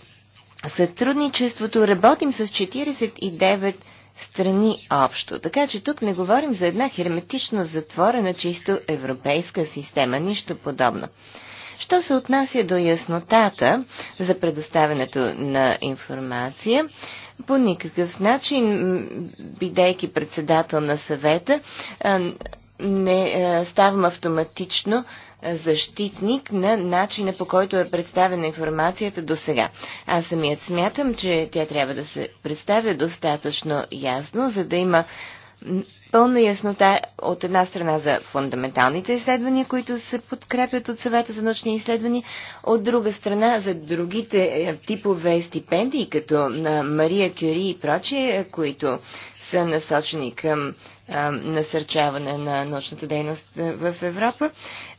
S3: сътрудничеството, работим с 49 страни общо. Така че тук не говорим за една херметично затворена, чисто европейска система, нищо подобно. Що се отнася до яснотата за предоставянето на информация, по никакъв начин, бидейки председател на съвета, не е, ставам автоматично е, защитник на начина по който е представена информацията до сега. Аз самият смятам, че тя трябва да се представя достатъчно ясно, за да има пълна яснота от една страна за фундаменталните изследвания, които се подкрепят от съвета за научни изследвания, от друга страна за другите е, типове стипендии, като на Мария Кюри и прочие, които са насочени към насърчаване на научната дейност в Европа.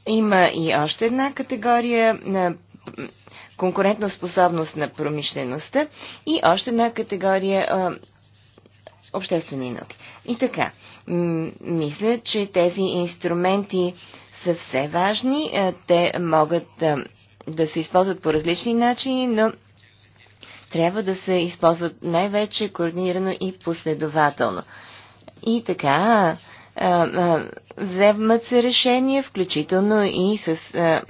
S3: Има и още една категория на конкурентна способност на промишлеността и още една категория а, обществени науки. И така, мисля, че тези инструменти са все важни. Те могат а, да се използват по различни начини, но трябва да се използват най-вече координирано и последователно. И така, вземат се решения, включително и с а,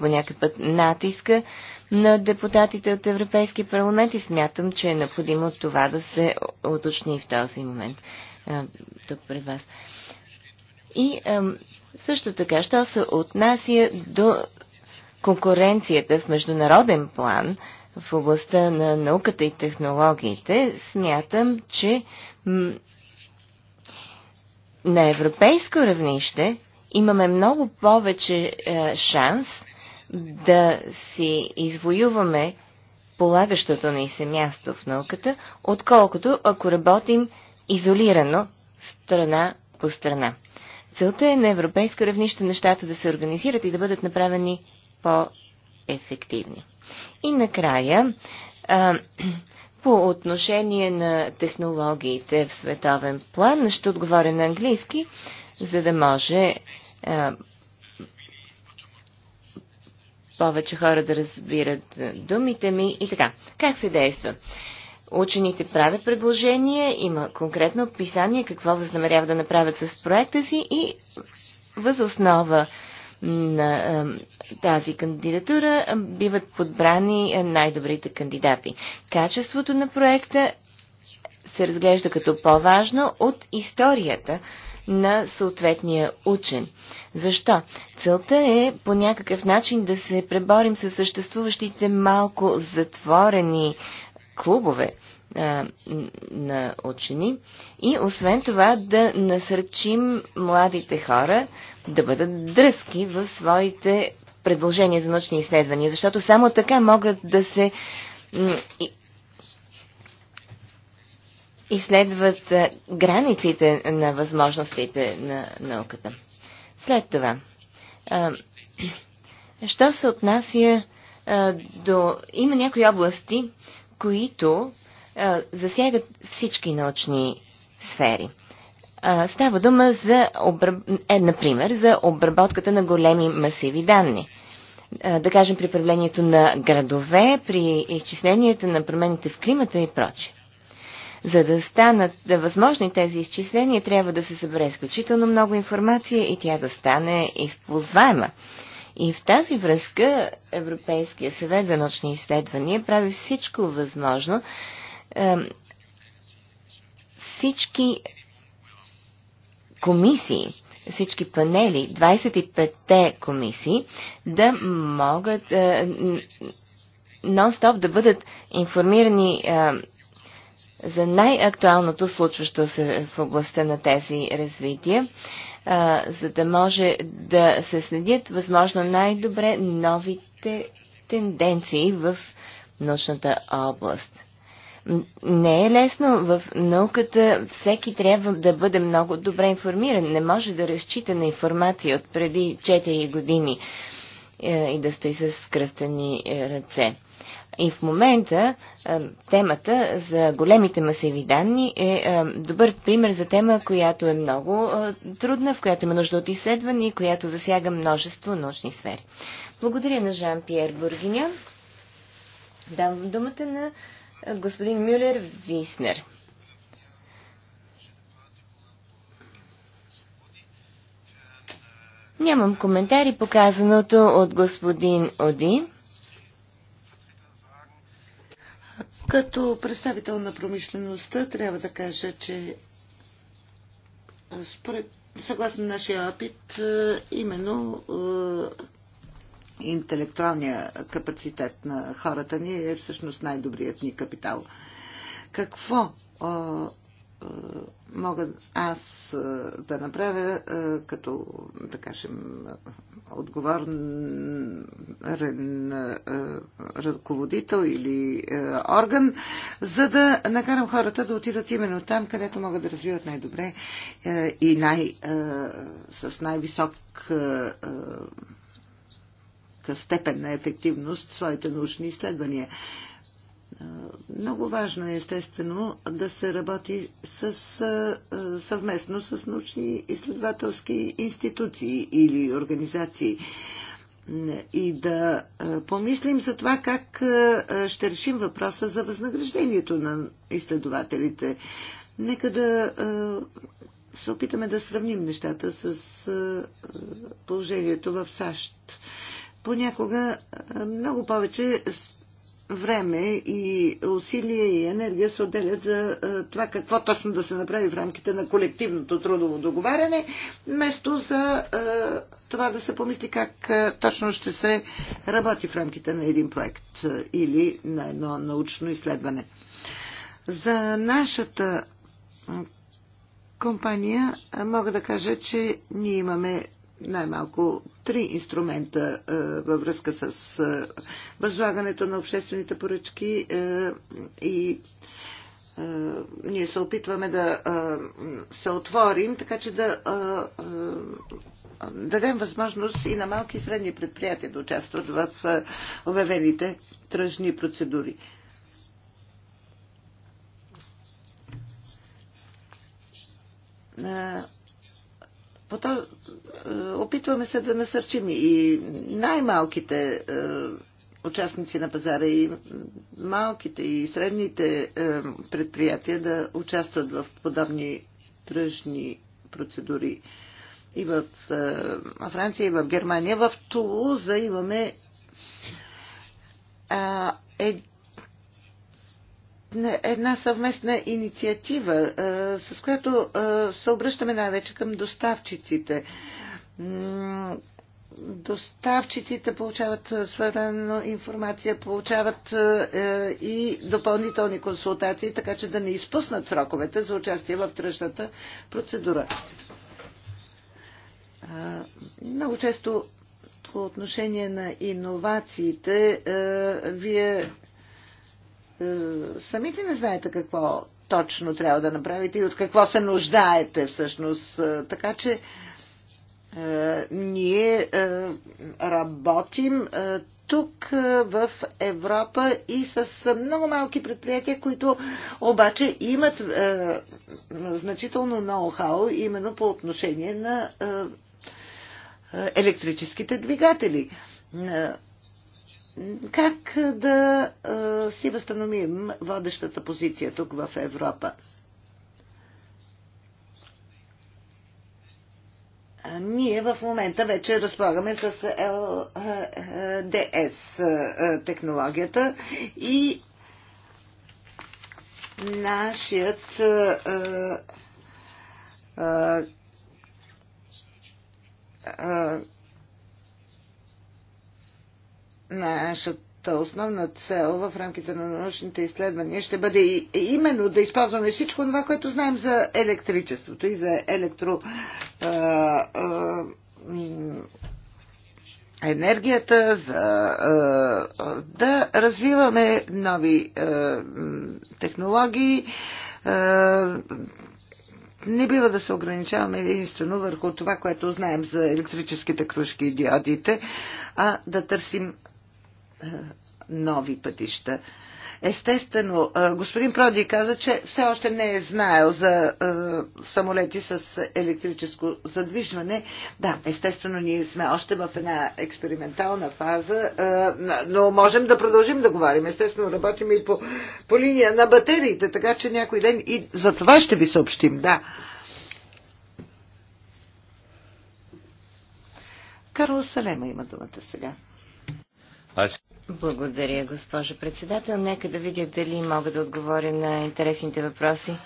S3: по някакъв път натиска на депутатите от Европейски парламент и смятам, че е необходимо това да се уточни в този момент а, тук пред вас. И а, също така, що се отнася до конкуренцията в международен план, в областта на науката и технологиите, смятам, че на европейско равнище имаме много повече е, шанс да си извоюваме полагащото ни се място в науката, отколкото ако работим изолирано страна по страна. Целта е на европейско равнище нещата да се организират и да бъдат направени по-ефективни. И накрая, а, по отношение на технологиите в световен план, ще отговоря на английски, за да може а, повече хора да разбират думите ми и така. Как се действа? Учените правят предложения, има конкретно описание какво възнамеряват да направят с проекта си и възоснова основа на е, тази кандидатура е, биват подбрани е, най-добрите кандидати. Качеството на проекта се разглежда като по-важно от историята на съответния учен. Защо? Целта е по някакъв начин да се преборим с съществуващите малко затворени клубове а, на учени. И освен това да насърчим младите хора да бъдат дръзки в своите предложения за научни изследвания, защото само така могат да се изследват границите на възможностите на науката. След това, що се отнася до... Има някои области, които засягат всички научни сфери. Става дума за, е, например, за обработката на големи масиви данни. Да кажем при правлението на градове, при изчисленията на промените в климата и прочее. За да станат да възможни тези изчисления, трябва да се събере изключително много информация и тя да стане използваема. И в тази връзка Европейския съвет за научни изследвания прави всичко възможно, всички комисии, всички панели, 25-те комисии, да могат е, нон-стоп да бъдат информирани е, за най-актуалното случващо се в областта на тези развития, е, за да може да се следят възможно най-добре новите тенденции в научната област. Не е лесно. В науката всеки трябва да бъде много добре информиран. Не може да разчита на информация от преди 4 години е, и да стои с кръстени е, ръце. И в момента е, темата за големите масиви данни е добър пример за тема, която е много трудна, в която има нужда от изследване и която засяга множество научни сфери. Благодаря на Жан-Пьер Бургиня. Давам думата на господин Мюлер Виснер. Нямам коментари показаното от господин Оди.
S2: Като представител на промишлеността трябва да кажа, че според, съгласно нашия опит, именно интелектуалния капацитет на хората ни е всъщност най-добрият ни капитал. Какво мога аз да направя като, да кажем, отговорен ръководител или орган, за да накарам хората да отидат именно там, където могат да развиват най-добре и най- с най-висок висока степен на ефективност своите научни изследвания. Много важно е, естествено, да се работи с, съвместно с научни изследователски институции или организации и да помислим за това как ще решим въпроса за възнаграждението на изследователите. Нека да се опитаме да сравним нещата с положението в САЩ понякога много повече време и усилие и енергия се отделят за това какво точно да се направи в рамките на колективното трудово договаряне, вместо за това да се помисли как точно ще се работи в рамките на един проект или на едно научно изследване. За нашата компания мога да кажа, че ние имаме най-малко три инструмента е, във връзка с е, възлагането на обществените поръчки е, и ние се опитваме да се отворим, така че да дадем възможност и на малки и средни предприятия да участват в обявените тръжни процедури то, е, опитваме се да насърчим и най-малките е, участници на пазара и малките и средните е, предприятия да участват в подобни тръжни процедури и в Франция, и в Германия. В Тулуза имаме една съвместна инициатива, е, с която е, се обръщаме най-вече към доставчиците. Доставчиците получават е, своевременно информация, получават и допълнителни консултации, така че да не изпуснат сроковете за участие в тръжната процедура. Много често по отношение на иновациите, вие е, самите не знаете какво точно трябва да направите и от какво се нуждаете всъщност. Е, така че е, ние работим тук в Европа и с много малки предприятия, които обаче имат значително ноу-хау именно по отношение на електрическите двигатели как да а, си възстановим водещата позиция тук в Европа. А, ние в момента вече разполагаме с ЛДС е технологията и нашият а, а, Нашата основна цел в рамките на научните изследвания ще бъде именно да използваме всичко това, което знаем за електричеството и за електро енергията, за да развиваме нови технологии. Не бива да се ограничаваме единствено върху това, което знаем за електрическите кружки и диодите, а да търсим е, нови пътища. Естествено, е, господин Проди каза, че все още не е знаел за е, самолети с електрическо задвижване. Да, естествено, ние сме още в една експериментална фаза, но можем да продължим да говорим. Естествено, работим и по, по линия на батериите, така че някой ден и за това ще ви съобщим, да.
S3: Карло Салема има думата сега. Аз... Благодаря, госпожа председател. Нека да видя дали мога да отговоря на интересните въпроси.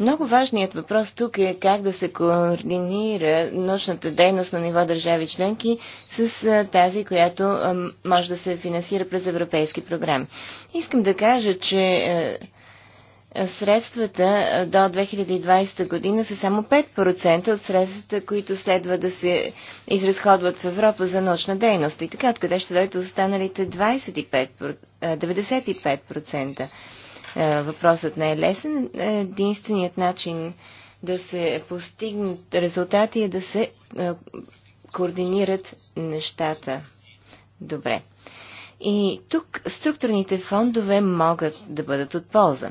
S3: Много важният въпрос тук е как да се координира научната дейност на ниво държави членки с тази, която може да се финансира през европейски програми. Искам да кажа, че средствата до 2020 година са само 5% от средствата, които следва да се изразходват в Европа за научна дейност. И така, откъде ще дойдат останалите 25, 95%? Въпросът не е лесен. Единственият начин да се постигнат резултати е да се координират нещата. Добре. И тук структурните фондове могат да бъдат от полза.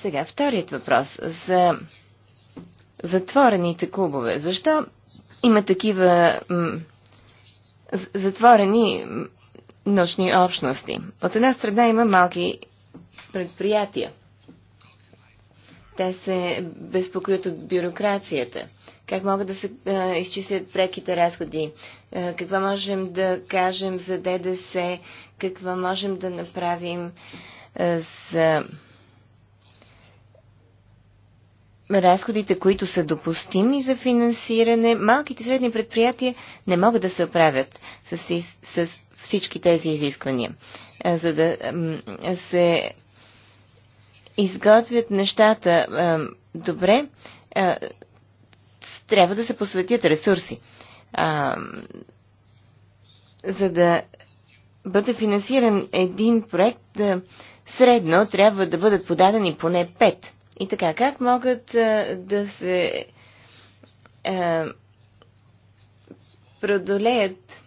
S3: Сега, вторият въпрос за затворените клубове. Защо има такива затворени нощни общности? От една страна има малки предприятия. Те се безпокоят от бюрокрацията. Как могат да се а, изчислят преките разходи? А, какво можем да кажем за ДДС? Какво можем да направим а, за разходите, които са допустими за финансиране, малките и средни предприятия не могат да се оправят с, с всички тези изисквания. За да се изготвят нещата добре, трябва да се посветят ресурси. За да бъде финансиран един проект, средно трябва да бъдат подадени поне пет и така, как могат а, да се а, продолеят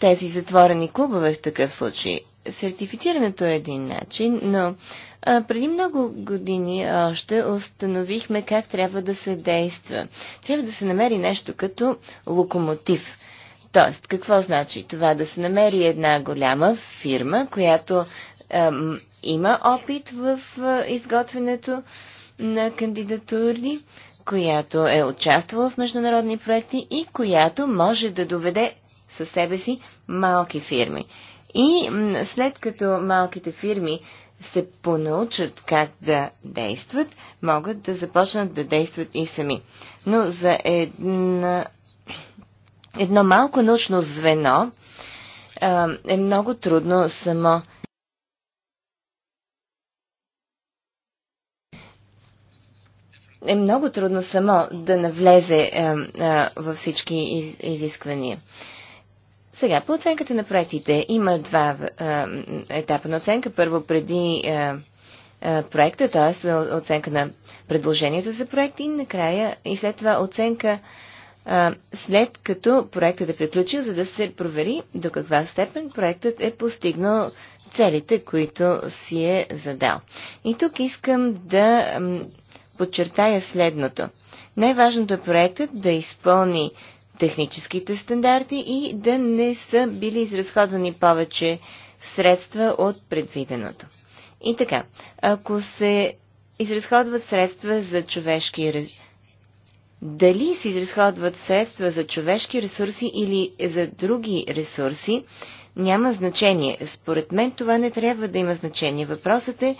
S3: тези затворени клубове в такъв случай? Сертифицирането е един начин, но а, преди много години още установихме как трябва да се действа. Трябва да се намери нещо като локомотив. Тоест, какво значи това? Да се намери една голяма фирма, която има опит в изготвянето на кандидатури, която е участвала в международни проекти и която може да доведе със себе си малки фирми. И след като малките фирми се понаучат как да действат, могат да започнат да действат и сами. Но за една, едно малко научно звено е много трудно само е много трудно само да навлезе е, е, във всички из, изисквания. Сега, по оценката на проектите има два е, етапа на оценка. Първо преди е, проекта, т.е. оценка на предложението за проект и накрая и след това оценка след като проектът е приключил, за да се провери до каква степен проектът е постигнал целите, които си е задал. И тук искам да подчертая следното. Най-важното е проектът да изпълни техническите стандарти и да не са били изразходвани повече средства от предвиденото. И така, ако се изразходват средства за човешки дали се изразходват средства за човешки ресурси или за други ресурси, няма значение. Според мен това не трябва да има значение. Въпросът е,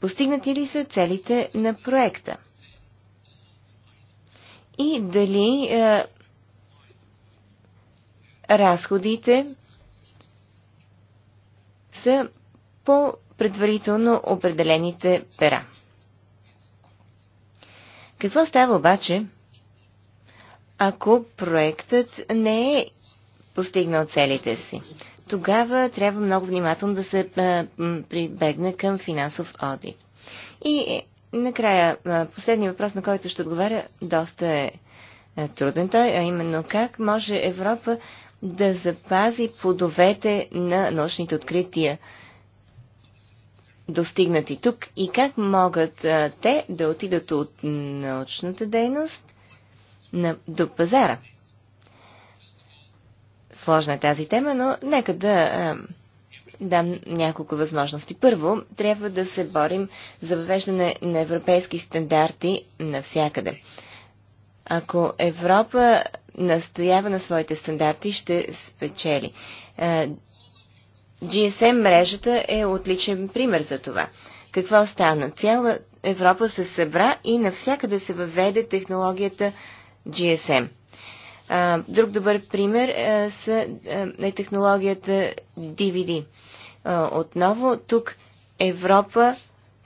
S3: Постигнати ли са целите на проекта? И дали е, разходите са по предварително определените пера. Какво става обаче, ако проектът не е постигнал целите си? тогава трябва много внимателно да се прибегне към финансов одит. И е, накрая, последният въпрос, на който ще отговаря, доста е, е труден той, а именно как може Европа да запази плодовете на научните открития, достигнати тук и как могат те да отидат от научната дейност на, до пазара сложна е тази тема, но нека да а, дам няколко възможности. Първо, трябва да се борим за въвеждане на европейски стандарти навсякъде. Ако Европа настоява на своите стандарти, ще спечели. GSM мрежата е отличен пример за това. Какво стана? Цяла Европа се събра и навсякъде се въведе технологията GSM. Друг добър пример е технологията DVD. Отново тук Европа,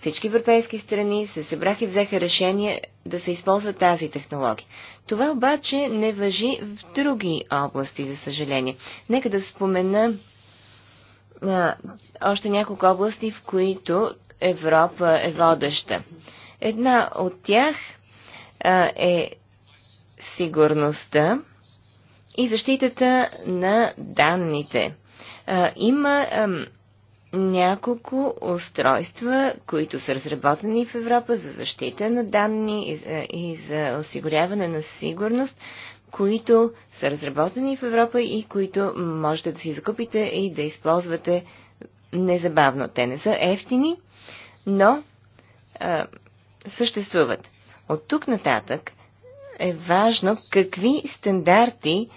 S3: всички европейски страни се събраха и взеха решение да се използва тази технология. Това обаче не въжи в други области, за съжаление. Нека да спомена а, още няколко области, в които Европа е водеща. Една от тях а, е сигурността и защитата на данните. Има няколко устройства, които са разработени в Европа за защита на данни и за осигуряване на сигурност, които са разработени в Европа и които можете да си закупите и да използвате незабавно. Те не са ефтини, но а, съществуват. От тук нататък е важно какви стандарти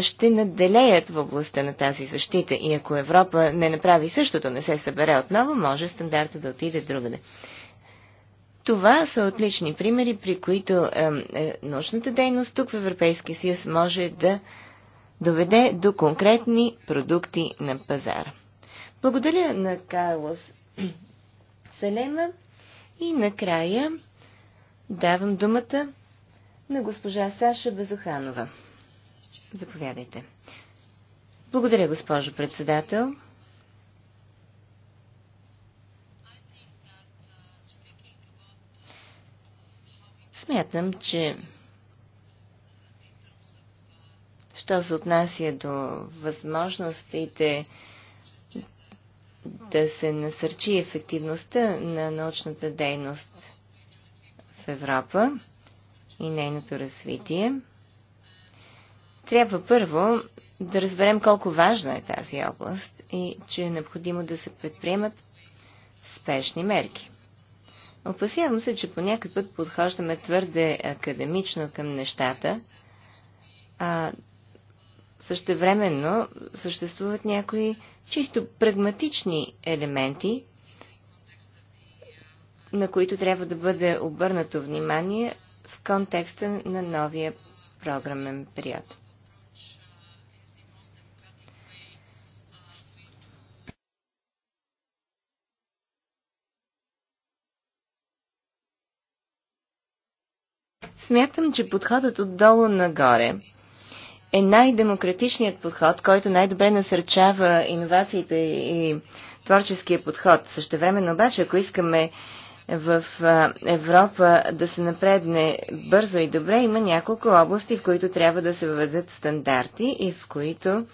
S3: ще надделеят в областта на тази защита. И ако Европа не направи същото, не се събере отново, може стандарта да отиде другаде. Това са отлични примери, при които е, е, научната дейност тук в Европейския съюз може да доведе до конкретни продукти на пазара. Благодаря на Карлос Салема и накрая давам думата на госпожа Саша Безоханова. Заповядайте. Благодаря, госпожо председател. Смятам, че що се отнася до възможностите да се насърчи ефективността на научната дейност в Европа, и нейното развитие. Трябва първо да разберем колко важна е тази област и че е необходимо да се предприемат спешни мерки. Опасявам се, че по някой път подхождаме твърде академично към нещата, а същевременно съществуват някои чисто прагматични елементи, на които трябва да бъде обърнато внимание в контекста на новия програмен период. Смятам, че подходът отдолу нагоре е най-демократичният подход, който най-добре насърчава иновациите и творческия подход. Същевременно обаче, ако искаме в Европа да се напредне бързо и добре, има няколко области, в които трябва да се въведат стандарти и в които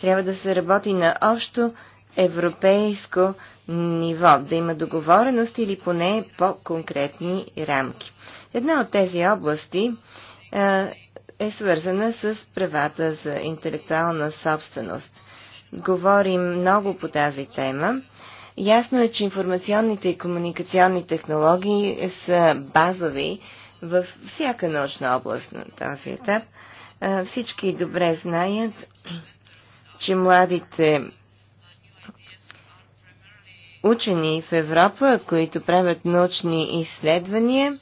S3: трябва да се работи на общо европейско ниво, да има договореност или поне по-конкретни рамки. Една от тези области е свързана с правата за интелектуална собственост. Говорим много по тази тема Ясно е, че информационните и комуникационни технологии са базови във всяка научна област на този етап. Всички добре знаят, че младите учени в Европа, които правят научни изследвания,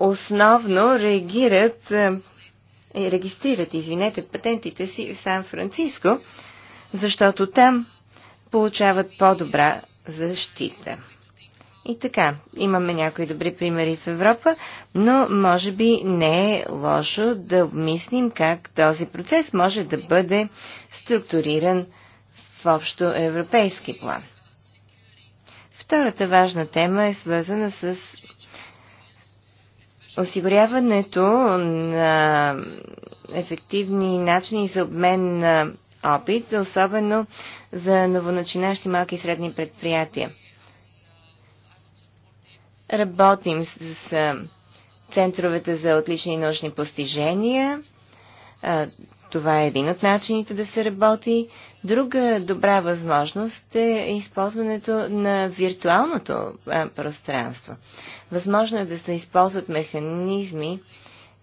S3: основно реагират, и регистрират, извинете, патентите си в Сан-Франциско, защото там получават по-добра защита. И така, имаме някои добри примери в Европа, но може би не е лошо да обмислим как този процес може да бъде структуриран в общо европейски план. Втората важна тема е свързана с осигуряването на ефективни начини за обмен на опит, особено за новоначинащи малки и средни предприятия. Работим с, центровете за отлични научни постижения. Това е един от начините да се работи. Друга добра възможност е използването на виртуалното пространство. Възможно е да се използват механизми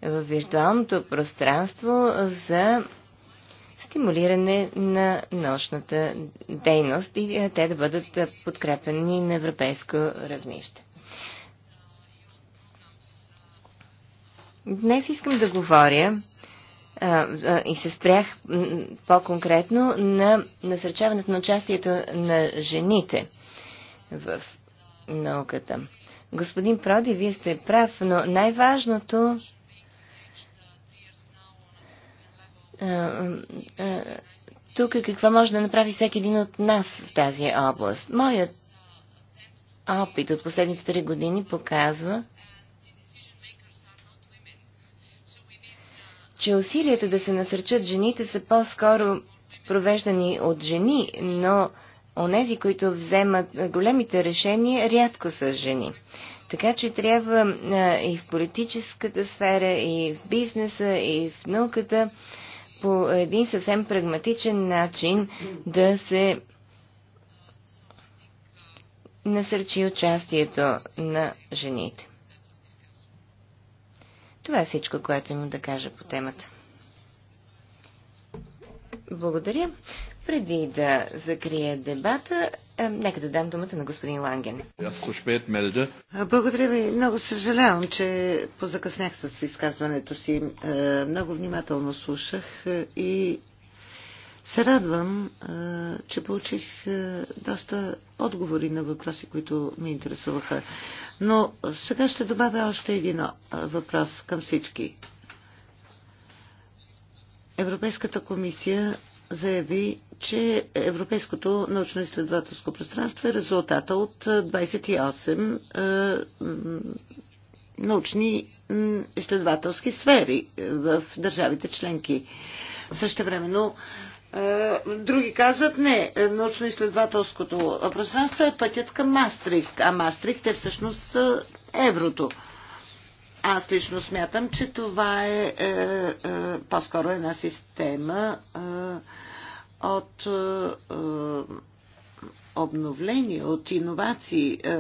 S3: в виртуалното пространство за стимулиране на научната дейност и е, те да бъдат е, подкрепени на европейско равнище. Днес искам да говоря е, и се спрях по-конкретно на насърчаването на участието на жените в науката. Господин Проди, вие сте прав, но най-важното тук какво може да направи всеки един от нас в тази област. Моят опит от последните три години показва, че усилията да се насърчат жените са по-скоро провеждани от жени, но онези, които вземат големите решения, рядко са жени. Така че трябва и в политическата сфера, и в бизнеса, и в науката по един съвсем прагматичен начин да се насърчи участието на жените. Това е всичко, което имам да кажа по темата. Благодаря. Преди да закрия дебата, е, нека да дам думата на господин Ланген. Благодаря ви. Много
S2: съжалявам, че позакъснях с изказването си. Е, много внимателно слушах е, и се радвам, че получих доста отговори на въпроси, които ми интересуваха. Но сега ще добавя още един въпрос към всички. Европейската комисия заяви, че Европейското научно-изследователско пространство е резултата от 28 е, е, научни изследователски сфери е, в държавите членки. Също времено други казват не, научно-изследователското пространство е пътят към Мастрихт, а Мастрихт е всъщност еврото. Аз лично смятам, че това е, е, е по-скоро една система е, от е, е, обновление, от иновации, е,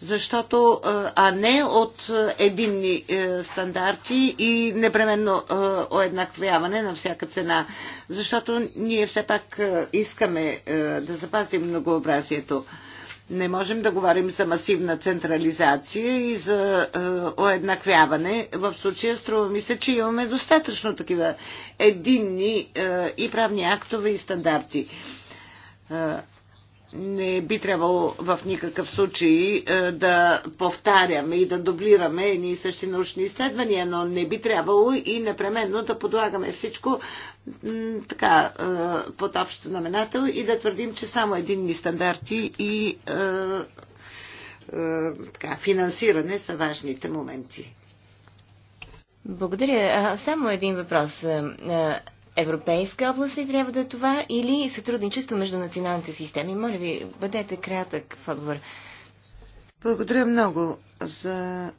S2: защото, е, а не от единни е, стандарти и непременно е, оеднаквяване на всяка цена, защото ние все пак е, искаме е, да запазим многообразието. Е, не можем да говорим за масивна централизация и за е, уеднаквяване. В случая струва ми се, че имаме достатъчно такива единни е, и правни актове и стандарти. Е, не би трябвало в никакъв случай е, да повтаряме и да дублираме едни и същи научни изследвания, но не би трябвало и непременно да подлагаме всичко така е, под общ знаменател и да твърдим, че само единни стандарти и е, така, финансиране
S3: са важните моменти. Благодаря. Само един въпрос европейска област ли трябва да е това или сътрудничество между националните системи? Моля ви, бъдете кратък в отговор. Благодаря много
S2: за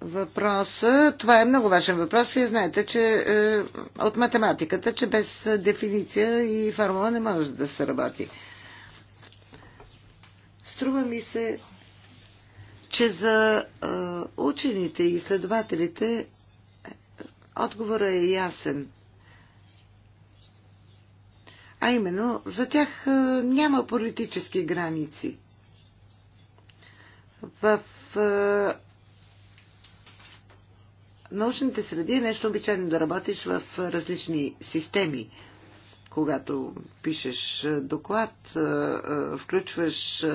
S2: въпроса. Това е много важен въпрос. Вие знаете, че е, от математиката, че без дефиниция и формула не може да се работи. Струва ми се, че за е, учените и изследователите отговорът е ясен. А именно, за тях е, няма политически граници. В е, научните среди е нещо обичайно да работиш в различни системи. Когато пишеш е, доклад, включваш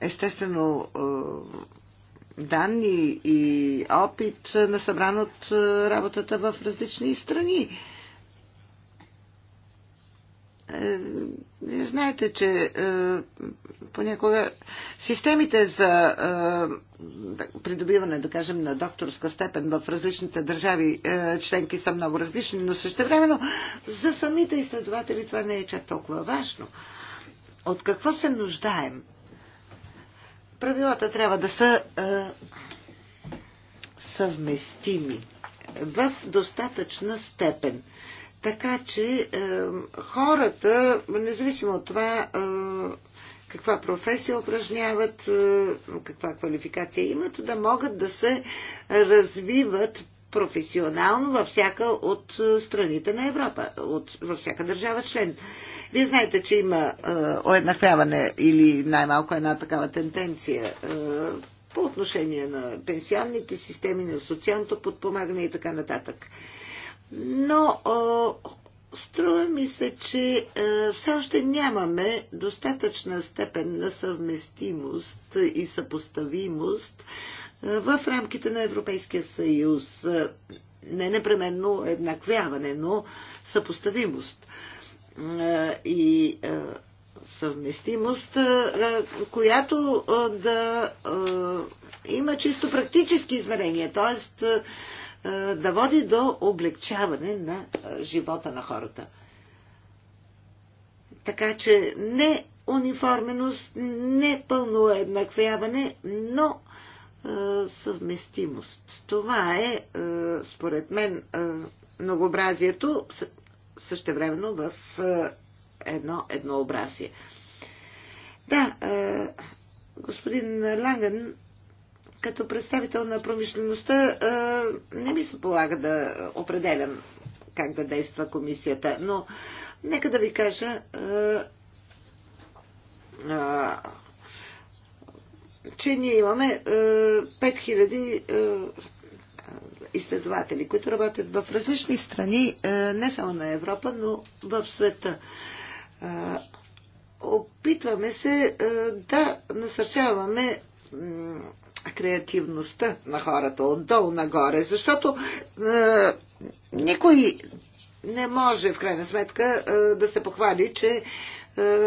S2: естествено данни и опит на събран от работата в различни страни. Е, е, знаете, че е, понякога системите за придобиване, да кажем, на докторска степен в различните държави членки са много различни, но същевременно за самите изследователи това не е чак толкова важно. От какво се нуждаем? Правилата трябва да са съвместими в достатъчна степен. Така че е, хората, независимо от това е, каква професия упражняват, е, каква квалификация имат, да могат да се развиват професионално във всяка от е, страните на Европа, от, във всяка държава член. Вие знаете, че има е, уеднаквяване или най-малко една такава тенденция е, по отношение на пенсионните системи, на социалното подпомагане и така нататък но струва ми се, че все още нямаме достатъчна степен на съвместимост и съпоставимост в рамките на Европейския съюз. Не непременно еднаквяване, но съпоставимост и съвместимост, която да има чисто практически измерения, т.е е, да води до облегчаване на е, живота на хората. Така че не униформеност, не пълно еднаквяване, но е, съвместимост. Това е, според мен, многообразието същевременно в едно еднообразие. Да, господин Ланган, като представител на промишлеността не ми се полага да определям как да действа комисията. Но нека да ви кажа, че ние имаме 5000 изследователи, които работят в различни страни, не само на Европа, но в света. Опитваме се да насърчаваме креативността на хората отдолу нагоре, защото е, никой не може в крайна сметка е, да се похвали, че е,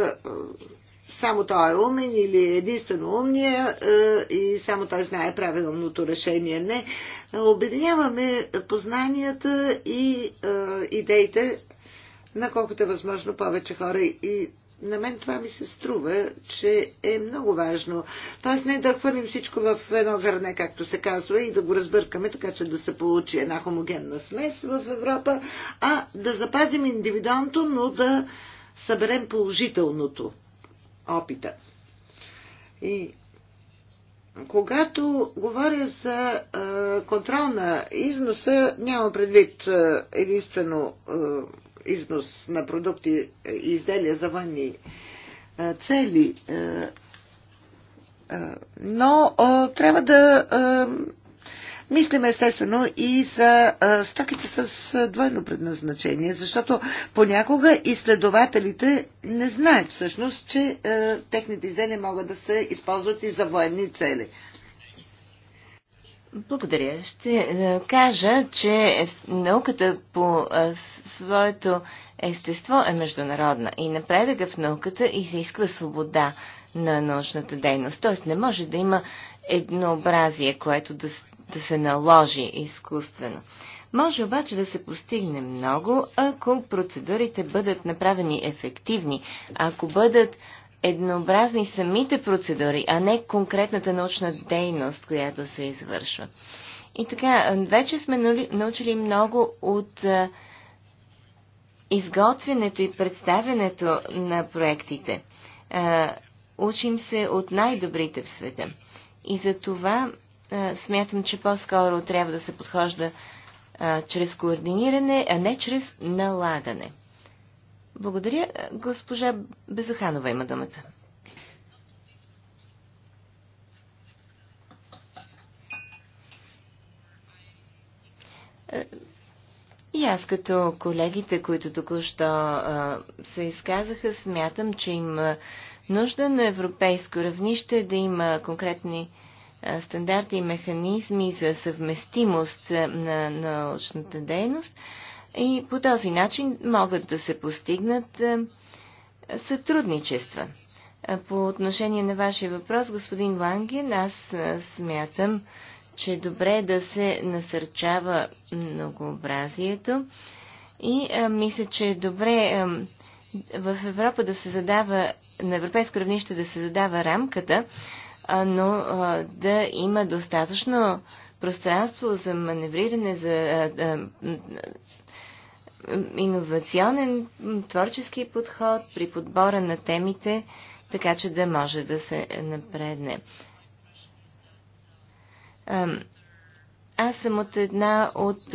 S2: само той е умен или е единствено умния е, и само той знае правилното решение. Не. Обединяваме познанията и е, идеите на колкото е възможно повече хора и на мен това ми се струва, че е много важно. Тоест не да хвърлим всичко в едно гърне, както се казва, и да го разбъркаме, така че да се получи една хомогенна смес в Европа, а да запазим индивидуалното, но да съберем положителното опита. И когато говоря за контрол на износа, няма предвид единствено износ на продукти и изделия за вънни е, цели. Е, е, но трябва да мислим естествено и за стоките с двойно предназначение, защото понякога изследователите не знаят всъщност, че техните изделия могат да се използват и за военни цели.
S3: Благодаря. Ще е, кажа, че е, науката по е, своето естество е международна и напредъка в науката изисква свобода на научната дейност. Тоест не може да има еднообразие, което да, да се наложи изкуствено. Може обаче да се постигне много, ако процедурите бъдат направени ефективни, ако бъдат еднообразни самите процедури, а не конкретната научна дейност, която се извършва. И така, вече сме нали, научили много от изготвянето и представянето на проектите. Учим се от най-добрите в света. И за това смятам, че по-скоро трябва да се подхожда чрез координиране, а не чрез налагане. Благодаря. Госпожа Безоханова има думата. И аз като колегите, които току-що се изказаха, смятам, че има нужда на европейско равнище да има конкретни стандарти и механизми за съвместимост на научната дейност и по този начин могат да се постигнат е, сътрудничества. Е, по отношение на вашия въпрос, господин Ланген, аз е, смятам, че е добре да се насърчава многообразието и а, мисля, че е добре а, в Европа да се задава, на европейско равнище да се задава рамката, а, но а, да има достатъчно пространство за маневриране, за иновационен творчески подход при подбора на темите, така че да може да се напредне. Аз съм от една от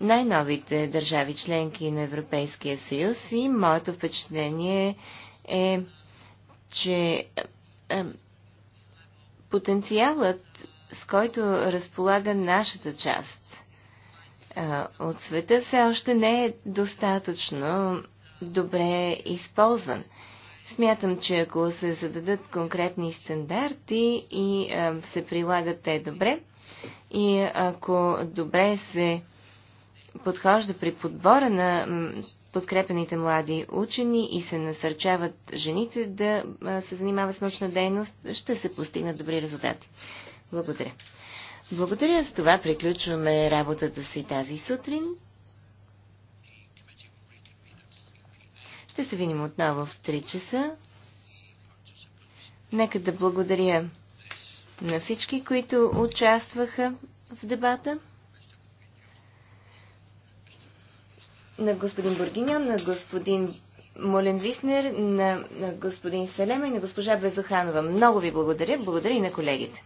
S3: най-новите държави членки на Европейския съюз и моето впечатление е, че потенциалът с който разполага нашата част а, от света, все още не е достатъчно добре използван. Смятам, че ако се зададат конкретни стандарти и а, се прилагат те добре, и ако добре се подхожда при подбора на подкрепените млади учени и се насърчават жените да се занимават с научна дейност, ще се постигнат добри резултати. Благодаря. Благодаря. С това приключваме работата си тази сутрин. Ще се видим отново в 3 часа. Нека да благодаря на всички, които участваха в дебата. На господин Бургинян, на господин Молен Виснер, на, на господин Салема и на госпожа Безоханова. Много ви благодаря. Благодаря и на колегите.